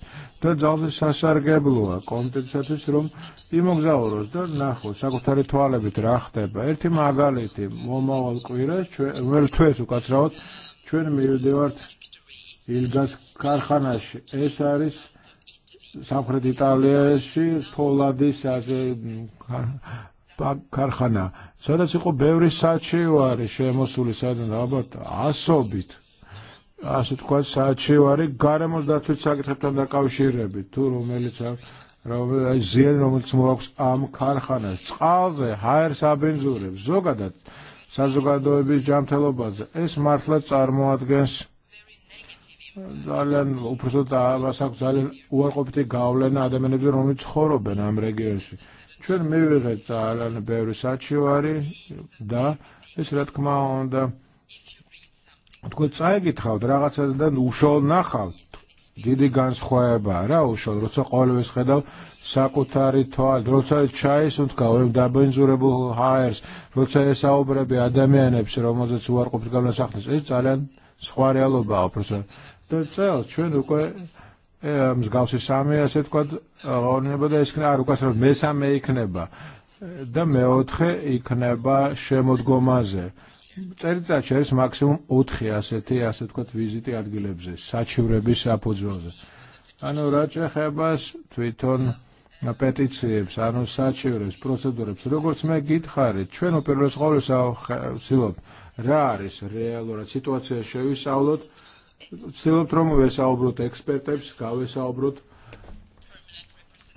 Da dżawzi sa sar gebluwa, kontin sa tisrum, imog zawros, da naħu, sagu ta rituale bit raħteba, irti maħgaliti, momma għal kujra, mel twesu kasrawt, ċwen mi jildivart il-gaz karħanax, esaris, samħred Italija, xir, Polla, disa, karħana. Sadaq iqo ბევრი საჩივარი შემოსული სადან ალბათ ასობით. ასე თქვა საჩივარი გარემოს დაცვის საკითხებთან დაკავშირებით თუ რომელიც აი ზიანი რომელიც მოაქვს ამ ქარხანას წყალზე ჰაერს აბენზურებს ზოგადად საზოგადოების ჯანმრთელობაზე ეს მართლა წარმოადგენს ძალიან უფრო ზუსტად მას vasak ძალიან უარყოფითი გავლენა ადამიანებზე რომლებიც ცხოვრობენ ამ რეგიონში ċen mivir tal għan beru saċiwari, da, jisret kma onda. Tkun tsajgi tħaw, draga t-sazdan u xol naħaw. Didi għan sħuħe bara, u xol rutsa qollu jisħedaw saku ta' ritual, rutsa ċajs un tkawim da benżurebu ħajers, rutsa jisaw brebi għadamene b'siru mażet suwarku b'tkamna saħnis, iċ għalen sħuħari għallu baw, prosen. Dal-tsajl, ċen u kwe, sami, kod, მსგავსი სამია ასე თქვა აღარ და ეს არ უკასრებ მესამე იქნება და მეოთხე იქნება შემოდგომაზე წელიწადში არის მაქსიმუმ 4 ასეთი ასე თქვა ვიზიტი ადგილებზე საჩივრების საფუძველზე ანუ რა ჭეხებას თვითონ petizzjibs, għanu saċirus, proceduribs, rogurz me għidħari, ċvenu per l-sħolis għaw silot, raris, realura, situazzja xeju sawlot, ვცდილობთ რომ ვესაუბროთ ექსპერტებს, გავესაუბროთ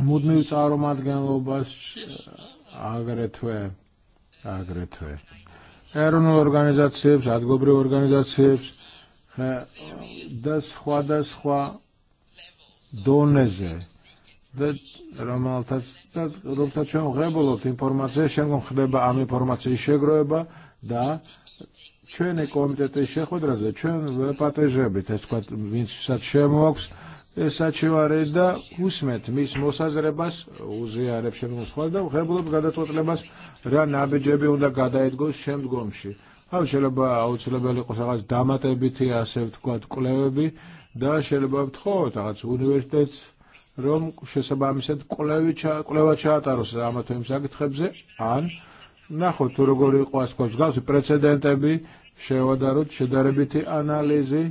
მუდმივ წარმომადგენლობას აგრეთვე აგრეთვე ეროვნულ ორგანიზაციებს, ადგილობრივ ორგანიზაციებს და სხვა და სხვა დონეზე და რომელთაც და რომელთაც ჩვენ ვღებულობთ ინფორმაცია, შემდგომ ხდება ამ ინფორმაციის შეგროვება და ჩვენი კომიტეტის შეხვედრაზე ჩვენ ვაპატეჟებით ეს თქვა ვინცაც შემოაქვს საჩივარი და უსმეთ მის მოსაზრებას უზიარებს შემოსხვალ და ვხებულობ გადაწყვეტილებას რა ნაბიჯები უნდა გადაიდგოს შემდგომში. Għaw xelba għaw xelba li kusaqaz damata biti għasib tkwat kulewi da xelba btħot għaz universitet rom xesaba msed kulewi kulewa ċata rus damata jimsak għan Naħu tu rigori qaskoċ għazu precedentebi xewadarut xedarebiti analizi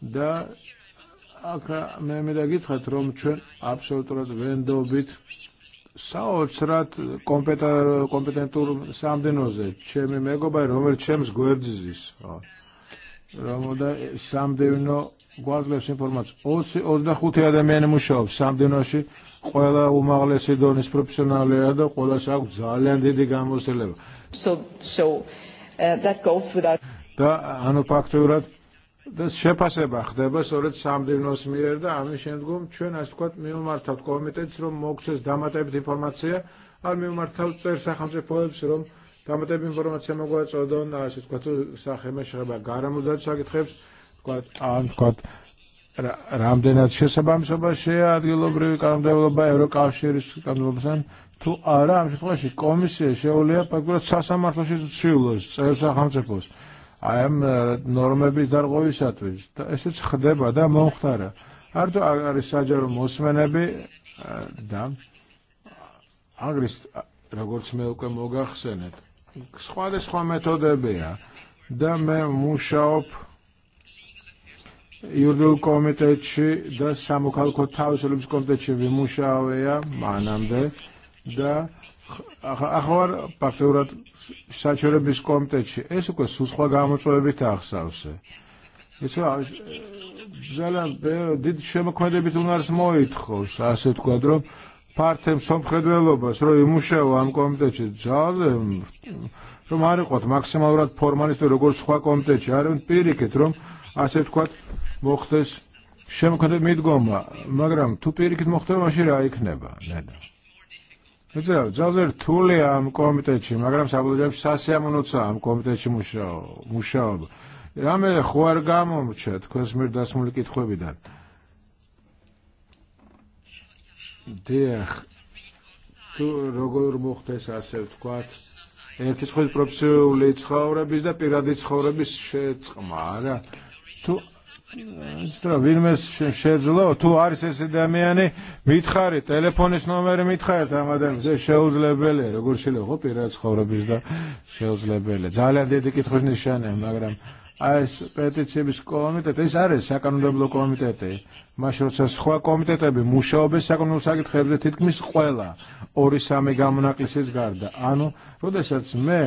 da akka memi da gitħat romċen absolutrat vendobit sa oċrat kompetentur samdinoze ċemi mego baj romer ċem zgwerdzizis. Romu da samdino għazles informazz. Oċi oċdaħuti għademjeni muxov samdinoxi. Samdinoxi ყველა უმაღლესი დონის პროფესიონალია და ყველას აქვს ძალიან დიდი გამოცდილება. So so uh, that goes without და ანუ ფაქტურად და შეფასება ხდება სწორედ სამდივნოს მიერ და ამის შემდგომ ჩვენ ასე ვთქვათ მივმართავთ კომიტეტს რომ მოგცეს დამატებით ინფორმაცია ან მივმართავთ წერ სახელმწიფოებს რომ დამატებით ინფორმაცია მოგვაწოდონ ასე ვთქვათ სახემა შეხება გარემოს საკითხებს ვთქვათ ან ვთქვათ რამდენად შესაბამისო ბაშია ადგილობრივი კანონმდებლობა ევროკავშირის კანონმდებლობასთან თუ არა ამ შემთხვევაში კომისია შეუძლია პარკურად სასამართლოში ცვლილოს წევრ სახელმწიფოს აი ამ ნორმების დარღვევისათვის და ესეც ხდება და მომხდარა არტო არის საჯარო მოსმენები და აგრის როგორც მე უკვე მოგახსენეთ სხვადასხვა მეთოდებია და მე მუშაობ Jurdil komiteċi da samu kalko kalkotaw s-lubs komiteċi vi vimuxa għawija de da aħwar pakturat saċure bis komiteċi esu kwe susħwa għamu ċoħebi taħsawse. zala bżala did xema kmedebit unar smojitħos, għasit kwadrom, partem som somħedwelobas, roj muxa għam komiteċi zala rum għarikot maksimalurat formalistu rogol sħwa komiteċi għarim pirikit rum, għasit kwadrom, მოხდეს შემოქმედება მიდგომა, მაგრამ თუ პირიქით მოხდება, მაშინ რა იქნება, ნედა. Għazzaw, għazzaw tulli għam komiteċi, magram sabu ġef sasja munuzza għam komiteċi muxawb. Għamil xuar għamu mċet, kwas mirdas mullik itħu bidan. Dieħ, tu rogur muħte sasja tkwat. Ertis xħuż propsiju li tħawra bizda piradi tħawra biz tħmara. Tu Vilmes შეძლო თუ არის ეს ადამიანი მითხარი ტელეფონის ნომერი მითხარით ამ ადამიანს შეუძლებელია როგორ შეიძლება პირად ცხოვრების და შეუძლებელია ძალიან დიდი კითხვის ნიშანია მაგრამ აი ეს პეტიციების კომიტეტი ეს არის საკანონმდებლო კომიტეტი მას როცა სხვა კომიტეტები მუშაობენ საკანონმდებლო საკითხებზე თითქმის ყველა 2-3 გამონაკლისის გარდა ანუ როდესაც მე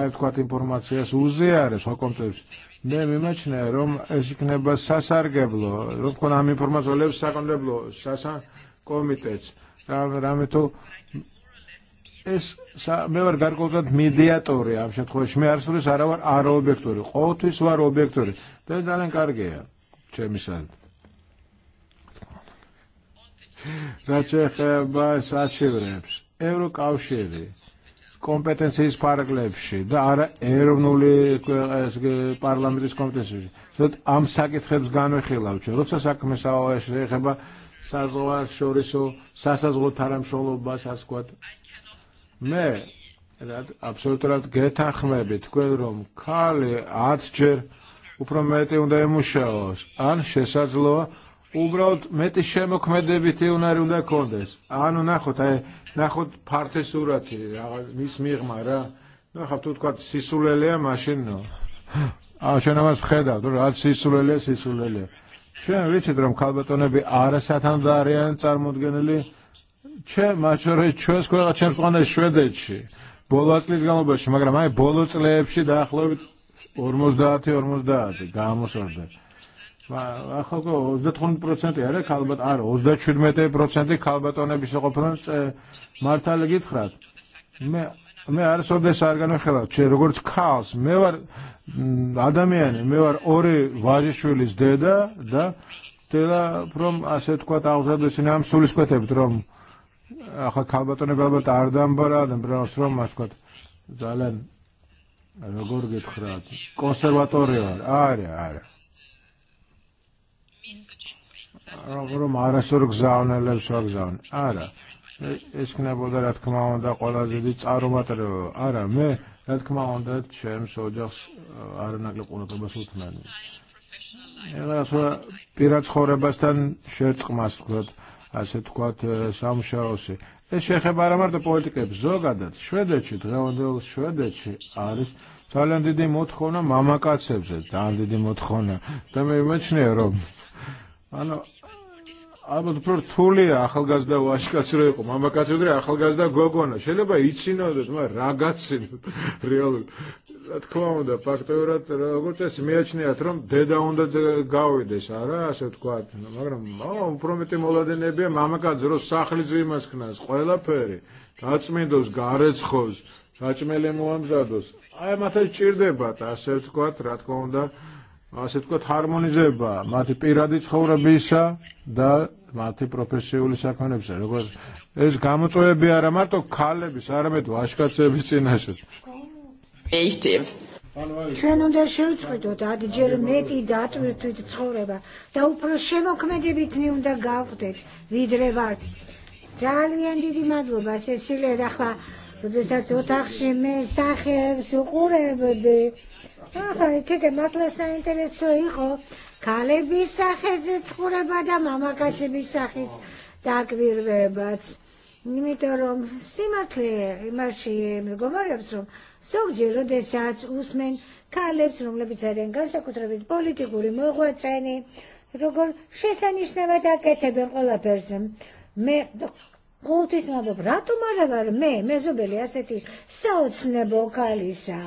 აი თქვა ინფორმაციას უზიარეს სხვა კომიტეტებში Ne mimaċne, rom eżikneba sasar geblo, rom kun għam informazo lev sakon leblo, sasa komitec, rame, rame ramitu, es sa me var vargar kozat mediatori, għam xet xoċ mi arsuri sara war għara obiektori, qotu jiswar obiektori, da je dalen kargeja, ċe misant. Raċeħ ba saċivrebs, euro kawxevi kompetenzi sparglebxi და არა ეროვნული ეს პარლამენტის კომპეტენციაში. ზედ ამ საკითხებს განვიხილავთ ჩვენ, როცა საქმე ეხება საზღვარშორისო სასაზღვრო თანამშრომლობას ასკვათ. მე აბსოლუტურად გეთანხმები თქვენ რომ ქალი 10 ჯერ უფრო მეტი უნდა ემუშაოს, ან შესაძლოა ubraut მეტი შემოქმედებითი უნარი უნდა კონდეს. ანუ ნახოთ, აი ნახოთ ფართეს სურათი, მის მიღმა რა. ნახავთ Xe, vici dram აა ჩვენ ამას ვხედავთ, რა სისულელეა, სისულელეა. ჩვენ ვიცით რომ ქალბატონები არასათანადო არიან წარმოდგენილი ჩვენ მათ შორის ჩვენს ქვეყა ჩვენ ყანეს შვედეთში ბოლო წლის განმავლობაში, მაგრამ აი urmuz dati, urmuz dati, 50 გამოსორდა ახალ 35% არა ალბათ არა 37% ქალბატონები შეყოფენ მართალი გითხრათ მე მე არ სოდეს არ განვიხილავთ შე როგორც ქალს მე ვარ Rumara surg zawna l surg zawna. Ara, iskna buda lat kma onda qola zidi tsaru matru. Ara, me lat kma onda txem soġax ara nagli quna tabasut mani. Ara, sura pirat xhorebastan xertz qmas kvat. Għaset kwat e, samxa osi. Ix-xeħe marta politika bżogadat, xwedeċi, tgħawandil xwedeċi, għaris, tal didi mutħuna, mamma katsebżet, għan didi mutħuna, tamir meċni rob. Għano, თულია ახალგაზრდა ვაჟკაცრო იყო მამაკაცი ვიდრე ახალგაზრდა გოგონა შეიძლება იცინოდეთ მაგრამ რა გაცინოთ რეალურად რა თქმა უნდა ფაქტობრივად როგორც ეს მიაჩნიათ რომ დედა უნდა გავიდეს არა ასე ვთქვათ მაგრამ უფრო მეტი მოლადენებია მამაკაცს რომ სახლიც იმასქნას ყველაფერი გაწმინდოს გარეცხოს საჭმელი მოამზადოს აი მათაც ჭირდებათ ასე ვთქვათ რა თქმა უნდა ასე ვთქვათ, ჰარმონიზება მათი პირადი ცხოვრებისა და მათი პროფესიული საქმიანობისა. როგორც ეს გამოწვევები არა მარტო ქალების, არამედ ვაჟკაცების წინაშე. ჩვენ უნდა შევწყვიტოთ ადჯერ მეტი დატვირთვით ცხოვრება და უფრო შემოქმედებით მე უნდა გავხდეთ, ვიდრე ვართ. ძალიან დიდი მადლობა, სესილე, ახლა, როდესაც ოთახში მე სახელს უყურებდი, Tiede matla sa interesu iqo, kale bisaxez etzkureba da mama katzi bisaxez takbirvebatz. იმიტომ რომ სიმართლე იმაში მეგობარებს რომ ზოგჯერ როდესაც უსმენ ქალებს რომლებიც არიან განსაკუთრებით პოლიტიკური მოღვაწენი როგორ შესანიშნავად აკეთებენ ყველაფერს მე ყოველთვის მგონია რატომ არა ვარ მე მეზობელი ასეთი საოცნებო ქალისა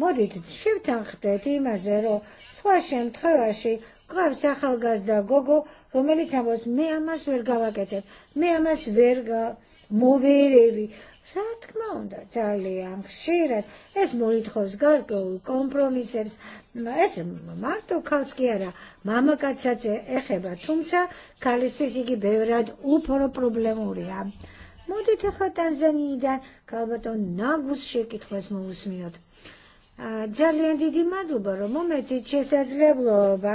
modit xibtan xbeti ti mażero, swaxem tħawaxi, għav saħal gazda gogo, rumeli tħabos tamos miamas verga vaketem, miamas verga muvi revi. Rat kmonda, tali għan xirat, es murit xosgar go kompromisers, es martu kalskjera, mama kazzace eħeba tumca, kalistus igi bevrad uporo problemurija. Modi tħat Tanzanida, kalbaton nagus xekit xosmu usmiot ძალიან დიდი მადლობა, რომ მომეწით შესაძლებლობა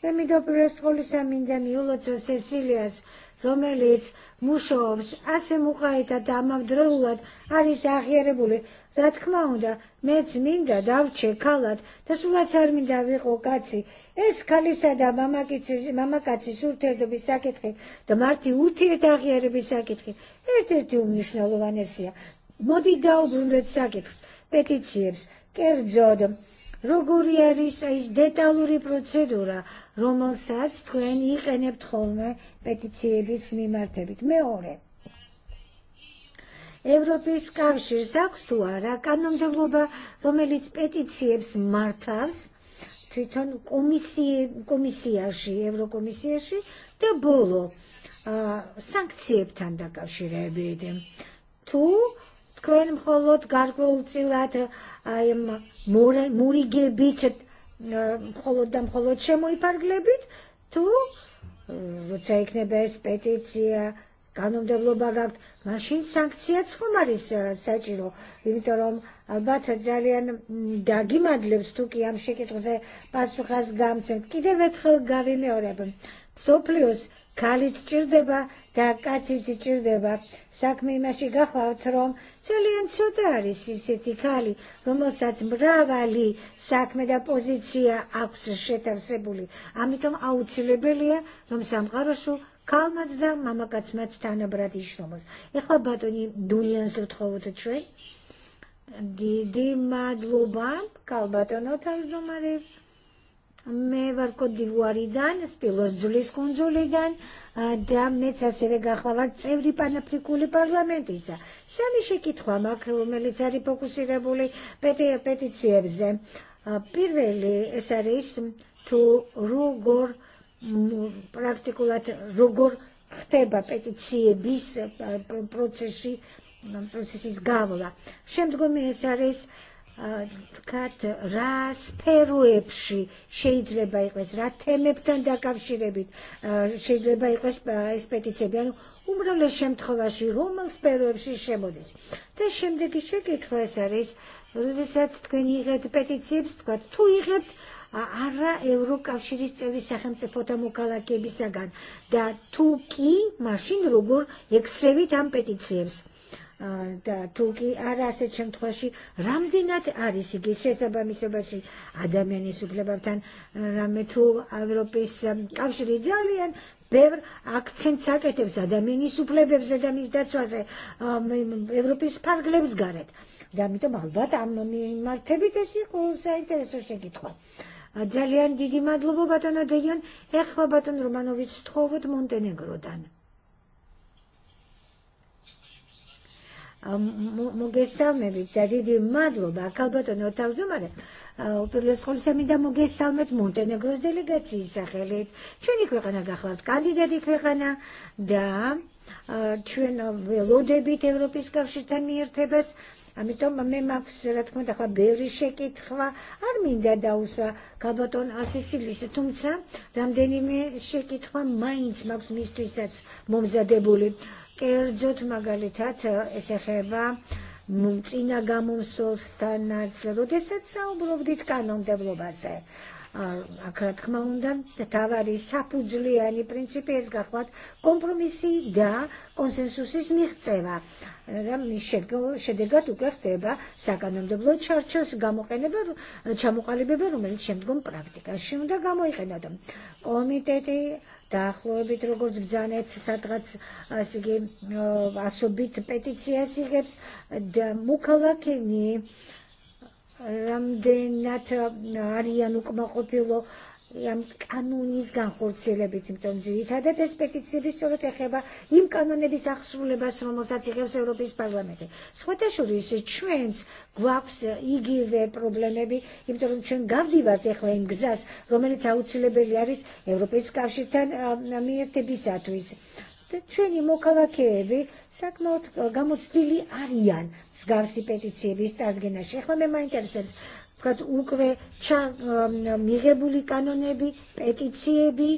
და მიდოპირეს ხოლისა მინდა მიულოცო სესილიას, რომელიც მუშაობს ასე მუყაიტად და ამავდროულად არის აღიარებული. რა თქმა უნდა, მეც მინდა დავჩე ქალად და სულაც არ მინდა ვიყო კაცი. ეს ქალისა და მამაკაცის მამაკაცის ურთიერთობის საკითხი და მათი ურთიერთაღიარების საკითხი ერთ-ერთი უმნიშვნელოვანესია. მოდი დაუბრუნდეთ საკითხს, პეტიციებს კერძოდ, როგორი არის ეს დეტალური პროცედურა, რომელსაც თქვენ იყენებთ ხოლმე პეტიციების მიმართებით. მეორე. ევროპის კავშირს აქვს თუ არა კანონმდებლობა, რომელიც პეტიციებს მართავს თვითონ კომისიაში, ევროკომისიაში და ბოლო სანქციებთან დაკავშირებით. Tu თქვენ მხოლოდ გარკვეულწილად აი მურიგებით მხოლოდ და მხოლოდ შემოიფარგლებით თუ როცა იქნება ეს პეტიცია განმდებლობა გაქვთ მაშინ სანქციაც ხომ არის საჭირო იმიტომ რომ ალბათ ძალიან დაგიმადლებთ თუ კი ამ შეკითხვაზე პასუხას გამცემთ კიდევ ერთხელ გავიმეორებ მსოფლიოს ქალიც ჭირდება და კაციც ჭირდება საქმე იმაში გახლავთ რომ ძალიან ცოტა არის ისეთი ქალი, რომელსაც მრავალი საქმე და პოზიცია აქვს შეთავსებული. ამიტომ აუცილებელია, რომ სამყაროში ქალმაც და მამაკაცმაც თანაბრად იშრომოს. ეხლა ბატონი დულიანს ვთხოვოთ ჩვენ. დიდი მადლობა, ქალბატონო თავმჯდომარე. მე ვარ კოდივუარიდან, სპილოს ძვლის კუნძულიდან għaddam mezza s-sirega xalat s-evri panna prikuli parlamentisa. Sami xe kitħu għamak militari pokusi rebuli peti peti c-sebze. Pirveli saris tu rugur praktikulat rugur ħteba petizzije bis processi processi zgavola. Xem tgummi saris თქვათ რა სფეროებში შეიძლება იყოს, რა თემებთან დაკავშირებით შეიძლება იყოს ეს პეტიციები, ანუ უმრავლეს შემთხვევაში რომელ სფეროებში შემოდის. და შემდეგი შეკითხვა ეს არის, როდესაც თქვენ იღებთ პეტიციებს, თქვათ თუ იღებთ არა ევროკავშირის წევრი სახელმწიფოთა მოქალაქეებისაგან და თუ კი, მაშინ როგორ ექცევით ამ პეტიციებს თუკი არ ასეთ შემთხვევაში რამდენად არის იგი შესაბამისობაში ადამიანის უფლებებთან რამე თუ ევროპის კავშირი ძალიან ბევრ აქცენტს აკეთებს ადამიანის უფლებებზე და მის დაცვაზე ევროპის ფარგლებს გარეთ და ამიტომ ალბათ ამ მიმართებით ეს იყო საინტერესო შეკითხვა ძალიან დიდი მადლობა ბატონო დეიან ეხლა ბატონ რომანოვიჩ თხოვოთ მონტენეგროდან მოგესალმებით და me მადლობა ალბათ ნოთავზუმარე უპირველეს ყოვლისა მინდა მოგესალმეთ მონტენეგროს დელეგაციის სახელით ჩვენი ქვეყანა გახლავთ კანდიდატი ქვეყანა და ჩვენ ველოდებით ევროპის კავშირთან მიერთებას ამიტომ მე მაქვს რა თქმა უნდა ხა ბევრი შეკითხვა არ მინდა დაუსვა გაბატონ ასისილის თუმცა რამდენიმე შეკითხვა მაინც მაქვს მისთვისაც მომზადებული კერძოდ მაგალითად ეს ეხება წინა გამომსვლელ სტანაც, როდესაც საუბრობდით კანონმდებლობაზე t-tavari кратко ондан товариса пуджлияни принципе изгахват компромиси да консенсусис მიღწევა რა შედეგად უკვე ხდება საკანონმდებლო ჩარჩოს გამოყენება ჩამოყალიბება რომელიც praktika. პრაქტიკაში უნდა გამოიყენოთ Komiteti დაახლოებით როგორც ბძანეთ სადღაც ასე იგი ასობით პეტიციას იღებს da მუქალაკენი რამდენად არიან უკმა ყოფილო jam kanunis gan ხორცელებით, იმიტომ ძირითადად ეს პეტიციები სწორედ ეხება იმ კანონების აღსრულებას, რომელსაც იღებს ევროპის პარლამენტი. სხვათა ჩვენც გვაქვს იგივე პრობლემები, იმიტომ რომ ჩვენ გავდივართ ეხლა იმ გზას, რომელიც აუცილებელი არის ევროპის კავშირთან მიერთებისათვის ċenimo kalakevi, sak mot għamot stili għarjan, zgar si petizjevi, stad gena xeħma me ma interesers, kad ukre ča um, mirebuli kanonebi, petizjebi,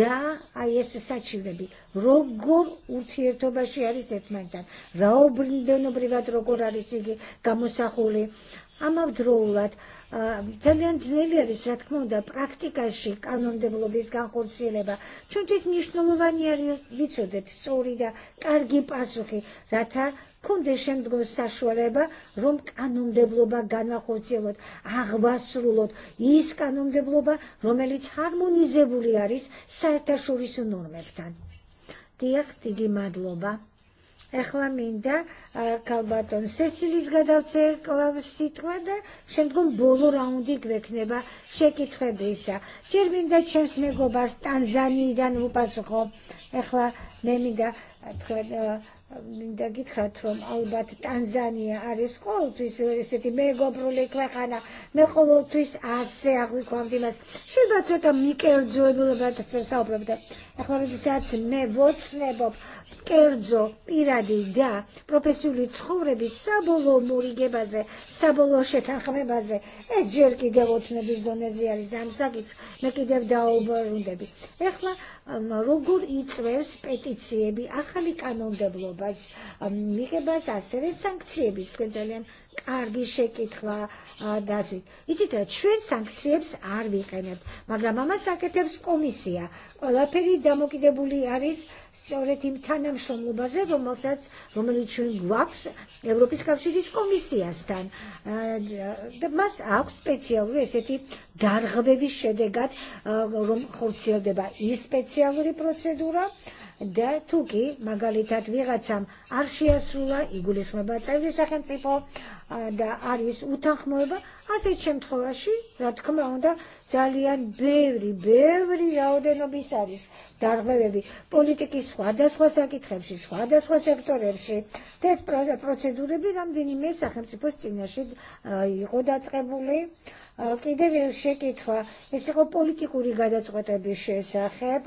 da, saċivebi. Rogur u sačivebi. baxi urtiertobashi aris etmantan. Raobrindeno privat rogor aris igi, saħuli. Ama vdroulat, ძალიან ძნელია რის რა თქმა უნდა პრაქტიკაში კანონმდებლობის განხორციელება ჩვენთვის მნიშვნელოვანი არის ვიცოდეთ სწორი და კარგი პასუხი რათა კონდეს შემდგომ საშუალება რომ კანონმდებლობა განახორციელოთ აღბასრულოთ ის კანონმდებლობა რომელიც ჰარმონიზებული არის საერთაშორისო ნორმებთან დიახ დიდი მადლობა ეხლამინდა კალბატონ სესილის გადავწე და შემდგომ ბოლო რაუნდი გვექნება შეკითხვებისა. ჯერ მინდა ჩემს მეგობარს ტანზანიიდან უპასუხო. ეხლა მე მინდა თქვენ მინდა გითხრათ რომ ალბათ ტანზანია არის ყოველთვის ესეთი მეგობრული ქვეყანა მე ყოველთვის ასე აღვიქვამდი მას შეიძლება ცოტა მიკერძოებულებად ვსაუბრობ და ახლა როდესაც მე ვოცნებობ კერძო პირადი და პროფესიული ცხოვრების საბოლოო მორიგებაზე, საბოლოო შეთანხმებაზე, ეს ჯერ კიდევ ოცნების დონეზე არის da ამ საკითხს მე კიდევ დაუბრუნდები. ეხლა როგორ იწვევს პეტიციები ახალი კანონმდებლობას მიღებას, asere სანქციების, თქვენ ძალიან კარგი შეკითხვა dażwik. Iġitet, xfir sanktsiebs arvi kienet, magra mama saketebs komisija. Ola perida mu kidebu li għaris, stjoret imtanam xlomlu bazer, romosac, romeli ċun gwaps, Европейска общественная комиссия стан. მას აქვს სპეციალური ესეთი დარღმების შედეგად რომ ხორციელდება ის სპეციალური პროცედურა, და თუკი მაგალითად ვიღაცამ არ შეასრულა იგულისხმება წევრი სახელმწიფო და არის უთანხმოება, ასეთ შემთხვევაში, რა თქმა უნდა, ძალიან ბევრი, ბევრი რაოდენობის არის დარღვევები პოლიტიკის სხვადასხვა საკითხებში, სხვადასხვა სექტორებში და ეს პროცედურები რამდენიმე სახელმწიფოს წინაშე იყო დაწყებული. აა კიდევ შეკითხვა, ეს იყო პოლიტიკური გადაწყვეტების შესახებ,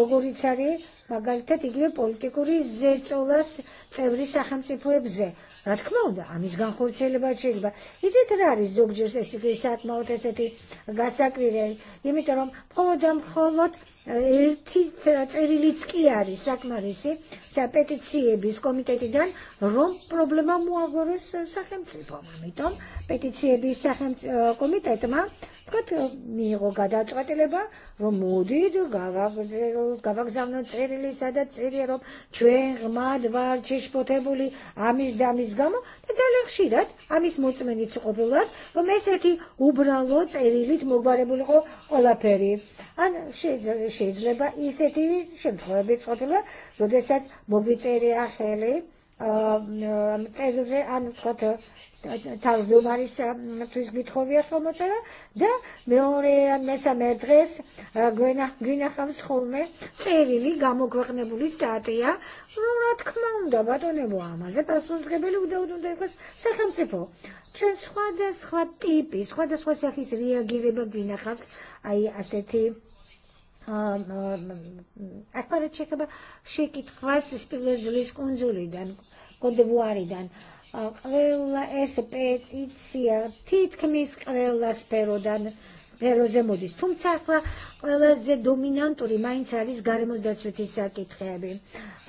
როგორიც არის მაგალითად იგივე პოლიტიკური ზეწოლას წევრი სახელმწიფოებზე. რა თქმა უნდა, ამის განხორციელება შეიძლება. იცით რა არის ზოგჯერ ეს იგი საკმაოდ ესეთი გასაკვირი, იმიტომ რომ მხოლოდ და მხოლოდ ერთიც წერილიც კი არის საკმარისი საპეტიციების კომიტეტიდან, რომ პრობლემა მოაგოროს სახელმწიფომ. ამიტომ პეტიციების კომიტეტმა მიიღო გადაწყვეტილება, რომ მოდით გავაგზავნოთ წერილი, სადაც წერია, რომ ჩვენ ღმად ვარ შეშფოთებული ამის და ამის გამო და ძალიან ხშირად ამის მოწმენიც ყოფილვარ, რომ ესეთი უბრალო წერილით მოგვარებულიყო ყველაფერი. ან შეიძლება შეიძლება ისეთი შემთხვევები წყოთება, როდესაც მოგიწერია ხელი წერილზე ან ვთქვათ თავმჯდომარისათვის გითხოვია ხელმოწერა და მეორე ან მესამე დღეს გვინახავს ხოლმე წერილი გამოქვეყნებული სტატია რა თქმა უნდა ბატონებო ამაზე პასუხისმგებელი უდაოდ უნდა იყოს სახელმწიფო ჩვენ სხვადასხვა ტიპის სხვადასხვა სახის რეაგირება გვინახავს აი ასეთი Um, um, um, akbar ċekaba xekit kvas spiegħazzulis konzuli dan, kodevuari dan. Għavella uh, esepet it-sija, tit kemis għavella spero dan, spero zemudis. Tum cakla għavella ze dominantu rimajn salis garimus da ċutisakit xebi.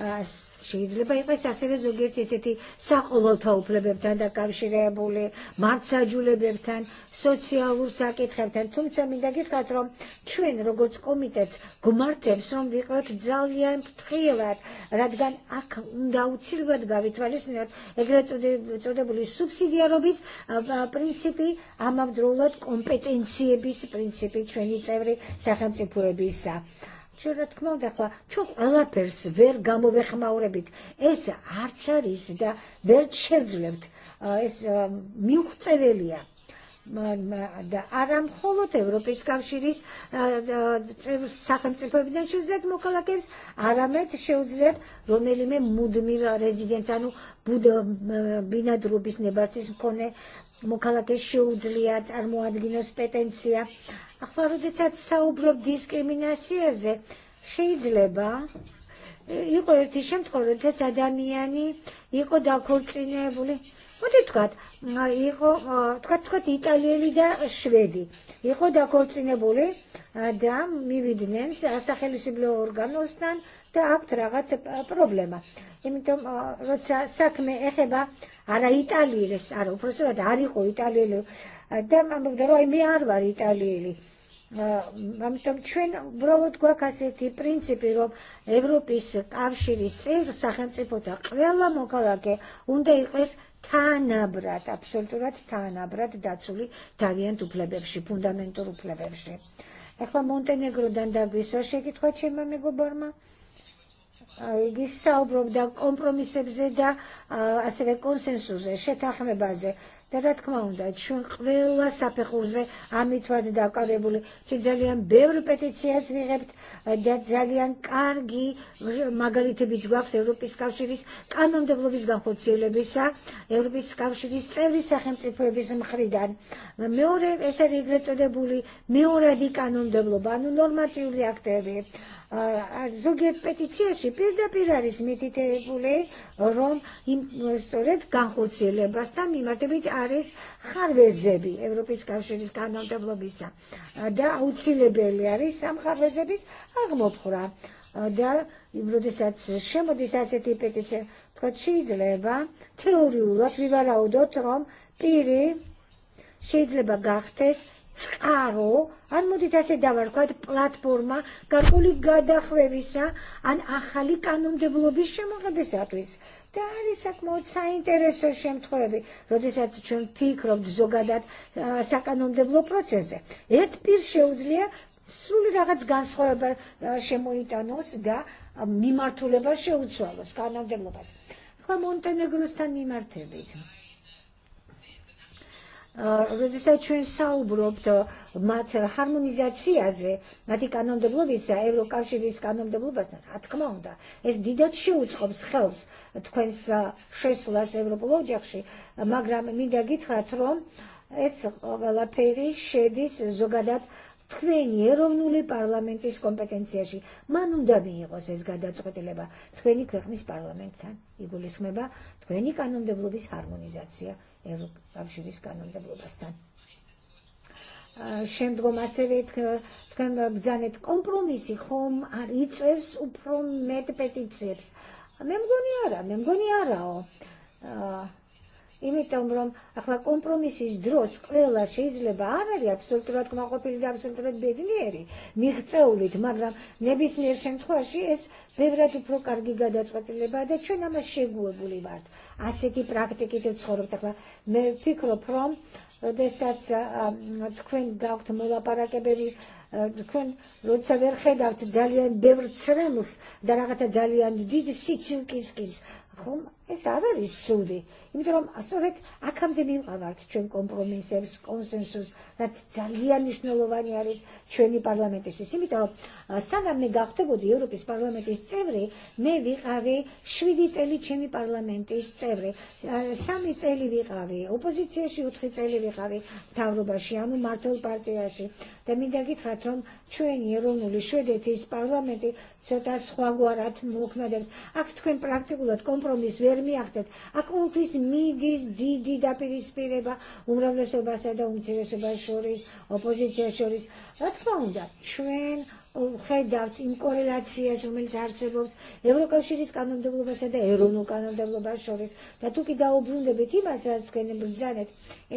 Uh, შეიძლება იყოს ასევე ზოგიერთი ესეთი საყოველთაო უფლებებთან დაკავშირებული, მართსაჯულებებთან, სოციალურ საკითხებთან, თუმცა მინდა გითხრათ, რომ ჩვენ როგორც კომიტეტს გვმართებს, რომ ვიყოთ ძალიან ფრთხილად, რადგან აქ უნდა უცილებლად გავითვალისწინოთ ეგრეთ წოდებული სუბსიდიარობის პრინციპი, ამავდროულად კომპეტენციების პრინციპი ჩვენი წევრი სახელმწიფოებისა ċur kmaw dakwa, ċuk għala pers ver għamu veħmaw rebit. Ez għarċar da ver ċevzlebt, ah, ez ah, miuħ cevelija. Da għaram xolot Evropis kawxiris, ah, saħan ċepovibden xewzlet mu kalakevs, għaramet xewzlet, romelime mudmi mudmira rezidenzanu, buda bina drubis nebartis kone mu kalakevs xewzlijat, armu għadgino spetenzija, Aħfar u dizzat sawblu b'diskriminazzjeze. Xej dleba? Jiko tixem tkollu dizza damijani, jiko da kultzinevoli. U ditkat, jiko, tkat tkat italijeli da švedi. Jiko da kultzinevoli, da mi vidinen, saħeli siblo organostan, ta' aktragat problema. Imtom, rozza sakme eħeba, għara italijeli, għara u prosura għariku italijeli. Għaddam għam bgħdaroj mi għarba li talili. Għam tom ċwin brogħod kwa kaseti principi rom Evropis għavxiri s-sir saħem s-iputa. Għalla mu mokalake, unda jqes tanabrat, absoluturat tanabrat dazzuli tagjentu plebebxi, fundamentoru plebebxi. Ekwa Montenegro dan da gwiso xekit ma mi guborma? Gissaw brob da kompromisse bżida għasere konsensus, xe taħme baze და რა თქმა უნდა ჩვენ ყველა საფეხურზე ამით ვარ დაკავებული ჩვენ ძალიან ბევრი პეტიციას ვიღებთ და ძალიან კარგი მაგალითებიც გვაქვს ევროპის კავშირის კანონმდებლობის განხორციელებისა ევროპის კავშირის წევრი სახელმწიფოების მხრიდან მეორე ეს არის ეგრეთ წოდებული მეორადი კანონმდებლობა ანუ ნორმატიული აქტები pirda te bule rom bastam ima ზოგიერთ პეტიციაში პირდაპირ არის მითითებული, რომ სწორედ განხორციელებასთან მიმართებით არის ხარვეზები ევროპის კავშირის კანონმდებლობისა და აუცილებელი არის ამ ხარვეზების აღმოფხვრა და როდესაც შემოდის ასეთი პეტიცია, თქვა შეიძლება თეორიულად ვივარაუდოთ, რომ პირი შეიძლება gahtes წყარო ან მოდით ასე დავარქვათ პლატფორმა გარკვეული გადახვევისა ან ახალი კანონმდებლობის შემოღებისათვის და არის საკმაოდ საინტერესო შემთხვევები, როდესაც ჩვენ ფიქრობთ ზოგადად საკანონმდებლო პროცესზე. ერთ პირს შეუძლია სრული რაღაც განსხვავება შემოიტანოს და მიმართულება შეუცვალოს კანონმდებლობას. ხა მონტენეგროსთან მიმართებით როდესაც ჩვენ საუბრობთ მათ ჰარმონიზაციაზე, მათი კანონმდებლობისა, ევროკავშირის კანონმდებლობასთან, რა თქმა უნდა, ეს დიდად შეუწყობს ხელს თქვენს შესვლას ევროპულ ოჯახში, მაგრამ zogadat, tkweni რომ ეს ყველაფერი შედის ზოგადად თქვენი ეროვნული პარლამენტის კომპეტენციაში. მან უნდა მიიღოს ეს გადაწყვეტილება თქვენი ქვეყნის პარლამენტთან. იგულისხმება თქვენი კანონმდებლობის ჰარმონიზაცია Afġiriskan għal Afganistan. შემდგომ ასევე თქვენ ბძანეთ კომპრომისი ხომ არ იწევს უფრო მეტ პეტიციებს. მე მგონი არა, მე მგონი არაო. აა იმიტომ რომ ახლა კომპრომისის დროს ყველა შეიძლება ამერი აბსოლუტურად კმაყოფილი და აბსოლუტურად ბედნიერი მიღწეულით, მაგრამ ნებისმიერ შემთხვევაში ეს ბევრად უფრო კარგი გადაწყვეტილებაა და ჩვენ ამას შეგუებული ვართ. ასეთი პრაქტიკით ვცხოვრობთ ახლა. მე ვფიქრობ, რომ როდესაც თქვენ გაქვთ მოლაპარაკებები თქვენ როცა ვერ ხედავთ ძალიან ბევრ ცრემლს და რაღაცა ძალიან დიდ სიცილკისკის ხომ Issa għamil il-sudi, jimdrom għasorek għakam demim għamart ċun kompromisevs, konsensus, nad zaljan nix nolovan jaris ċueni parlamenti. Sisi mitrom, sada me għaxte għodi Europis parlamenti s-cevri, me vi għavi xvidi celi ċeni parlamenti s-cevri, sami celi vi għavi, opozizija xie utħi celi vi għavi, tawru baxjanu, martel partija xie, da mi dagit fatrom ċueni jirunu li xvedeti s-parlamenti, sota sħuagwarat muknadevs, għakt kwen praktikulat kompromis vi permjaħtet. Ak unkis midis didi da per ispireba, umravle soba sada umcire soba xoris, opozizija xoris. Ak paunda, xven, uħeddaft uh, in korrelazzija su mil ċarċelobs euro kaw xiris kanom deblu basada, euro nu kanom deblu baxxoris, ta' tuki da' obrun beti ma' sraz tkenem bil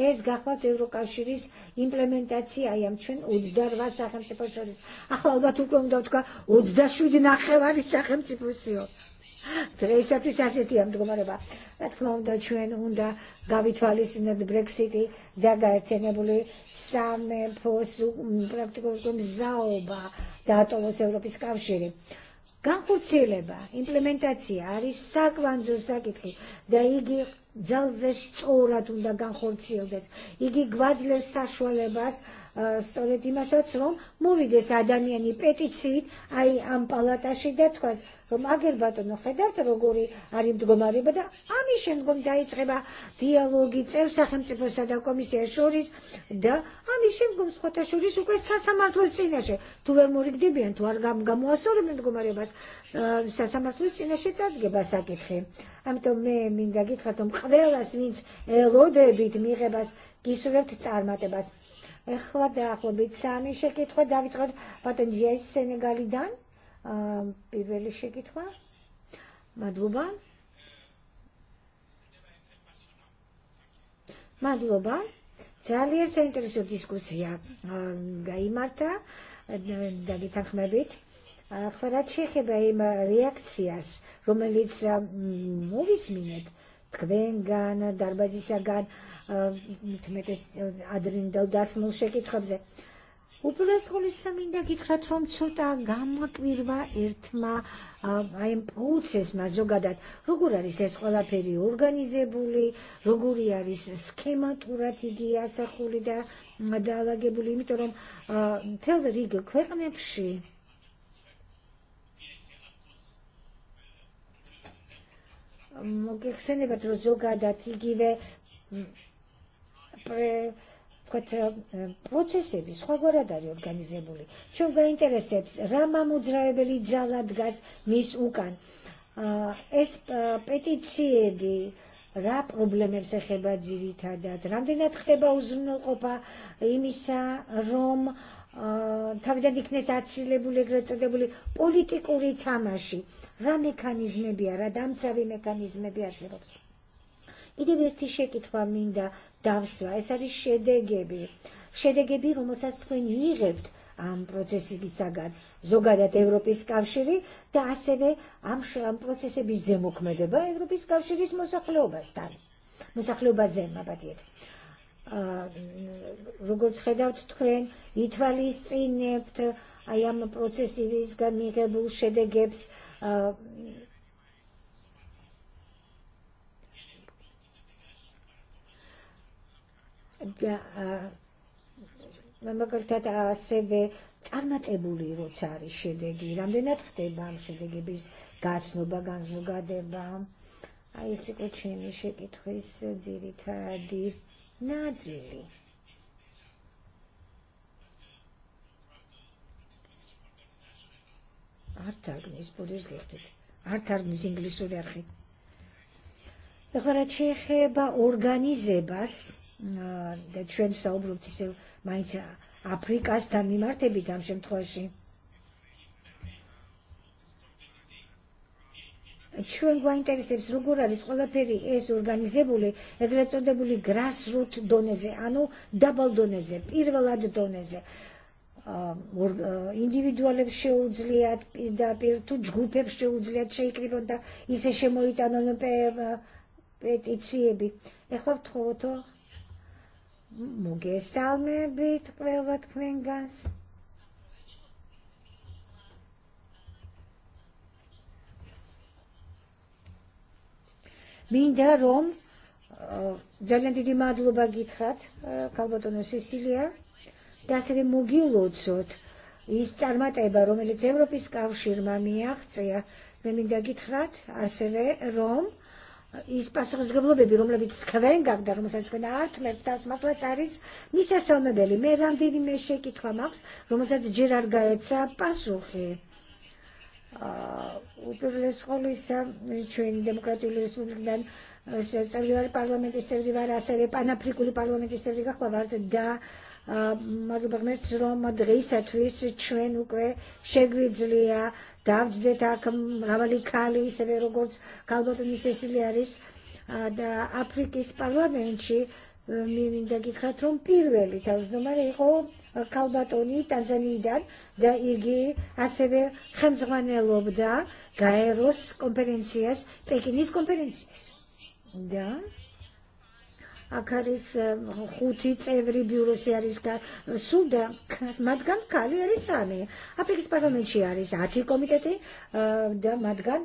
ez għahwat euro kaw xiris implementazzija jam ċen uġdar va' saħem ċepa xoris. Aħwa, da' tukom da' tuka uġdar xudin aħħevari saħem ċepa xoris. Presa preċasi tijam dgumar ba. Għat kmaw da ċwen unda gavi tvalis nad Brexiti da għar tenebuli same posu praktiku kum da Għanku cileba, għari sakitki, da igi dzalzex ċura tum da għanku cildes, igi għadzler saxwa lebas, stolet imaċazzrom, muvi des għadamjeni petizit għaj għampalata għum għagir bada nuħħeda ta' roguri għarim tgum għari bada għami xen gum da jitħeba dialogi tsew saħem tsew sada komisija xuris da għami xen gum skota xuris u kwe sasa martu l tu għem murik dibjen tu għargam gam u għasur minn tgum għari bas sasa martu l-sina xe tzad għeba bit bit sami xekit Senegalidan? პირველი შეკითხვა მადლობა მადლობა ძალიან საინტერესო დისკუსია გაიმართა და გითანხმებით ხლარად შეეხება იმ რეაქციას რომელიც მოვისმინეთ თქვენგან დარბაზისაგან მitmetes ადრინდელ დასმულ შეკითხვებზე უპირესხულისა მინდა გითხრათ, რომ ცოტა გამოკვირვა ერთმა აი ამ პროცესმა ზოგადად, როგორ არის ეს ყველაფერი ორგანიზებული, როგორი არის სქემატურად იგი ასახული და დაალაგებული, იმიტომ რომ მთელ რიგ ქვეყნებში მოგეხსენებათ, რომ ზოგადად იგივე këtë eh, procese bi სხვა გვარად არის ორგანიზებული. ჩვენ გვაინტერესებს რა მამოძრავებელი ძალა დგას მის უკან. Eh, ეს eh, პეტიციები რა პრობლემებს ეხება ძირითადად, რამდენად ხდება უზრუნველყოფა იმისა, რომ თავიდან იქნეს აცილებული ეგრეთ წოდებული პოლიტიკური თამაში, რა damcavi mekanizme bi მექანიზმები არსებობს. კიდევ ერთი შეკითხვა minda davsva, ez ari xede gebi. Xede gebi rom osas jirebt għam processi li sagan. Zogadat Europis kavxiri, ta' sebe għam xram processi bizzemuk medeba, Europis kavxiri smusaxloba stan. Musaxloba zemma batiet. Ah, Rugol sħedawt tkun, jitfali sċinnebt, għajam processi li sagan mirebu xede gebs, ah, მაგალითად ასევე წარმატებული როცა არის შედეგი, რამდენად ხდება ამ შედეგების გაცნობა, განზოგადება. აი ეს იყო na შეკითხვის ძირითადი ნაწილი. Artagnis, budurż għiħtid. Artagnis inglisur arħi. Iħra ċeħeba organizebas და ჩვენ საუბრობთ ისევ მაინც აფრიკასთან მიმართებით ამ შემთხვევაში. ჩვენ გვაინტერესებს როგორ არის ყველაფერი ეს ორგანიზებული ეგრეთ წოდებული grassroot doneze, anu double დონეზე, პირველად დონეზე. ინდივიდუალებს შეუძლიათ პირდაპირ თუ ჯგუფებს შეუძლიათ შეიკრიბონ და ისე შემოიტანონ პეტიციები. ეხლა ვთხოვთო Mugi salme bit kwevat kwengas. Min darom, uh, dalen di madluba gitħat, kalbatonu uh, Sicilia, da se mugi ludzut, jistarma eba rom, il-ċevropis kaw xirma miħaxcija, me min da gitħat, aseve rom, ის პასუხისმგებლობები, რომლებიც თქვენ გაგდა, რომელსაც თქვენ აართმევთ, ასმათლაც არის მისასალმებელი. მე რამდენიმე შეკითხვა მაქვს, რომელსაც ჯერ არ გაეცა პასუხი. უპირველეს ყოვლისა, ჩვენ დემოკრატიული რესპუბლიკიდან წევრი ვარ, პარლამენტის წევრი ვარ, ასევე პანაფრიკული პარლამენტის წევრი გახვავართ და madwar mezz Roma drisa twist ċwen u kwe Tam zde tak mravali kali severogoc gods, mi se siliaris ad aprikis parlamenti mi minda gitra trompirveli ta uzno mareko kalbatoni tanzanidan da igi aseve chemzvane lobda gaeros konferencias pekinis konferencias da აქ არის ხუთი წევრი ბიუროსი არის სუდა მათგან კალი არის სამი აფრიკის პარლამენტში არის 10 კომიტეტი და მათგან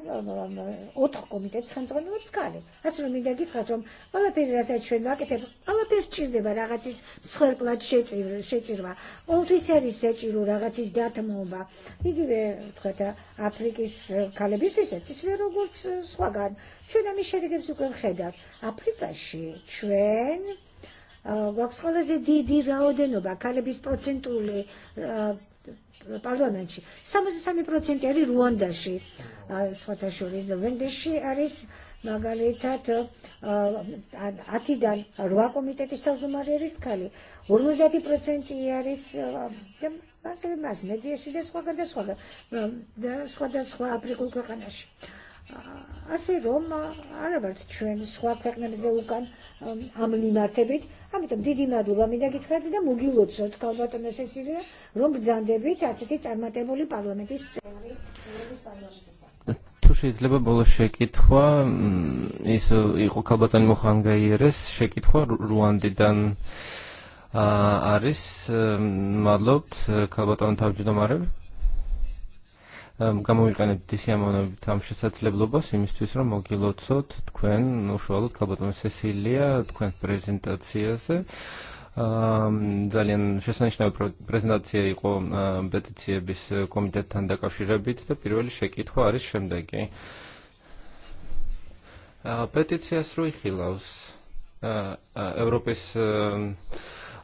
4 კომიტეტს ხელმძღვანელობს კალი ასე რომ მინდა გითხრათ რომ ყველაფერი რასაც ჩვენ ვაკეთებ ყველაფერი სჭირდება რაღაცის მსხვერპლად შეწირვა ყოველთვის არის საჭირო რაღაცის დათმობა იგივე თქვა აფრიკის ქალებისთვისაც ისევე როგორც სხვაგან ჩვენ ამის შედეგებს უკვე ვხედავთ აფრიკაში ჩვენ gvern uh, għabskola ze di di rawden u bakkali bis procentu li uh, parlamenti. Samo se sami procenti għari ruonda xi uh, sfata xuri, zdovende xi għaris magalitat għatidan rwa komitet istaw numari riskali. Urmuż dati procenti għaris Għazri mażme, di xi deswa għan deswa, deswa deswa għaprikulka għanaxi għasirum għarabart ċen swak għak namżewkan għamli martebit, għamitom didi madluba mida gitħad da mugi uċot kawdat nesessirja rom bżandebit għacetit għarmatebu li parlamenti s-sewi. Tu შეიძლება ბოლოს შეკითხვა ის იყო ქალბატონი მოხანგაიერეს შეკითხვა რუანდიდან არის მადლობთ ქალბატონ თავმჯდომარებ გამოვიყენებთ ისე ამონებით ამ შესაძლებლობას იმისთვის რომ მოგილოცოთ თქვენ უშუალოდ კაბატონ სესილია თქვენ პრეზენტაციაზე ძალიან შესანიშნავი პრეზენტაცია იყო პეტიციების კომიტეტთან დაკავშირებით და პირველი შეკითხვა არის შემდეგი პეტიციას რო იხილავს ევროპის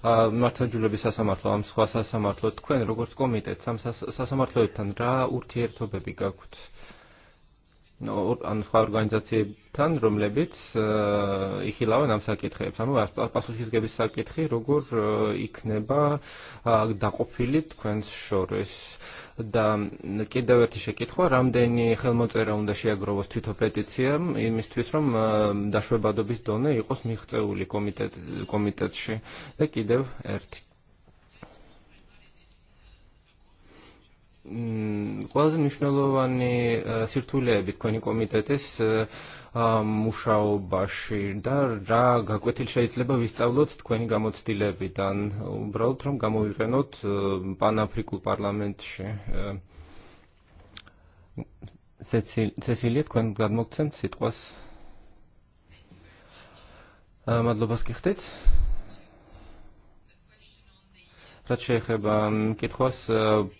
მართლმადიდებლების სასამართლო ამ სხვა სასამართლო თქვენ როგორც კომიტეტს ამ სასამართლოებთან რა ურთიერთობები გაქვთ? ან სხვა ორგანიზაციებთან, რომლებიც იხილავენ ამ საკითხებს. ანუ პასუხისგების საკითხი როგორ იქნება დაყოფილი თქვენს შორის da და კიდევ ერთი შეკითხვა, რამდენი ხელმოწერა უნდა შეაგროვოს თვითონ პეტიციამ იმისთვის, რომ დაშვებადობის დონე იყოს მიღწეული კომიტეტ კომიტეტში და კიდევ ერთი ყველაზე მნიშვნელოვანი სირთულეები თქვენი komitetis e, Ah, leba მუშაო ბაშირ და რა გაკვეთილ შეიძლება ვისწავლოთ თქვენი გამოცდილებიდან უბრალოდ რომ გამოვიყენოთ პანაფრიკულ პარლამენტში სესილია თქვენ გადმოგცემთ სიტყვას მადლობას გიხდით რაც შეეხება კითხვას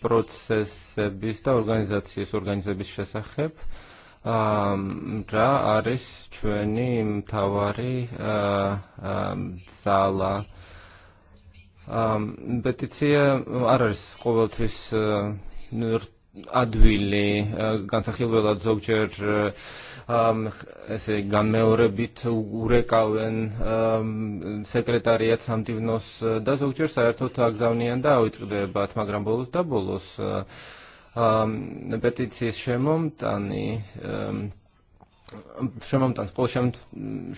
პროცესების და ორგანიზაციის ორგანიზების შესახებ რა Aris, ჩვენი მთავარი ძალა პეტიცია არ არის ყოველთვის ადვილი bit ზოგჯერ ესე განმეორებით ურეკავენ სეკრეტარიატს სამდივნოს და ზოგჯერ საერთოდ აგზავნიან და ავიწყდებათ, მაგრამ ბოლოს და ბოლოს uh Um, peticijas šemom, tani Xemam um, tan, sqo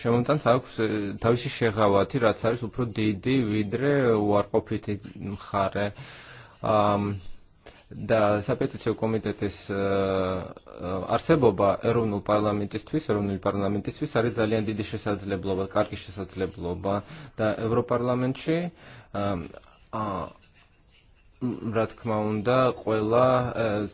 xemam tan saqs, tawxi xeħawati razzar supru didi vidre u arqopiti mħare. Um, da sapetizio komitetis uh, uh, arseboba erunu parlamentistvis, erunu parlamentistvis, għarri zalien didi xesadzlebloba, karki xesadzlebloba, da Europarlamentxi, tsev რა თქმა უნდა, ყველა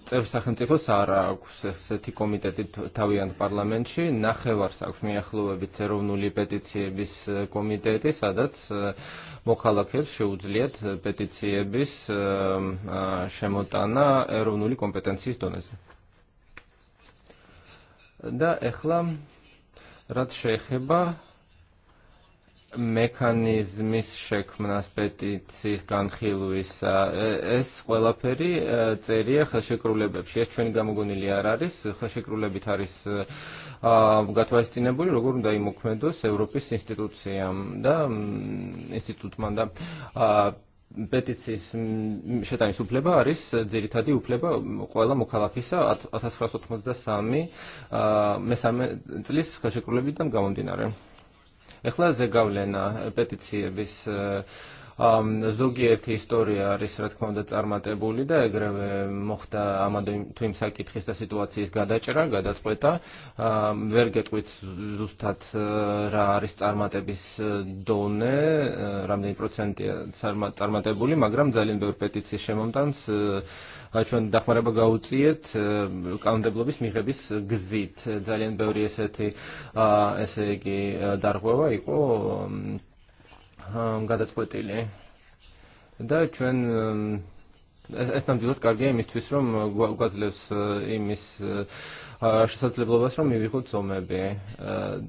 წევრ სახელმწიფოს არ აქვს ესეთი კომიტეტი თავიანთ პარლამენტში, ნახევარს აქვს მიახლოებით ეროვნული პეტიციების კომიტეტი, სადაც მოქალაქეებს შეუძლიათ პეტიციების შემოტანა iz კომპეტენციის Da, ehla, rad še heba, mekanizmi s-xek m'naspeti t Es għalaperi peri eh, serija xaxekru lebeb. Xie ċen għamugun il jararis, xaxekru lebit għaris għatwaristin ebuli, rogur da imukmedus Europis institucijam, da institut manda. Eh, petizis mm, xetajn su pleba għaris, dziritadi u pleba għuħala mukalakisa għatasħrasot mazda eh, mesame t-lis xaxekru lebit għamgħamun Iħlaż għawlena petizzija biss eh, ზოგიერთი ისტორია არის რა თქმა უნდა წარმატებული და ეგრევე მოხდა ამადო თუ იმ საკითხის და სიტუაციის გადაჭრა, გადაწყვეტა. ვერ გეტყვით ზუსტად რა არის წარმატების დონე, რამდენი პროცენტია წარმატებული, მაგრამ ძალიან ბევრი პეტიცია შემომტანს ჩვენ დახმარება გაუწიეთ კანონმდებლობის მიღების გზით. ძალიან ბევრი ესეთი ესე იგი დარღვევა იყო għadat fuq tili. Daċen, etnam ġizat kargħi mis twisrom għazlis imis xisat li bloba srom jivikut somme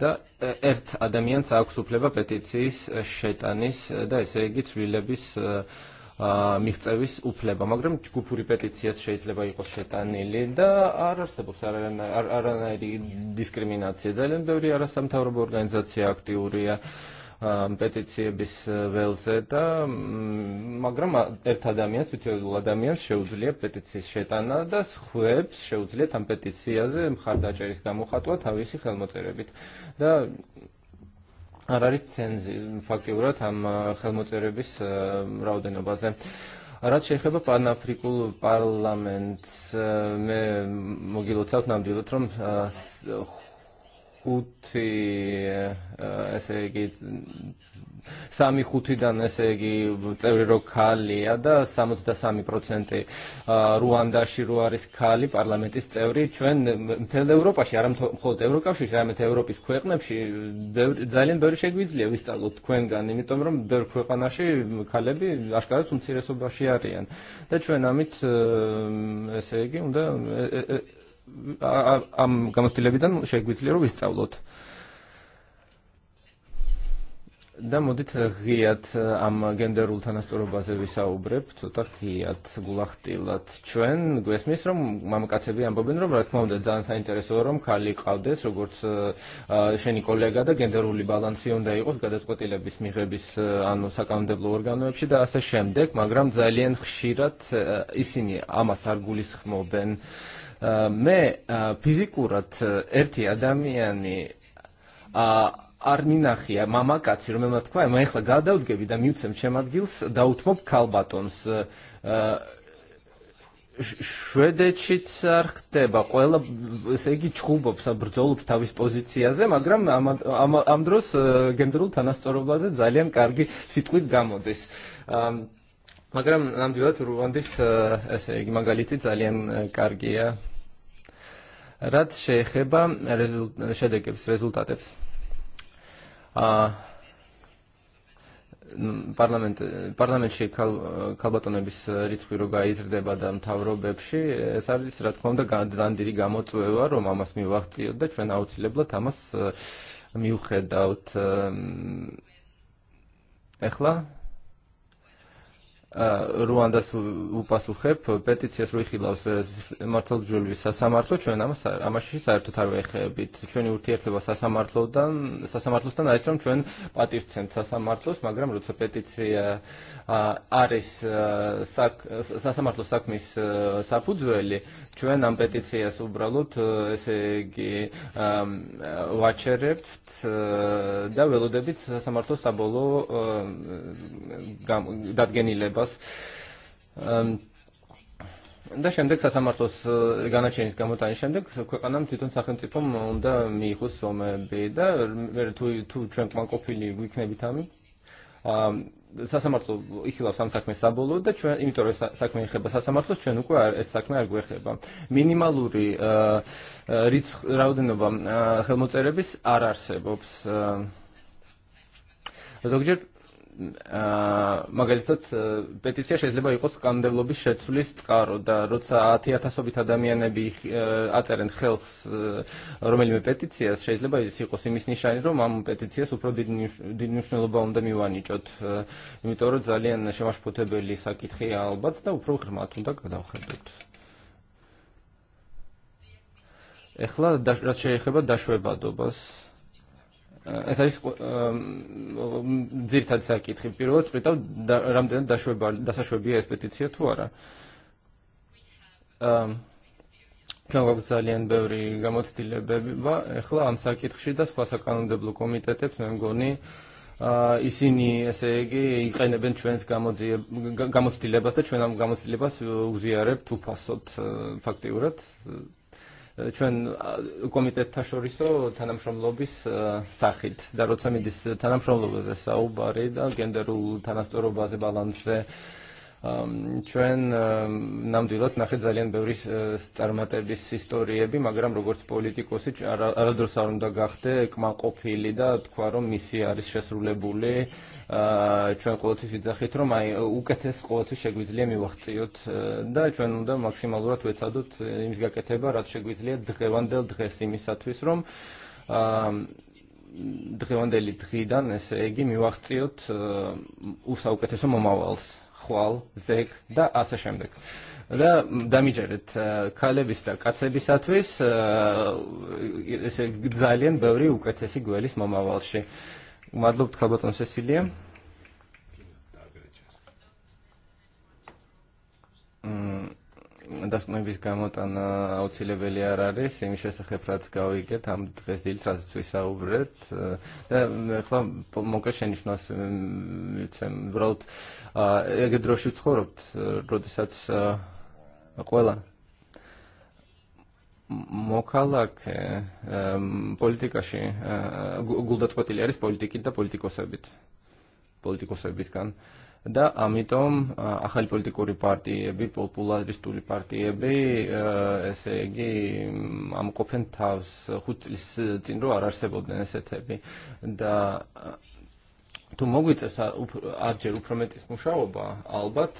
Da ert għadamjan sa' aksu pleba petizis xetanis da jse għit rilebis miħtsawis u pleba. Magram ċkupuri ripetizijas xejt leba jikos xetani li da għarra sebu għarra najri diskriminazzja. Da l għarra samtawra b'organizzazzja aktivurija პეტიციების ველზე და მაგრამ ერთ ადამიანს თითოეულ ადამიანს შეუძლია პეტიციის შეტანა და სხვებს შეუძლიათ ამ prikul parlament uh, me mogilo tsawt namdilu trom uh, ხუთი ესე იგი სამი ხუთიდან ესე იგი წევრი რო ქალია და 63% რუანდაში რო არის ქალი პარლამენტის წევრი ჩვენ მთელ ევროპაში არა მხოლოდ ევროკავშირში არამედ ევროპის ქვეყნებში ძალიან ბევრი შეგვიძლია ვისწავლოთ თქვენგან იმიტომ რომ ბევრ ქვეყანაში ქალები აშკარად უმცირესობაში არიან და ჩვენ ამით ესე იგი უნდა გამოცდილებიდან შეგვიძლია რომ ვისწავლოთ. Da modit għijat għam genderu l-tanasturu bazi bisawbrib, tuta għijat gulaħtilat ċwen, għes misrom, mam kacebi għam babin rom, rat mawdet dan sa interesorom, kalli qawdes, rogurt xeni kollega da genderu li balansi jonda jgħos, għades għot ila bis miħrebis għannu sakam deblu organu, bċi da għasa xemdek, ma gram zalien xxirat isini għama gulis xmoben. Eh, me ფიზიკურად ერთი ადამიანი Arminachia, mama kazzi, rumema tkwa, ma jħla għada u tgebi da mjutsem ċemad gils, da utmob kalbatons. Xwedeċi eh, tsar ħteba, kwella segi ċħubob sa brżol ktavis pozizija ze, magram amdros eh, gendrul tanastorobaze zaljan kargi sitwit gamodis. Ehm, magram namdilat ruandis, segi magalitit zaljan kargija rad xie ħiba xedekibs, rezultatibs. Parlament, parlament xie kalbatone bis e, ritskui roga izrdeba dam tavro bebxi, e, sarlis rad komda għaddan diri għamot u e, ewa roma mas mi waqt jodda ċven għaw lebla, tamas mi uħed għawt ehla, რუანდას უპასუხებ პეტიციას რო იხილავს მართლმსჯულის სასამართლო ჩვენ ამას ამაში საერთოდ არ ვეხებით ჩვენი ურთიერთობა სასამართლოდან სასამართლოსთან არის რომ ჩვენ პატივცემთ სასამართლოს მაგრამ როცა პეტიცია არის სასამართლოს Ubralut, S ჩვენ ამ პეტიციას უბრალოდ ესე იგი ვაჩერებთ და ველოდებით სასამართლოს საბოლოო დადგენილებას ietvaros. Ehm, da xem dek ta' samartos eh, għana ċenis għamu ta' xem xemdek, għanam titun saħħin tipom unda miħu som bejda, mertu er, tu ċenk man kopili għikne bitami. Ehm, sa' samartu iħilaw sam sakme sabulu, da ċu imitore sakme iħeba, sa' samartu ċen u għar sakme għar għiħeba. Minimaluri eh, eh, ritz raudinuba Helmut erebis arar sebobs. Zogġer, მაგალითად პეტიცია შეიძლება იყოს სკანდალობის შეცვლის წყარო და როცა 10 ათასობით ადამიანები აწერენ ხელს რომელიმე პეტიციას შეიძლება ის იყოს იმის ნიშანი რომ ამ პეტიციას უფრო დიდი potebe li sakit იმიტომ რომ da შემაშფოთებელი საკითხია ალბათ და უფრო ღრმად უნდა გადავხედოთ ეხლა რაც შეეხება დაშვებადობას Issa risku um, dzir ta' sakit xil-pirot, ramden da' xorbi petizzjat wara. Um, kan għab zalien bevri għamot stille bebiba, xla għam sakit xida skwasa kanu deblu komitete pnengoni uh, isini esegi jgħajne ben ċvenz għamot stille bas, ċven għam għamot stille bas użijareb tu passot uh, fakti urat, komitet ta' ჩვენ კომიტეტთა შორისო თანამშრომლობის სახით და როცა მიდის თანამშრომლობაზე საუბარი და გენდერულ bazi balanċe ჩვენ ნამდვილად ნახეთ ძალიან ბევრი წარმატების ისტორიები, მაგრამ როგორც პოლიტიკოსი არადროს არ უნდა გახდე კმაყოფილი და თქვა რომ მისი არის შესრულებული. ჩვენ ყოველთვის ვიძახით რომ აი უკეთეს ყოველთვის შეგვიძლია მივაღწიოთ და ჩვენ უნდა მაქსიმალურად ვეცადოთ იმის გაკეთება, რაც შეგვიძლია დღევანდელ დღეს იმისათვის რომ დღევანდელი დღიდან ესე იგი მივაღწიოთ უსაუკეთესო მომავალს zek, da Da, da ხვალ ზეგ და ასე შემდეგ. და დამიჯერეთ ქალების და კაცებისათვის ესე ძალიან ბევრი უკეთესი გველის მომავალში. Madlub ხალბატონ სესილია. Mm. Das bis დასკვნების გამოტანა აუცილებელი არ არის, იმ შესახებაც გავიგეთ ამ დღეს დილსაც ვისაუბრეთ. და ახლა მოკლედ შენიშნოს მიცემ, უბრალოდ ეგ დროში ვცხოვრობთ, როდესაც ყველა მოქალაქე პოლიტიკაში გულდაწყვეტილი არის პოლიტიკით და პოლიტიკოსებით. პოლიტიკოსებისგან. kan და ამიტომ ახალი პოლიტიკური პარტიები, პოპულარისტული პარტიები, ესე იგი, ამყოფენ თავს 5 წლის წინ რო არ არსებობდნენ ესეთები და Tu mogu jitsefsa għadġer u prometis muxawoba, għalbat,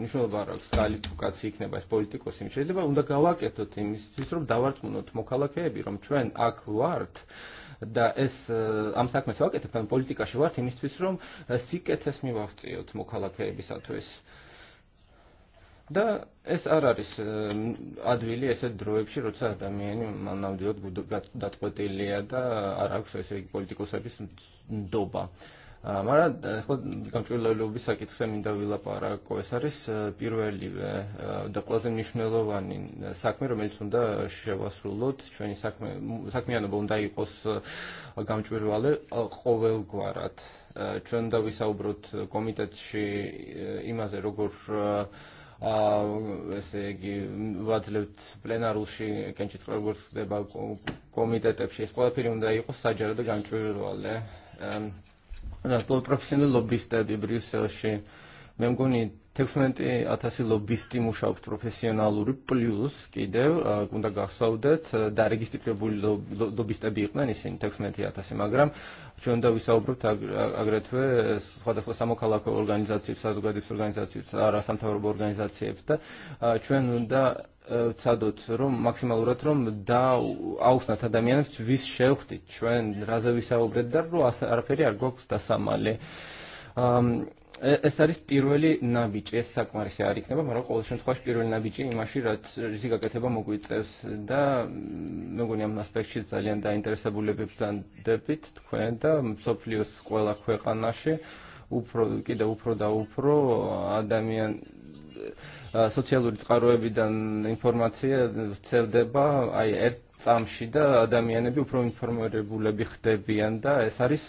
nixu barra kalifikazzji kneba politiko simċedliba, unda e e għawak jettu timis, e, jisrob dawart munut mokala kebi, rom ċwen ak wart, es amsak ამ საქმეს ვაკეთებთ politika პოლიტიკაში ვართ იმისთვის siket es mi მოქალაქეებისათვის და ეს არ da es araris eh, advili როცა droebshi rotsa adamiani manavdiot არ აქვს da araks პოლიტიკოსების politikosabis ndoba Мара, გამჭვირვალეულ საკითხზე მინდა ვილაპარაკო. ეს არის პირველი და ყველაზე მნიშვნელოვანი საქმე, რომელიც უნდა შევასრულოთ. ჩვენი საქმე საქმიანობა უნდა იყოს გამჭვირვალე ყოველგვარად. ჩვენ დავისაუბროთ კომიტეტში იმაზე, როგორ ესე იგი ვაძლევთ პლენარულში კენჭის როგორც ხდება კომიტეტებში ეს ყველაფერი უნდა იყოს საჯარო და გამჭვირვალე l-professjoni l-lobbista di Brussel ше мемгони 16 1000 ლობისტი მუშაობს პროფესიონალური პლუს კიდევ უნდა გახსოვდეთ დარეგისტრირებული ლობისტები იყვნენ ისინი 16000 s ჩვენ და ვისაუბროთ აგრეთვე სხვადასხვა სამოქალაქო ორგანიზაციებს, საზოგადოების ორგანიზაციებს, არასამთავრობო ორგანიზაციებს და ჩვენ უნდა ვცადოთ რომ მაქსიმალურად რომ და აუხსნათ ადამიანებს ვის შევხვდით ჩვენ რაზე ვისაუბრეთ და რომ არაფერი არ გვაქვს დასამალე Issa rispiru li nabiċ, issa kmar sjarik, neba marok, u xint xospiru li nabiċ, imma xirat rizika kateba mogu jitsess, da mogun jam naspekċi zalien da interesabu li bibżan debit, tkwen da, msopli u skola kweka naxi, u pro, kida u pro da u pro, għadamijan e socjaluri tqarruebi dan informazzija, cel deba, għaj ert წამში და ადამიანები უფრო ინფორმირებულები ხდებიან და ეს არის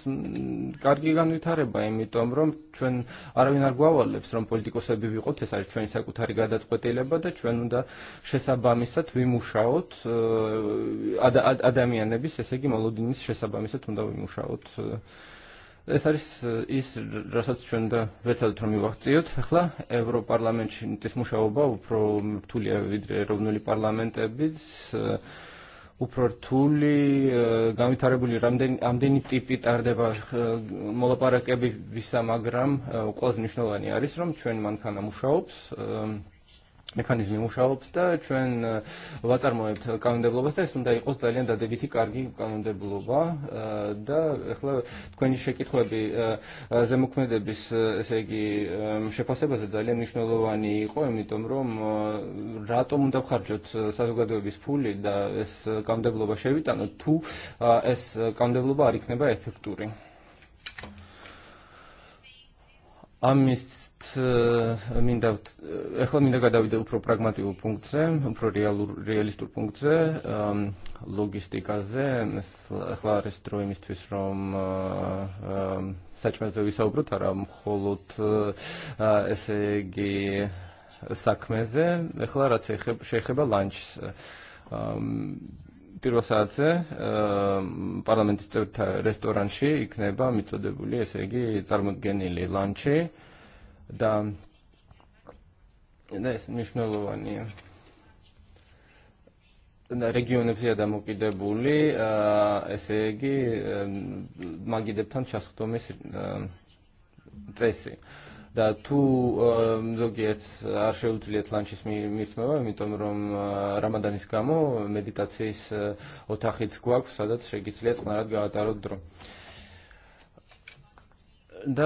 კარგი განვითარება, იმიტომ რომ ჩვენ არავინ არ გვავალებს რომ პოლიტიკოსები ვიყოთ, ეს არის ჩვენი საკუთარი გადაწყვეტილება და ჩვენ უნდა შესაბამისად ვიმუშაოთ ადამიანების, ესე იგი მოლოდინის შესაბამისად უნდა ვიმუშაოთ. ეს არის ის რასაც ჩვენ და ვეცადოთ რომ მივაღწიოთ. ახლა ევროპარლამენტში ის მუშაობა უფრო რთულია ვიდრე ეროვნული პარლამენტების უფრო რთული განვითარებული რამდენი ტიპი ტარდება მოლაპარაკებებისა, მაგრამ ყველაზე მნიშვნელოვანი არის, რომ ჩვენ მანქანა მუშაობს, მექანიზმი მუშაობს და ჩვენ ვაწარმოებთ კანონმდებლობას და ეს უნდა იყოს ძალიან დადებითი კარგი კანონმდებლობა და ახლა თქვენი შეკითხვები ზემოქმედების ესე იგი შეფასებაზე ძალიან მნიშვნელოვანი იყო, იმიტომ რომ რატომ უნდა ხარჯოთ საზოგადოების ფული და ეს კანონმდებლობა შევიტანოთ tu eh, es kanun არ იქნება efekturi. ამის მინდა ეხლა მინდა გადავიდე უფრო პრაგმატიულ პუნქტზე, უფრო რეალურ რეალისტურ პუნქტზე, ლოგისტიკაზე. ეხლა არის დრო იმისთვის, რომ საჭმელზე ვისაუბროთ, არა მხოლოდ ესე იგი საქმეზე. ეხლა რაც ეხება ლანჩს. პირველ საათზე პარლამენტის წევრთა რესტორანში იქნება მიწოდებული, ესე იგი წარმოდგენილი ლანჩი. აა da da mhix nagħlani. Regioni bżieda mu kidebuli, esegi, ma gidebtan ċaskutu mis წესი. Da tu ზოგიერთ არ შეუძლიათ ლანჩის მირთმევა, იმიტომ რომ რამადანის გამო მედიტაციის ოთახიც გვაქვს, სადაც შეგიძლიათ წყნარად გაატაროთ დრო. აა და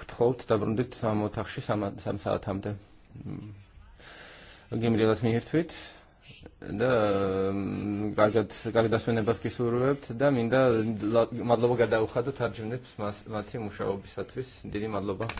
გთხოვთ დაბრუნდით ამ ოთახში სამ საათამდე. გიმრიელად მიირთვით და კარგად კარგი დასვენებას გისურვებთ და მინდა მადლობა გადაუხადოთ არჯუნებს მათი მუშაობისათვის. დიდი მადლობა.